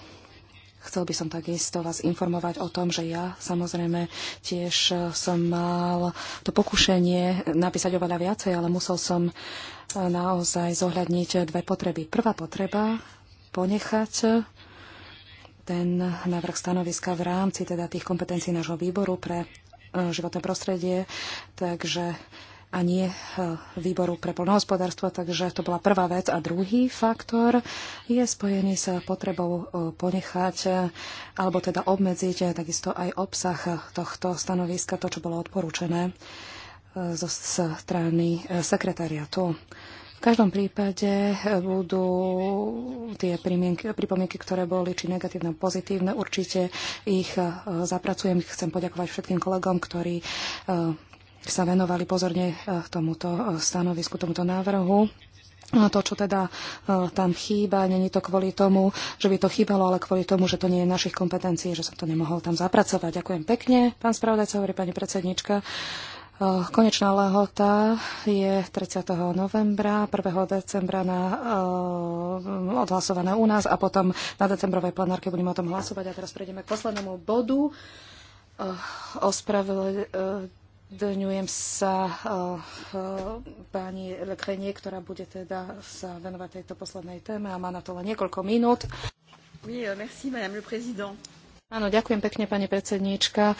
Chcel by som takisto vás informovať o tom, že ja samozrejme tiež som mal to pokušenie napísať oveľa viacej, ale musel som naozaj zohľadniť dve potreby. Prvá potreba ponechať ten návrh stanoviska v rámci teda tých kompetencií nášho výboru pre e, životné prostredie, takže a nie e, výboru pre poľnohospodárstvo, takže to bola prvá vec. A druhý faktor je spojený s potrebou e, ponechať alebo teda obmedziť takisto aj obsah tohto stanoviska, to, čo bolo odporúčené zo strany sekretariatu. V každom prípade eh, budú tie pripomienky, ktoré boli či negatívne, pozitívne. Určite ich eh, zapracujem. Chcem poďakovať všetkým kolegom, ktorí eh, sa venovali pozorne tomuto stanovisku, tomuto návrhu no to, čo teda tam chýba. Není to kvôli tomu, že by to chýbalo, ale kvôli tomu, že to nie je našich kompetencií, že som to nemohol tam zapracovať. Ďakujem pekne, pán spravodajca, hovorí pani predsednička. Eh, konečná lehota je 30. novembra, 1. decembra na, uh, odhlasované u nás a potom na decembrovej plenárke budeme o tom hlasovať. A teraz prejdeme k poslednému bodu. Uh, eh, Ospravedlňujem sa uh, pani Lekrenie, ktorá bude teda sa venovať tejto poslednej téme a má na to len niekoľko minút. Oui, merci, madame le président. Áno, ďakujem pekne, pani predsedníčka. E,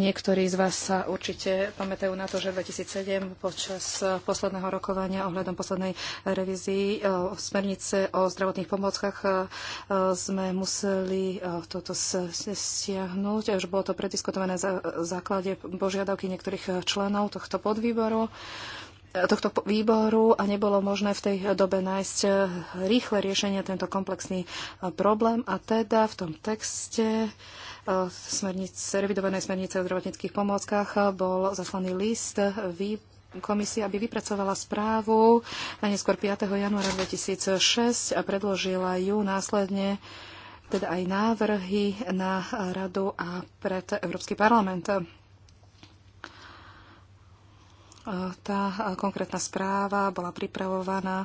niektorí z vás sa určite pamätajú na to, že 2007 počas e, posledného rokovania ohľadom poslednej revízii e, smernice o zdravotných pomockách sme museli toto stiahnuť, Už bolo to prediskutované na základe požiadavky niektorých členov tohto podvýboru tohto výboru a nebolo možné v tej dobe nájsť eh, rýchle riešenie tento komplexný eh, problém a teda v tom texte eh, smernice, revidovanej smernice o zdravotníckých pomôckach bol zaslaný list výboru komisia, aby vypracovala správu na neskôr 5. januára 2006 a predložila ju následne teda aj návrhy na radu a pred Európsky parlament. Tá konkrétna správa bola pripravovaná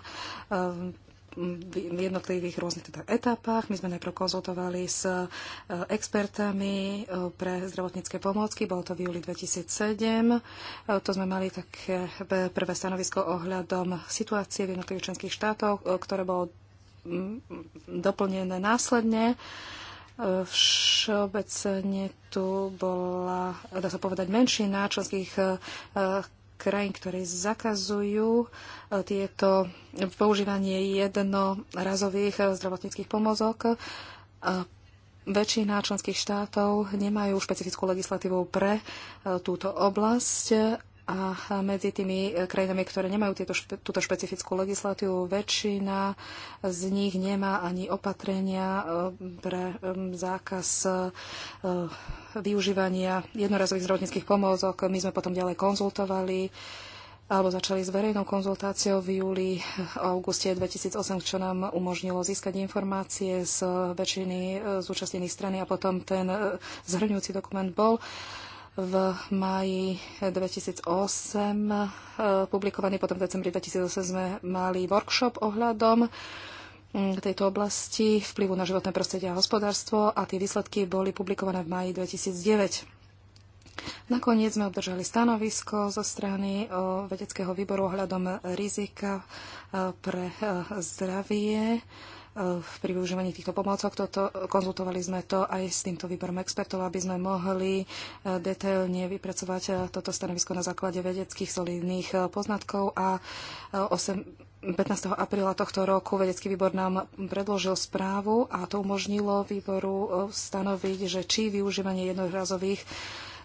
ehm, v jednotlivých rôznych teda etapách. My sme najprv konzultovali s e, expertami e, pre zdravotnícke pomôcky, bolo to v júli 2007. E, to sme mali také prvé stanovisko ohľadom situácie v jednotlivých členských štátoch, ktoré bolo mm, doplnené následne. Všeobecne tu bola, dá sa povedať, menšina členských krajín, ktoré zakazujú e, tieto používanie jednorazových e, zdravotníckých pomozok. E, väčšina členských štátov nemajú špecifickú legislatívu pre túto oblasť a medzi tými e, krajinami, ktoré nemajú tieto, túto špecifickú legislatívu, väčšina z nich nemá ani opatrenia e, pre e, zákaz využívania jednorazových zdravotníckých pomôcok. My sme potom ďalej konzultovali alebo začali s verejnou konzultáciou v júli, auguste 2008, čo nám umožnilo získať informácie z väčšiny zúčastnených strany a potom ten zhrňujúci dokument bol uh, v máji 2008 e, publikovaný, potom v decembri 2008 sme mali workshop ohľadom mm, tejto oblasti vplyvu na životné prostredie a hospodárstvo a tie výsledky boli publikované v máji 2009. Nakoniec sme obdržali stanovisko zo strany e, vedeckého výboru ohľadom rizika e, pre zdravie pri využívaní týchto pomocok. Toto, konzultovali sme to aj s týmto výborom expertov, aby sme mohli e, detailne vypracovať e, toto stanovisko na základe vedeckých solidných e, poznatkov a 8 15. apríla tohto roku vedecký výbor nám predložil správu a to umožnilo výboru stanoviť, že či využívanie jednorazových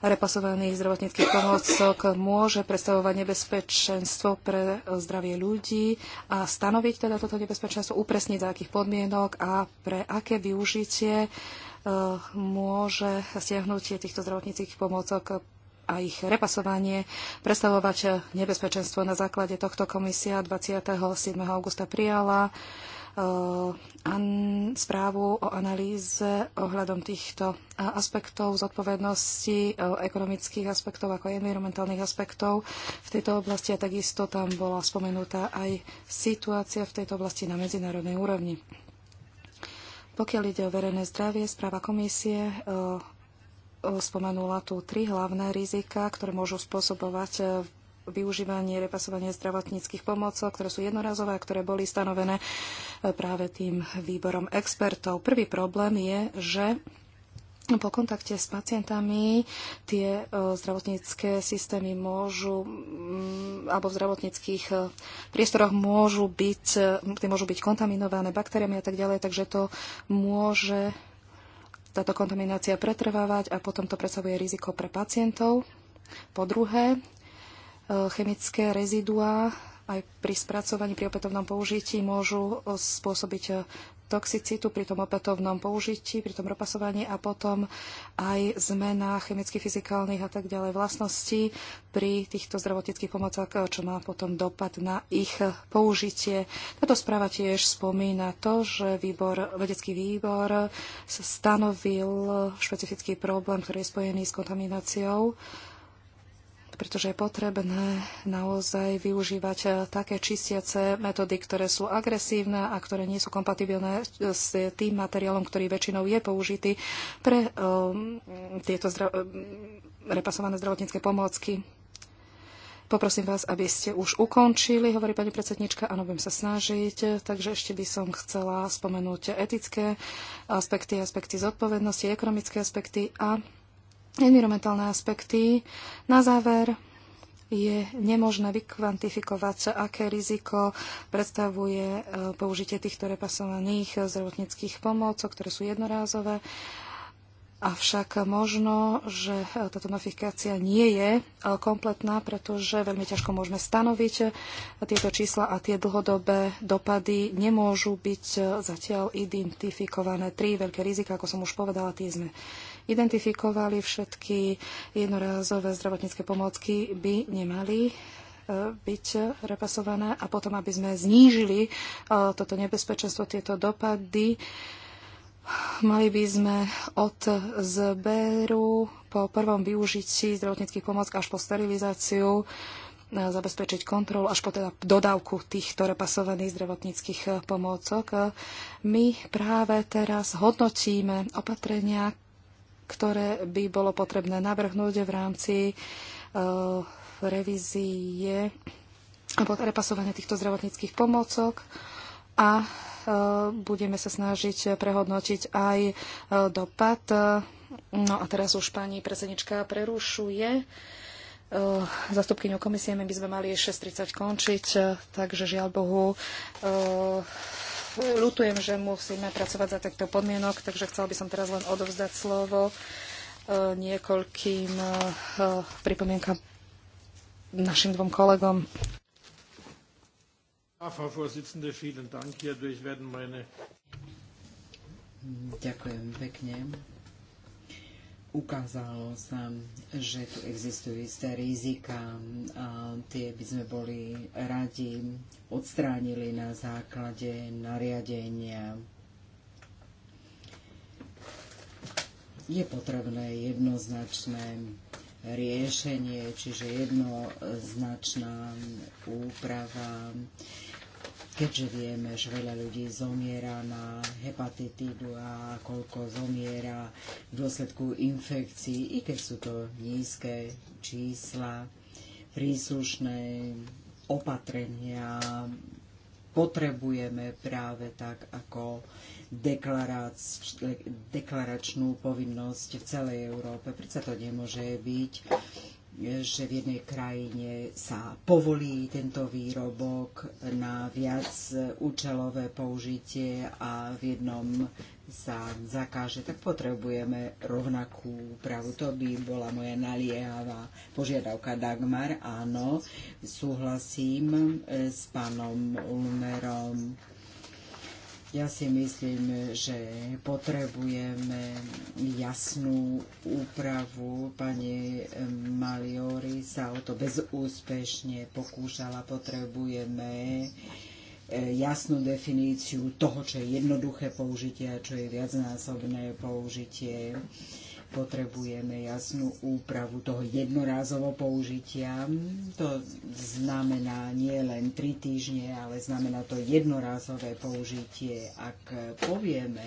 repasovaných zdravotníckých pomôcok môže predstavovať nebezpečenstvo pre zdravie ľudí a stanoviť teda toto nebezpečenstvo, upresniť za akých podmienok a pre aké využitie eh, môže stiahnutie týchto zdravotníckých pomôcok a ich repasovanie predstavovať nebezpečenstvo. Na základe tohto komisia 27. augusta prijala správu o analýze ohľadom týchto aspektov zodpovednosti, e, ekonomických aspektov ako aj environmentálnych aspektov v tejto oblasti a takisto tam bola spomenutá aj situácia v tejto oblasti na medzinárodnej úrovni. Pokiaľ ide o verejné zdravie, správa komisie e, e, spomenula tu tri hlavné rizika, ktoré môžu spôsobovať využívanie, repasovanie zdravotníckých pomocov, ktoré sú jednorazové a ktoré boli stanovené e, práve tým výborom expertov. Prvý problém je, že po kontakte s pacientami tie e, zdravotnícke systémy môžu, mm, alebo v zdravotníckých e, priestoroch môžu byť, tie môžu byť kontaminované baktériami a tak ďalej, takže to môže táto kontaminácia pretrvávať a potom to predstavuje riziko pre pacientov. Po druhé, E, chemické reziduá aj pri spracovaní, pri opätovnom použití môžu e, spôsobiť e, toxicitu pri tom opätovnom použití, pri tom ropasovaní a potom aj zmena chemických, fyzikálnych a tak ďalej vlastností pri týchto zdravotnických pomocách, čo má potom dopad na ich použitie. Táto správa tiež spomína to, že výbor, vedecký výbor stanovil špecifický problém, ktorý je spojený s kontamináciou pretože je potrebné naozaj využívať eh, také čistiace metódy, ktoré sú agresívne a ktoré nie sú kompatibilné s tým materiálom, ktorý väčšinou je použitý pre um, tieto zdra- eh, repasované zdravotnícke pomôcky. Poprosím vás, aby ste už ukončili, hovorí pani predsednička, áno, budem sa snažiť. Takže ešte by som chcela spomenúť etické aspekty, aspekty zodpovednosti, ekonomické aspekty a environmentálne aspekty. Na záver je nemožné vykvantifikovať, aké riziko predstavuje e, použitie týchto repasovaných zdravotníckých pomôcok, ktoré sú jednorázové. Avšak možno, že e, táto notifikácia nie je e, kompletná, pretože veľmi ťažko môžeme stanoviť tieto čísla a tie dlhodobé dopady nemôžu byť zatiaľ identifikované. Tri veľké rizika, ako som už povedala, tie sme identifikovali všetky jednorázové zdravotnícke pomôcky, by nemali e, byť repasované a potom, aby sme znížili e, toto nebezpečenstvo, tieto dopady, mali by sme od zberu po prvom využití zdravotníckých pomôck až po sterilizáciu e, zabezpečiť kontrolu až po teda dodávku týchto repasovaných zdravotníckých pomôcok. My práve teraz hodnotíme opatrenia, ktoré by bolo potrebné navrhnúť v rámci uh, revízie alebo repasovania týchto zdravotníckých pomôcok a e, budeme sa snažiť prehodnotiť aj e, dopad. No a teraz už pani predsednička prerušuje zastupkyňou komisie, my by sme mali 6.30 končiť, takže žiaľ Bohu ľutujem, že musíme pracovať za takto podmienok, takže chcela by som teraz len odovzdať slovo e, niekoľkým e, pripomienkam našim dvom kolegom. Ďakujem pekne. Ukázalo sa, že tu existujú isté rizika a tie by sme boli radi odstránili na základe nariadenia. Je potrebné jednoznačné riešenie, čiže jednoznačná úprava keďže vieme, že veľa ľudí zomiera na hepatitidu a koľko zomiera v dôsledku infekcií, i keď sú to nízke čísla, príslušné opatrenia potrebujeme práve tak ako deklaračnú povinnosť v celej Európe. Prečo to nemôže byť, že v jednej krajine sa povolí tento výrobok na viac účelové použitie a v jednom sa zakáže, tak potrebujeme rovnakú úpravu. To by bola moja naliehavá požiadavka Dagmar. Áno, súhlasím e, s pánom Ulmerom. Ja si myslím, že potrebujeme jasnú úpravu. Pani Maliori sa o to bezúspešne pokúšala. Potrebujeme E, jasnú definíciu toho, čo je jednoduché použitie a čo je viacnásobné použitie. Potrebujeme jasnú úpravu toho jednorázovo použitia. To znamená nie len tri týždne, ale znamená to jednorázové použitie. Ak povieme,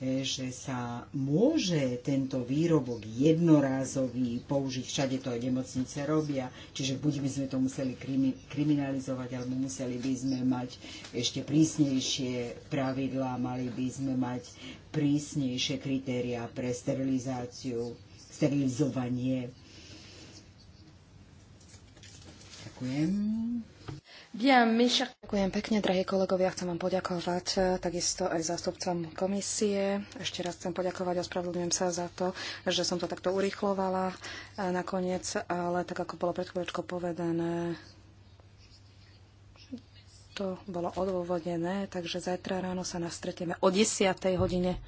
že sa môže tento výrobok jednorázový použiť, všade to aj nemocnice robia, čiže buď by sme to museli kriminalizovať, alebo museli by sme mať ešte prísnejšie pravidlá, mali by sme mať prísnejšie kritéria pre sterilizáciu, sterilizovanie. Ďakujem. Ďakujem pekne, drahí kolegovia. Chcem vám poďakovať e, takisto aj zástupcom komisie. Ešte raz chcem poďakovať a spravodlňujem sa za to, že som to takto urýchlovala e, nakoniec, ale tak ako bolo pred chvíľočkou povedané, to bolo odôvodené, takže zajtra ráno sa nastretieme o 10. hodine.